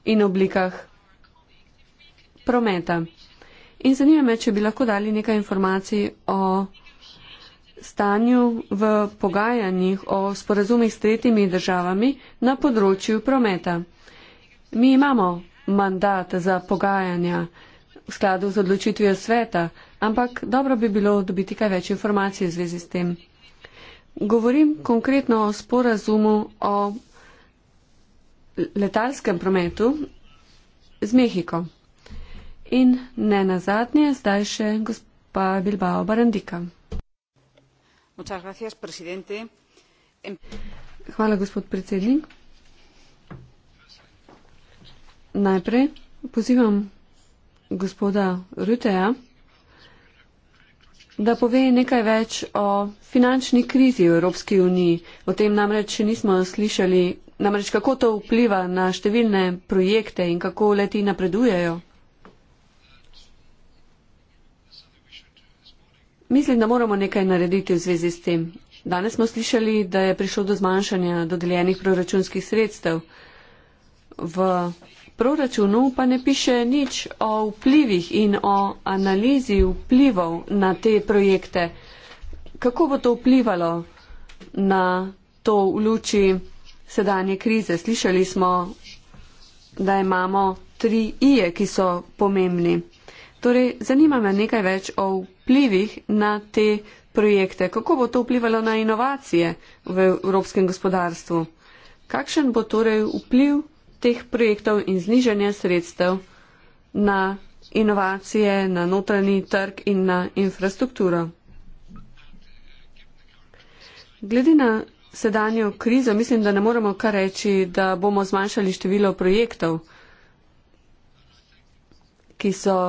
in oblikah prometa. In zanima me, če bi lahko dali nekaj informacij o stanju v pogajanjih o sporazumih s tretjimi državami na področju prometa. Mi imamo mandat za pogajanja v skladu z odločitvijo sveta, ampak dobro bi bilo dobiti kaj več informacij v zvezi s tem. Govorim konkretno o sporazumu o letalskem prometu z Mehiko. In ne nazadnje, zdaj še gospa Bilbao Barandika. Hvala, gospod predsednik. Najprej pozivam gospoda Ruteja, da pove nekaj več o finančni krizi v Evropski uniji. O tem namreč še nismo slišali. Namreč kako to vpliva na številne projekte in kako leti napredujejo. Mislim, da moramo nekaj narediti v zvezi s tem. Danes smo slišali, da je prišlo do zmanjšanja dodeljenih proračunskih sredstev. V proračunu pa ne piše nič o vplivih in o analizi vplivov na te projekte. Kako bo to vplivalo na to v luči sedanje krize? Slišali smo, da imamo tri ije, ki so pomembni. Torej, zanima me nekaj več o vplivih vplivih na te projekte? Kako bo to vplivalo na inovacije v evropskem gospodarstvu? Kakšen bo torej vpliv teh projektov in znižanja sredstev na inovacije, na notranji trg in na infrastrukturo? Glede na sedanjo krizo, mislim, da ne moremo kar reči, da bomo zmanjšali število projektov, ki so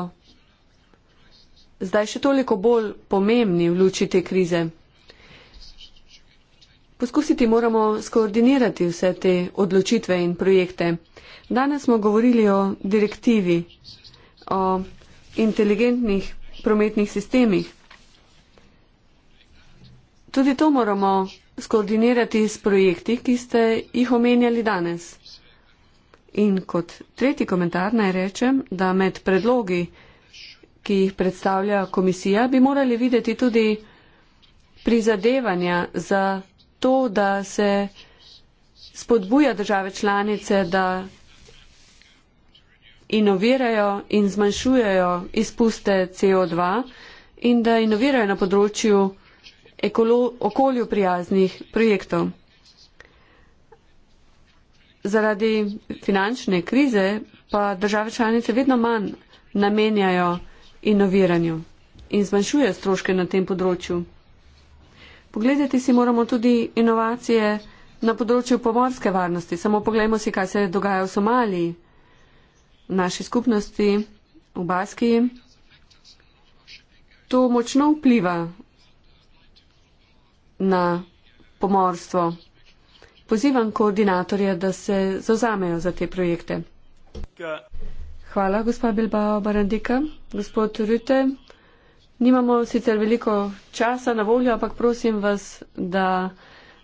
zdaj še toliko bolj pomembni v luči te krize. Poskusiti moramo skoordinirati vse te odločitve in projekte. Danes smo govorili o direktivi, o inteligentnih prometnih sistemih. Tudi to moramo skoordinirati s projekti, ki ste jih omenjali danes. In kot tretji komentar naj rečem, da med predlogi ki jih predstavlja komisija, bi morali videti tudi prizadevanja za to, da se spodbuja države članice, da inovirajo in zmanjšujejo izpuste CO2 in da inovirajo na področju ekolo, okolju prijaznih projektov. Zaradi finančne krize pa države članice vedno manj namenjajo inoviranju in zmanjšuje stroške na tem področju. Pogledati si moramo tudi inovacije na področju pomorske varnosti. Samo pogledajmo si, kaj se dogaja v Somaliji, v naši skupnosti, v Baskiji. To močno vpliva na pomorstvo. Pozivam koordinatorje, da se zauzamejo za te projekte. Tukaj. Hvala, gospa Bilbao Barandika. Gospod Rute, nimamo sicer veliko časa na voljo, ampak prosim vas, da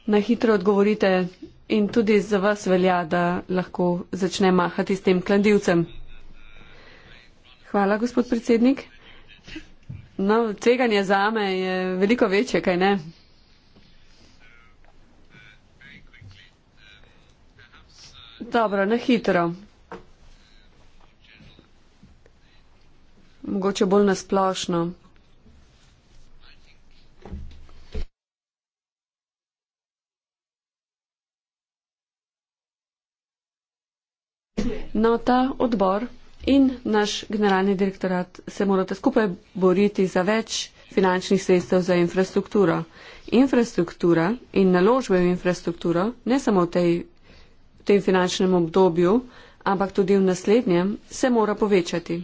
na hitro odgovorite in tudi za vas velja, da lahko začne mahati s tem klandivcem. Hvala, gospod predsednik. No, tveganje zame je veliko večje, kaj ne? Dobro, na hitro. mogoče bolj nasplošno. No, ta odbor in naš generalni direktorat se morate skupaj boriti za več finančnih sredstev za infrastrukturo. Infrastruktura in naložbe v infrastrukturo, ne samo v, tej, v tem finančnem obdobju, ampak tudi v naslednjem, se mora povečati.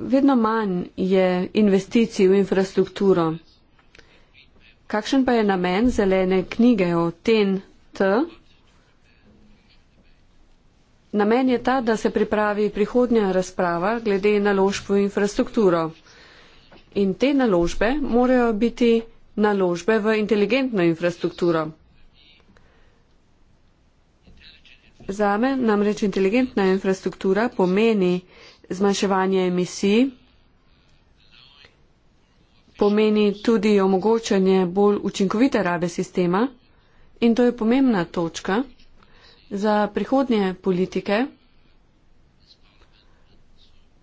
vedno manj je investicij v infrastrukturo. Kakšen pa je namen zelene knjige o TNT? Namen je ta, da se pripravi prihodnja razprava glede naložb v infrastrukturo. In te naložbe morajo biti naložbe v inteligentno infrastrukturo. Zame namreč inteligentna infrastruktura pomeni, zmanjševanje emisij pomeni tudi omogočanje bolj učinkovite rabe sistema in to je pomembna točka za prihodnje politike,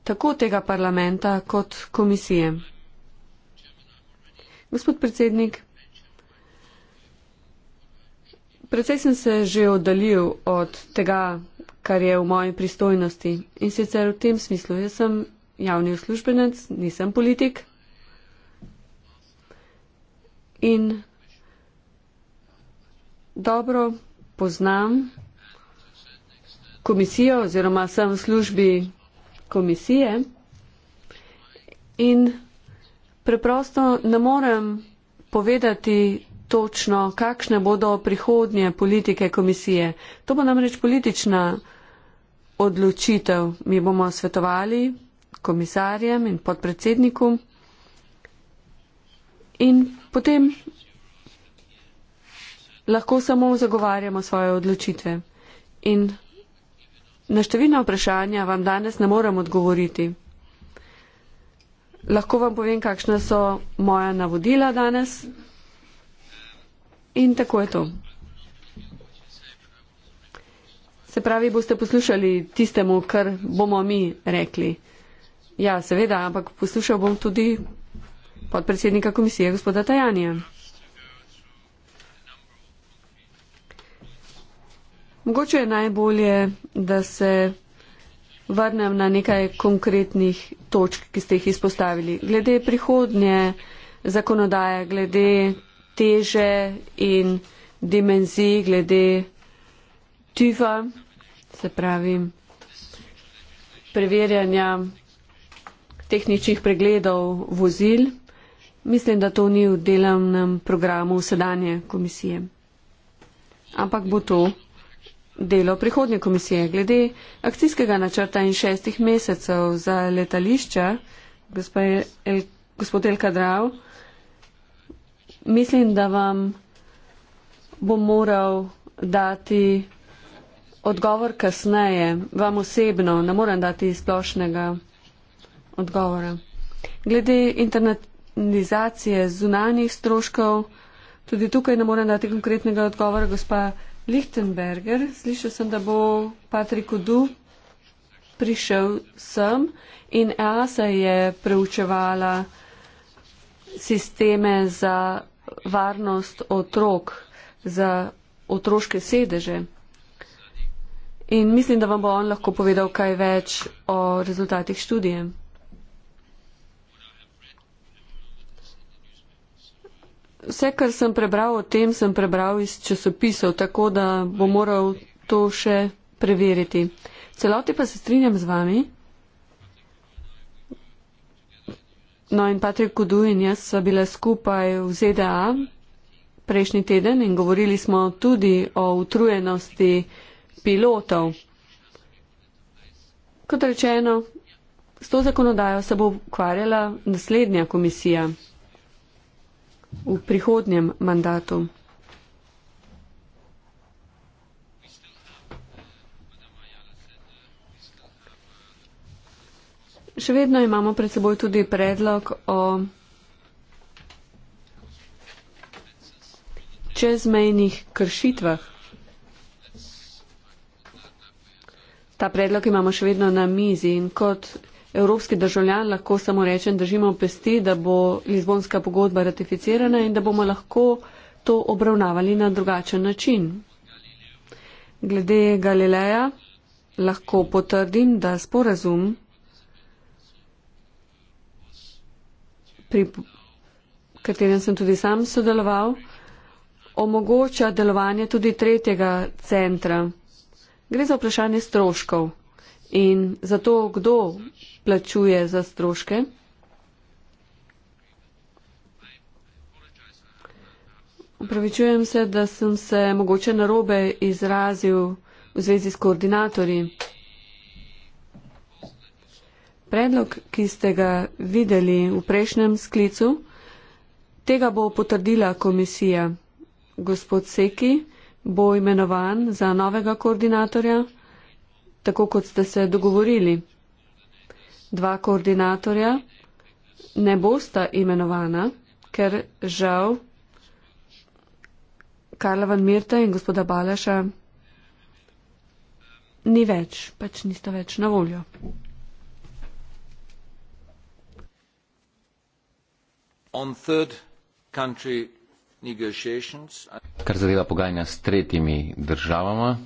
tako tega parlamenta kot komisije. Gospod predsednik, Predvsej sem se že oddaljil od tega, kar je v moji pristojnosti in sicer v tem smislu. Jaz sem javni uslužbenec, nisem politik in dobro poznam komisijo oziroma sem v službi komisije in preprosto ne morem povedati točno, kakšne bodo prihodnje politike komisije. To bo namreč politična odločitev. Mi bomo svetovali komisarjem in podpredsedniku in potem lahko samo zagovarjamo svoje odločitve. In na številna vprašanja vam danes ne morem odgovoriti. Lahko vam povem, kakšne so moja navodila danes. In tako je to. Se pravi, boste poslušali tistemu, kar bomo mi rekli. Ja, seveda, ampak poslušal bom tudi podpredsednika komisije, gospoda Tajanija. Mogoče je najbolje, da se vrnem na nekaj konkretnih točk, ki ste jih izpostavili. Glede prihodnje zakonodaje, glede teže in dimenzij glede tyva, se pravi preverjanja tehničnih pregledov vozil. Mislim, da to ni v delovnem programu sedanje komisije. Ampak bo to delo prihodnje komisije. Glede akcijskega načrta in šestih mesecev za letališča, gospod Elka Drav, mislim, da vam bo moral dati odgovor kasneje, vam osebno, ne morem dati splošnega odgovora. Glede internetizacije zunanjih stroškov, tudi tukaj ne morem dati konkretnega odgovora, gospa Lichtenberger. Slišal sem, da bo Patrik Udu prišel sem in EASA je preučevala sisteme za varnost otrok, za otroške sedeže. In mislim, da vam bo on lahko povedal kaj več o rezultatih študije. Vse, kar sem prebral o tem, sem prebral iz časopisov, tako da bo moral to še preveriti. Celoti pa se strinjam z vami. No in Patrik Kudu in jaz sva bile skupaj v ZDA prejšnji teden in govorili smo tudi o utrujenosti pilotov. Kot rečeno, s to zakonodajo se bo ukvarjala naslednja komisija v prihodnjem mandatu. Še vedno imamo pred seboj tudi predlog o čezmejnih kršitvah. Ta predlog imamo še vedno na mizi in kot evropski državljan lahko samo rečem, držimo pesti, da bo Lizbonska pogodba ratificirana in da bomo lahko to obravnavali na drugačen način. Glede Galileja lahko potrdim, da sporazum pri katerem sem tudi sam sodeloval, omogoča delovanje tudi tretjega centra. Gre za vprašanje stroškov in za to, kdo plačuje za stroške. Upravičujem se, da sem se mogoče narobe izrazil v zvezi s koordinatorji. Predlog, ki ste ga videli v prejšnjem sklicu, tega bo potrdila komisija. Gospod Seki bo imenovan za novega koordinatorja, tako kot ste se dogovorili. Dva koordinatorja ne bosta imenovana, ker žal Karla Van Mirta in gospoda Balaša ni več, pač nista več na voljo. Kar zadeva pogajanja s tretjimi državama,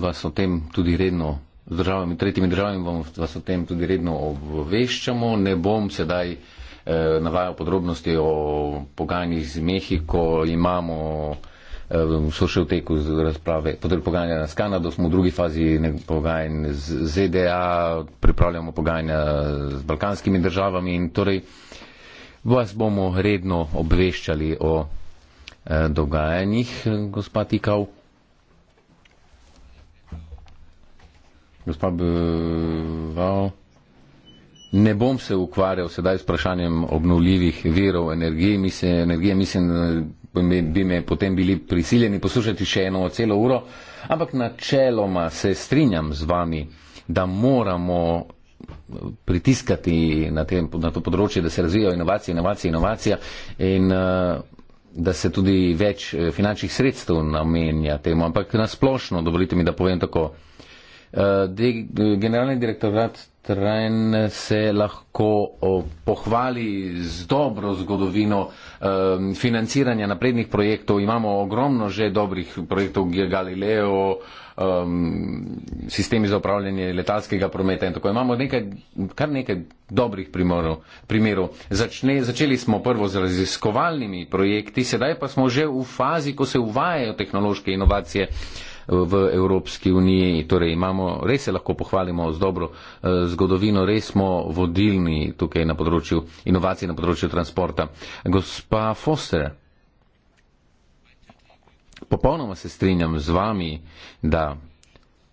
vas o tem tudi redno z državami, tretjimi državami vas o tem tudi redno obveščamo. Ne bom sedaj eh, navajal podrobnosti o pogajanjih z Mehiko, imamo so še v teku razprave, potem pogajanja s Kanado, smo v drugi fazi pogajanj z ZDA, pripravljamo pogajanja z balkanskimi državami in torej vas bomo redno obveščali o eh, dogajanjih, gospa Tikal. Gospa Bival, ne bom se ukvarjal sedaj s vprašanjem obnovljivih virov energije. Mislim, energije, mislim, bi me potem bili prisiljeni poslušati še eno celo uro, ampak načeloma se strinjam z vami, da moramo pritiskati na, tem, na to področje, da se razvijajo inovacije, inovacije, inovacije in eh, da se tudi več eh, finančnih sredstev namenja temu. Ampak nasplošno, dovolite mi, da povem tako. Eh, generalni direktorat Train se lahko pohvali z dobro zgodovino financiranja naprednih projektov. Imamo ogromno že dobrih projektov Galileo, sistemi za upravljanje letalskega prometa in tako. Imamo nekaj, kar nekaj dobrih primorov, primerov. Začne, začeli smo prvo z raziskovalnimi projekti, sedaj pa smo že v fazi, ko se uvajajo tehnološke inovacije v Evropski uniji. Torej imamo, res se lahko pohvalimo z dobro eh, zgodovino, res smo vodilni tukaj na področju inovacij, na področju transporta. Gospa Foster, popolnoma se strinjam z vami, da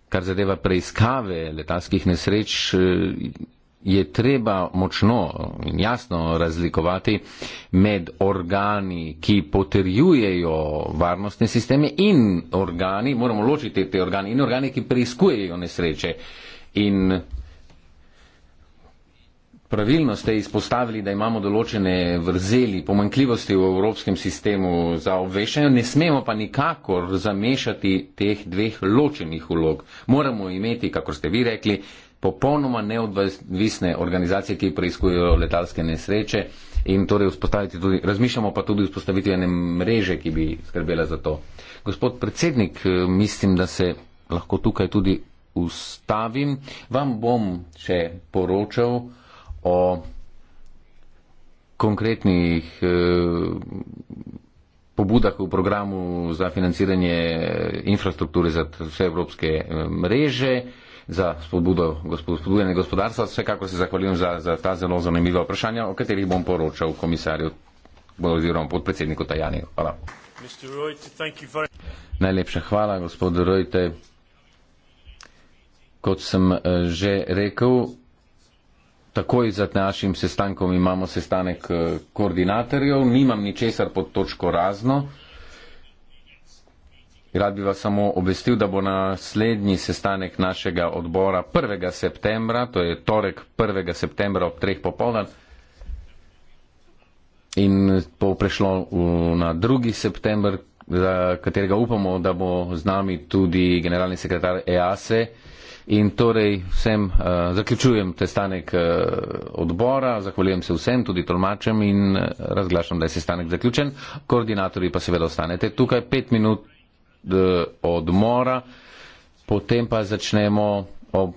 kar zadeva preiskave letalskih nesreč, eh, je treba močno in jasno razlikovati med organi, ki potrjujejo varnostne sisteme in organi, moramo ločiti te organi, in organi, ki preizkujejo nesreče. In pravilno ste izpostavili, da imamo določene vrzeli, pomankljivosti v evropskem sistemu za obveščanje, ne smemo pa nikakor zamešati teh dveh ločenih ulog. Moramo imeti, kako ste vi rekli, popolnoma neodvisne organizacije, ki preizkujejo letalske nesreče in torej vzpostaviti tudi, razmišljamo pa tudi vzpostaviti ene mreže, ki bi skrbela za to. Gospod predsednik, eh, mislim, da se lahko tukaj tudi ustavim. Vam bom še poročal o konkretnih eh, pobudah v programu za financiranje infrastrukture za vse evropske eh, mreže za spodbudo spodbudenje gospodarstva. Vsekako se zahvaljujem za, za ta zelo zanimiva vprašanja, o katerih bom poročal komisarju oziroma podpredsedniku Tajani. Hvala. Najlepša hvala, gospod Rojte. Kot sem eh, že rekel, takoj za našim sestankom imamo sestanek eh, koordinatorjev. Nimam ničesar pod točko razno. Rad bi vas samo obvestil, da bo naslednji sestanek našega odbora 1. septembra, to je torek 1. septembra ob 3. popoldan. In bo prešlo v, na 2. september, za katerega upamo, da bo z nami tudi generalni sekretar EASE. E. In torej vsem uh, zaključujem sestanek uh, odbora, zahvaljujem se vsem, tudi tolmačem in eh, razglašam, da je sestanek zaključen. Koordinatorji pa seveda ostanete tukaj 5 minut odmora potem pa začnemo ob